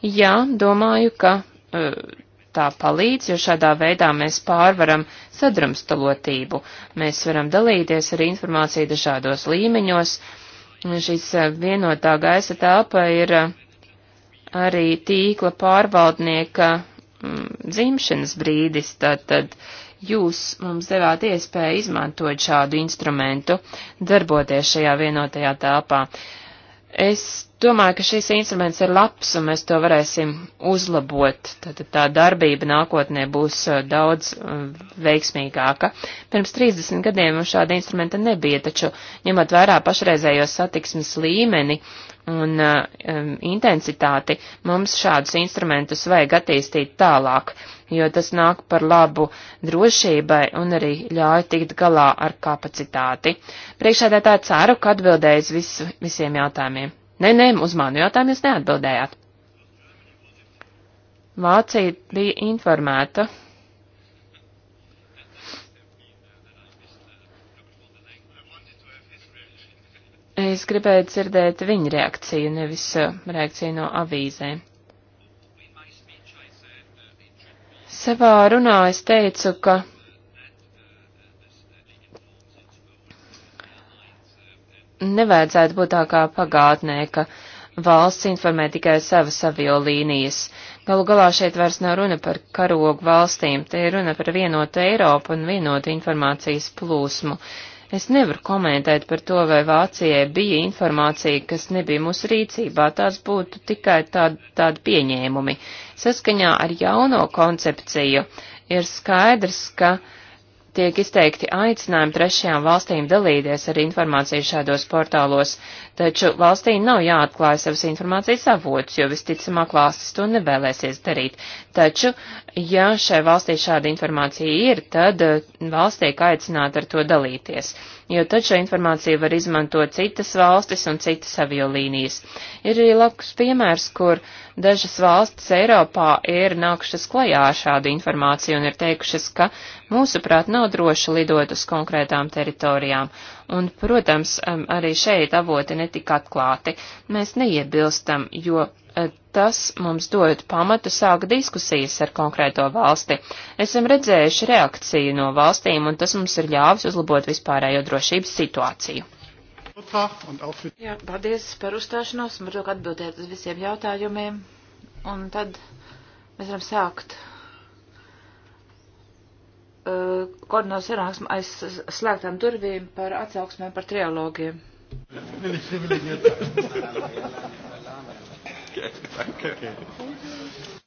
Jā, domāju, ka uh, tā palīdz, jo šādā veidā mēs pārvaram sadrumstalotību. Mēs varam dalīties ar informāciju dažādos līmeņos. Šis eh, vienotā gaisa telpa ir eh, arī tīkla pārvaldnieka mm, dzimšanas brīdis, tātad jūs mums devāt iespēju izmantot šādu instrumentu, darboties šajā vienotajā telpā. Es domāju, ka šīs instruments ir labs un mēs to varēsim uzlabot. Tad tā darbība nākotnē būs uh, daudz uh, veiksmīgāka. Pirms 30 gadiem mums šāda instrumenta nebija, taču ņemot vērā pašreizējo satiksmes līmeni un uh, um, intensitāti, mums šādus instrumentus vajag attīstīt tālāk, jo tas nāk par labu drošībai un arī ļauj tikt galā ar kapacitāti. Priekšādā tā ceru, ka atbildēju uz visu, visiem jautājumiem. Nē, nē, uz manu jautājumu jūs neatbildējāt. Vācija bija informēta. Es gribēju dzirdēt viņa reakciju, nevis uh, reakciju no avīzēm. Savā runā es teicu, ka nevajadzētu būt tā kā pagātnē, ka valsts informē tikai savas aviolīnijas. Galu galā šeit vairs nav runa par karogu valstīm, te ir runa par vienotu Eiropu un vienotu informācijas plūsmu. Es nevaru komentēt par to, vai Vācijai bija informācija, kas nebija mūsu rīcībā, tās būtu tikai tādi, tādi pieņēmumi. Saskaņā ar jauno koncepciju ir skaidrs, ka uh, tiek izteikti aicinājumi trešajām valstīm dalīties ar informāciju šādos portālos, taču valstī nav jāatklāj savas informācijas avots, jo visticamāk valstis to nevēlēsies darīt. Taču, ja šai valstī šāda informācija ir, tad eh, valsts tiek aicināta ar to dalīties. Uh, jo tad šo informāciju var izmantot citas valstis un citas aviolīnijas. Ir arī labs piemērs, kur dažas valstis Eiropā ir nākušas klajā ar šādu informāciju un ir teikušas, ka mūsuprāt nav droši lidot uz konkrētām teritorijām. Un, protams, um, arī šeit avoti netika atklāti. Mēs neiebilstam, jo tas mums dod pamatu sākt diskusijas ar konkrēto valsti. Esam redzējuši reakciju no valstīm, un tas mums ir ļāvis uzlabot vispārējo drošības situāciju. Jā, paldies par uzstāšanos, man rūk atbildēt uz visiem jautājumiem, un tad mēs varam sākt uh, koordinālu sanāksmu aiz slēgtām durvīm par atsauksmēm par trialogiem. okay, danke. Okay.